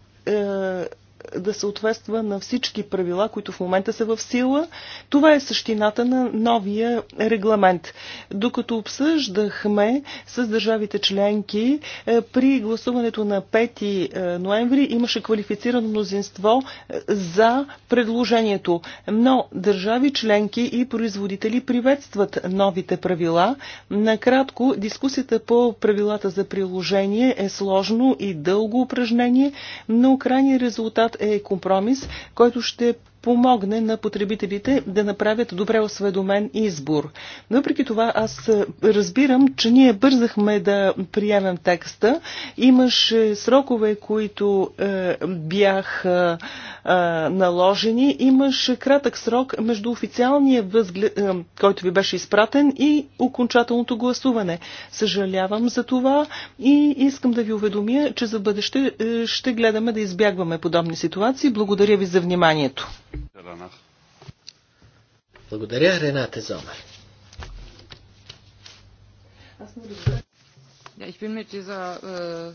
да съответства на всички правила, които в момента са в сила. Това е същината на новия регламент. Докато обсъждахме с държавите членки, е, при гласуването на 5 е, ноември имаше квалифицирано мнозинство е, за предложението. Но държави членки и производители приветстват новите правила. Накратко, дискусията по правилата за приложение е сложно и дълго упражнение, но крайният резултат е компромис, който ще помогне на потребителите да направят добре осведомен избор. Въпреки това аз разбирам, че ние бързахме да приемем текста. Имаше срокове, които е, бяха е, наложени. Имаше кратък срок между официалния възглед, е, който ви беше изпратен и окончателното гласуване. Съжалявам за това и искам да ви уведомя, че за бъдеще е, ще гледаме да избягваме подобни ситуации. Благодаря ви за вниманието. Благодаря, Рената Зомер. Ja, ich bin mit dieser äh,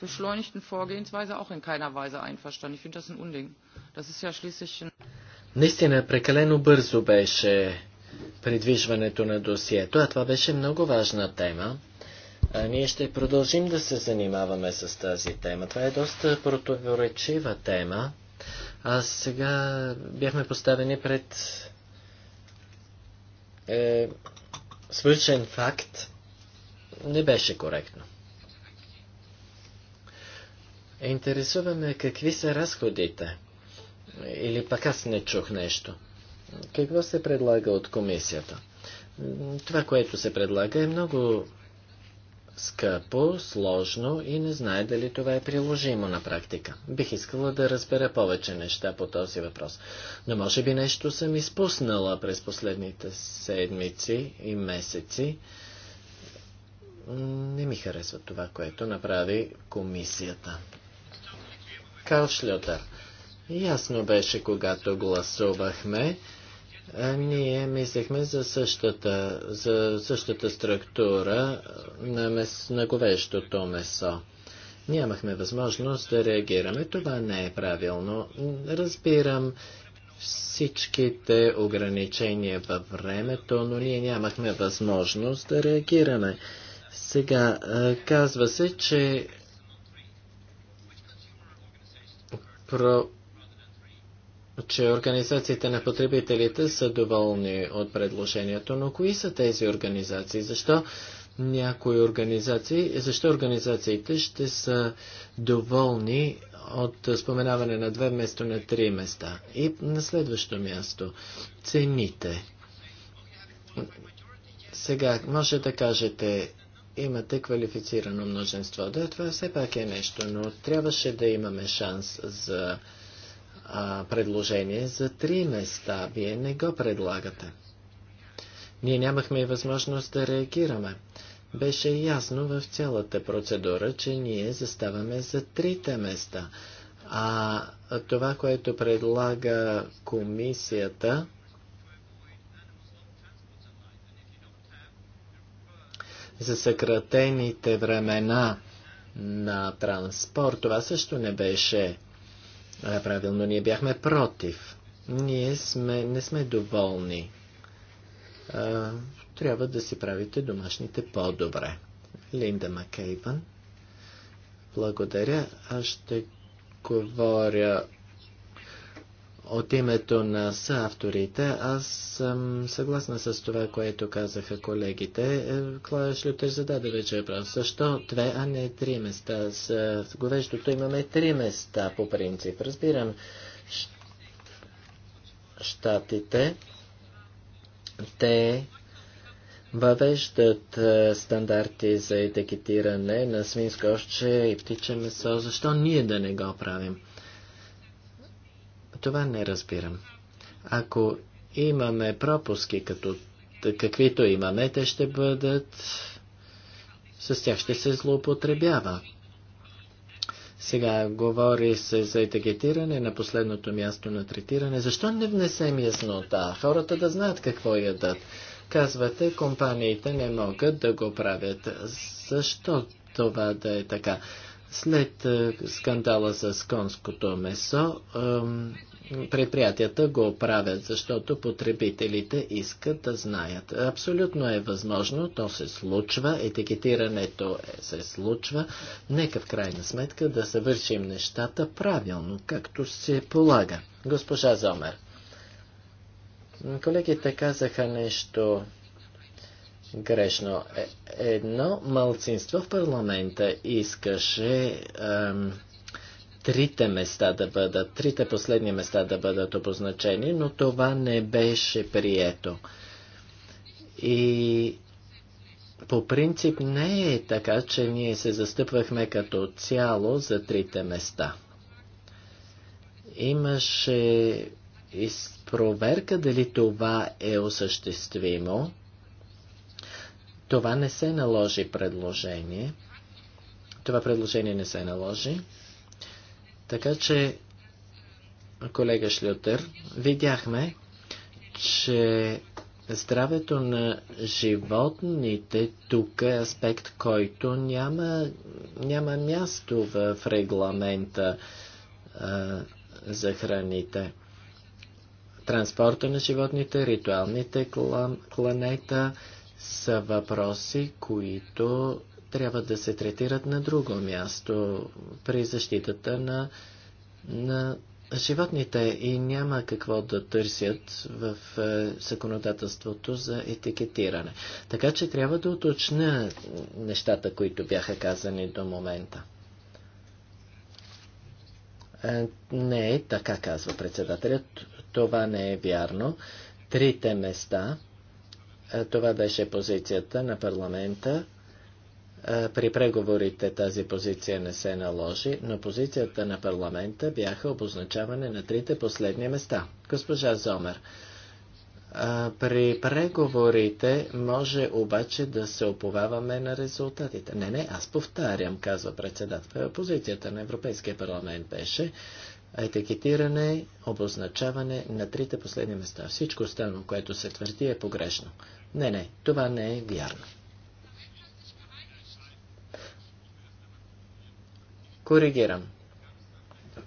beschleunigten Vorgehensweise auch in keiner Weise einverstanden. Ich finde das ein Unding. Das ist ja schließlich ein Наистина, прекалено бързо беше придвижването на досието, а това беше много важна тема. А ние ще продължим да се занимаваме с тази тема. Това е доста противоречива тема. А сега бяхме поставени пред е, свършен факт. Не беше коректно. Интересуваме какви са разходите. Или пък аз не чух нещо. Какво се предлага от комисията? Това, което се предлага е много скъпо, сложно и не знае дали това е приложимо на практика. Бих искала да разбера повече неща по този въпрос. Но може би нещо съм изпуснала през последните седмици и месеци. Не ми харесва това, което направи комисията. Карл Ясно беше, когато гласувахме, ние мислехме за същата, за същата структура на, мес, на говещото месо. Нямахме възможност да реагираме. Това не е правилно. Разбирам всичките ограничения във времето, но ние нямахме възможност да реагираме. Сега казва се, че про че организациите на потребителите са доволни от предложението, но кои са тези организации? Защо някои организации, защо организациите ще са доволни от споменаване на две место на три места? И на следващо място, цените. Сега, може да кажете, имате квалифицирано множество. Да, това все пак е нещо, но трябваше да имаме шанс за а, предложение за три места. Вие не го предлагате. Ние нямахме и възможност да реагираме. Беше ясно в цялата процедура, че ние заставаме за трите места. А това, което предлага комисията, за съкратените времена на транспорт, това също не беше правилно, ние бяхме против. Ние сме, не сме доволни. А, трябва да си правите домашните по-добре. Линда Макейбън. Благодаря. Аз ще говоря от името на съавторите. Аз съм съгласна с това, което казаха колегите. Е, Клая Шлютер зададе вече въпрос. Защо две, а не три места? С говещото имаме три места по принцип. Разбирам щатите. Те въвеждат е, стандарти за етикетиране на свинско още и птиче месо. Защо ние да не го правим? Това не разбирам. Ако имаме пропуски, като каквито имаме, те ще бъдат... С тях ще се злоупотребява. Сега говори се за етикетиране на последното място на третиране. Защо не внесем яснота? Хората да знаят какво ядат. Казвате, компаниите не могат да го правят. Защо това да е така? След е, скандала с конското месо, предприятията го правят, защото потребителите искат да знаят. Абсолютно е възможно, то се случва, етикетирането е, се случва. Нека в крайна сметка да съвършим нещата правилно, както се полага. Госпожа Зомер, колегите казаха нещо грешно. Е, едно малцинство в парламента искаше... Ем, трите места да бъдат, трите последни места да бъдат обозначени, но това не беше прието. И по принцип не е така, че ние се застъпвахме като цяло за трите места. Имаше проверка дали това е осъществимо. Това не се наложи предложение. Това предложение не се наложи. Така че, колега Шлютер, видяхме, че здравето на животните тук е аспект, който няма, няма място в регламента а, за храните. Транспорта на животните, ритуалните кланета са въпроси, които трябва да се третират на друго място при защитата на, на животните и няма какво да търсят в е, законодателството за етикетиране. Така че трябва да уточня нещата, които бяха казани до момента. Е, не е така, казва председателят. Това не е вярно. Трите места, е, това беше позицията на парламента, е, при преговорите тази позиция не се наложи, но позицията на парламента бяха обозначаване на трите последни места. Госпожа Зомер, е, при преговорите може обаче да се оповаваме на резултатите. Не, не, аз повтарям, казва председател. Позицията на Европейския парламент беше етикетиране, обозначаване на трите последни места. Всичко останало, което се твърди, е погрешно. Не, не, това не е вярно. Коригирам.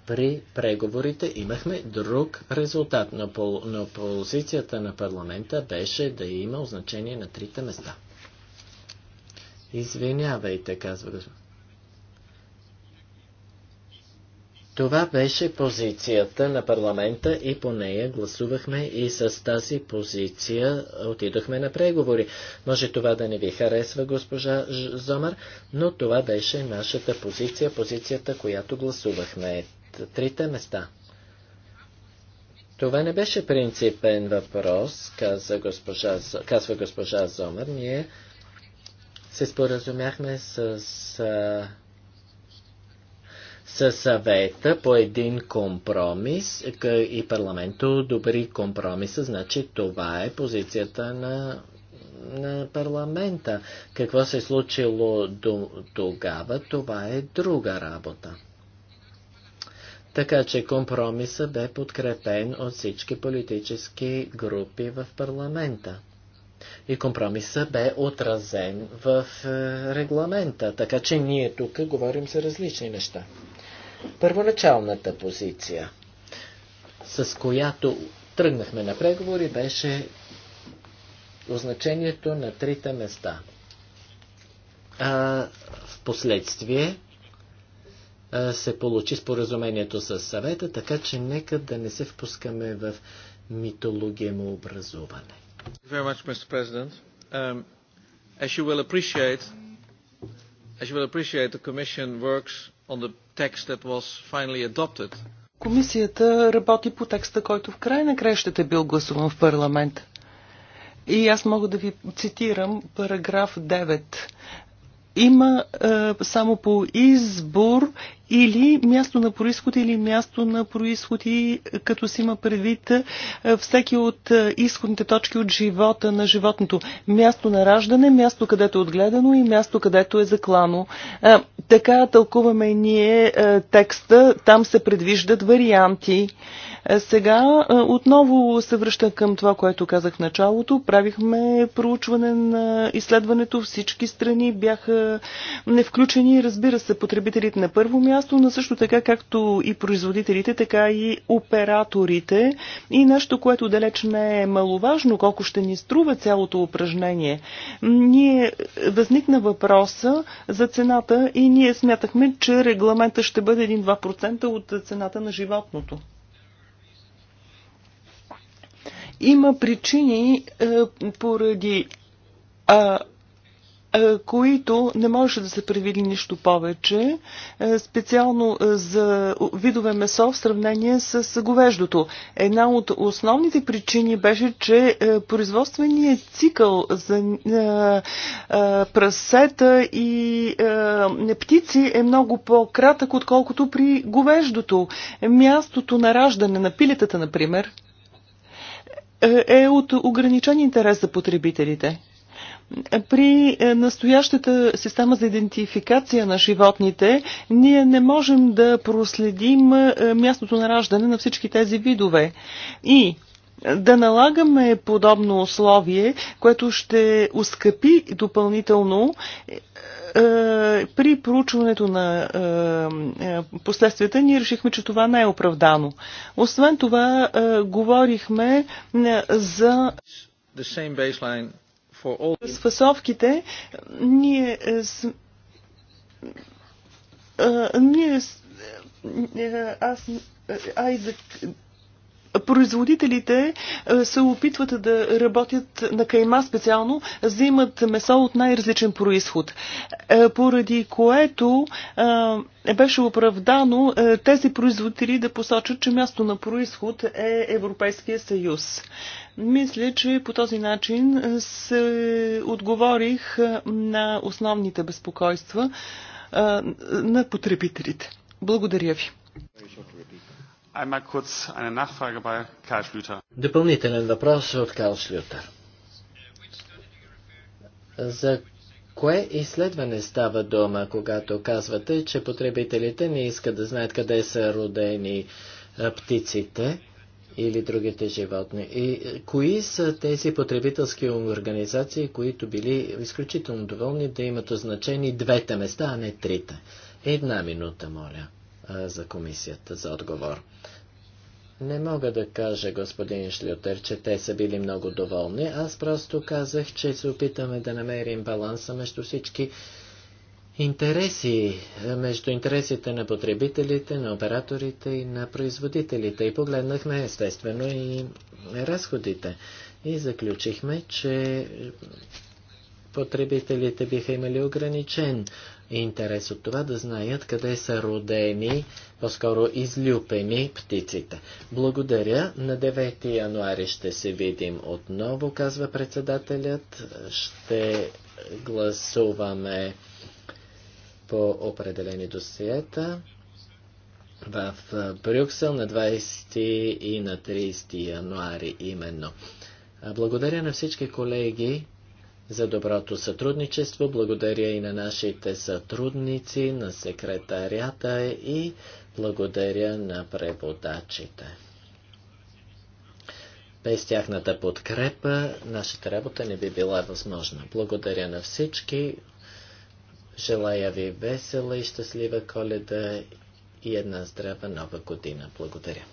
При преговорите имахме друг резултат, но, пол, но позицията на парламента беше да има означение на трите места. Извинявайте, казва господин. Това беше позицията на парламента и по нея гласувахме и с тази позиция отидохме на преговори. Може това да не ви харесва, госпожа Зомар, но това беше нашата позиция, позицията, която гласувахме. Трите места. Това не беше принципен въпрос, каза госпожа, казва госпожа Зомар. Ние се споразумяхме с, с със съвета по един компромис и парламенту добри компромиса, значи това е позицията на, на парламента. Какво се е случило до, тогава, това е друга работа. Така че компромиса бе подкрепен от всички политически групи в парламента. И компромиса бе отразен в е, регламента, така че ние тук говорим за различни неща. Първоначалната позиция, с която тръгнахме на преговори, беше означението на трите места. А, в последствие а, се получи споразумението с съвета, така че нека да не се впускаме в митология му образуване. Um, as you will appreciate, as you will appreciate, the Commission works on the text that was finally adopted. Комисията работи по текста, който в край на крещата е бил гласуван в парламент. И аз мога да ви цитирам параграф 9 има е, само по избор или място на происход или място на происход и е, като си има предвид е, всеки от е, изходните точки от живота на животното. Място на раждане, място където е отгледано и място където е заклано. Е, така тълкуваме ние е, текста. Там се предвиждат варианти. Е, сега е, отново се връща към това, което казах в началото. Правихме проучване на изследването. Всички страни бяха не включени, Разбира се, потребителите на първо място, но също така както и производителите, така и операторите. И нещо, което далеч не е маловажно, колко ще ни струва цялото упражнение. Ние е, възникна въпроса за цената и ние смятахме, че регламента ще бъде 1-2% от цената на животното. Има причини, е, поради е, които не може да се предвиди нищо повече, е, специално за видове месо в сравнение с говеждото. Една от основните причини беше, че производственият цикъл за прасета и птици е много по-кратък, отколкото при говеждото. Мястото на раждане на пилетата, например, е от ограничен интерес за потребителите. При е, настоящата система за идентификация на животните ние не можем да проследим е, мястото на раждане на всички тези видове. И да налагаме подобно условие, което ще ускъпи допълнително е, е, при проучването на е, последствията ние решихме, че това не е оправдано. Освен това, говорихме за разфасовките. Ние, ние аз Айзек производителите е, се опитват да работят на кайма специално, взимат месо от най-различен происход, е, поради което е, беше оправдано тези производители да посочат, че място на происход е Европейския съюз. Мисля, че по този начин се отговорих на основните безпокойства на потребителите. Благодаря ви. Einmal kurz eine Nachfrage bei Karl Schlüter. Допълнителен въпрос от Карл Шлютер. За кое изследване става дома, когато казвате, че потребителите не искат да знаят къде са родени птиците или другите животни? И кои са тези потребителски организации, които били изключително доволни да имат означени двете места, а не трите? Една минута, моля за комисията за отговор. Не мога да кажа, господин Шлютер, че те са били много доволни. Аз просто казах, че се опитаме да намерим баланса между всички интереси, между интересите на потребителите, на операторите и на производителите. И погледнахме, естествено, и разходите. И заключихме, че потребителите биха имали ограничен интерес от това да знаят къде са родени, по-скоро излюпени птиците. Благодаря. На 9 януари ще се видим отново, казва председателят. Ще гласуваме по определени досиета в Брюксел на 20 и на 30 януари именно. Благодаря на всички колеги, за доброто сътрудничество. Благодаря и на нашите сътрудници, на секретарята и благодаря на преводачите. Без тяхната подкрепа нашата работа не би била възможна. Благодаря на всички. Желая ви весела и щастлива коледа и една здрава нова година. Благодаря.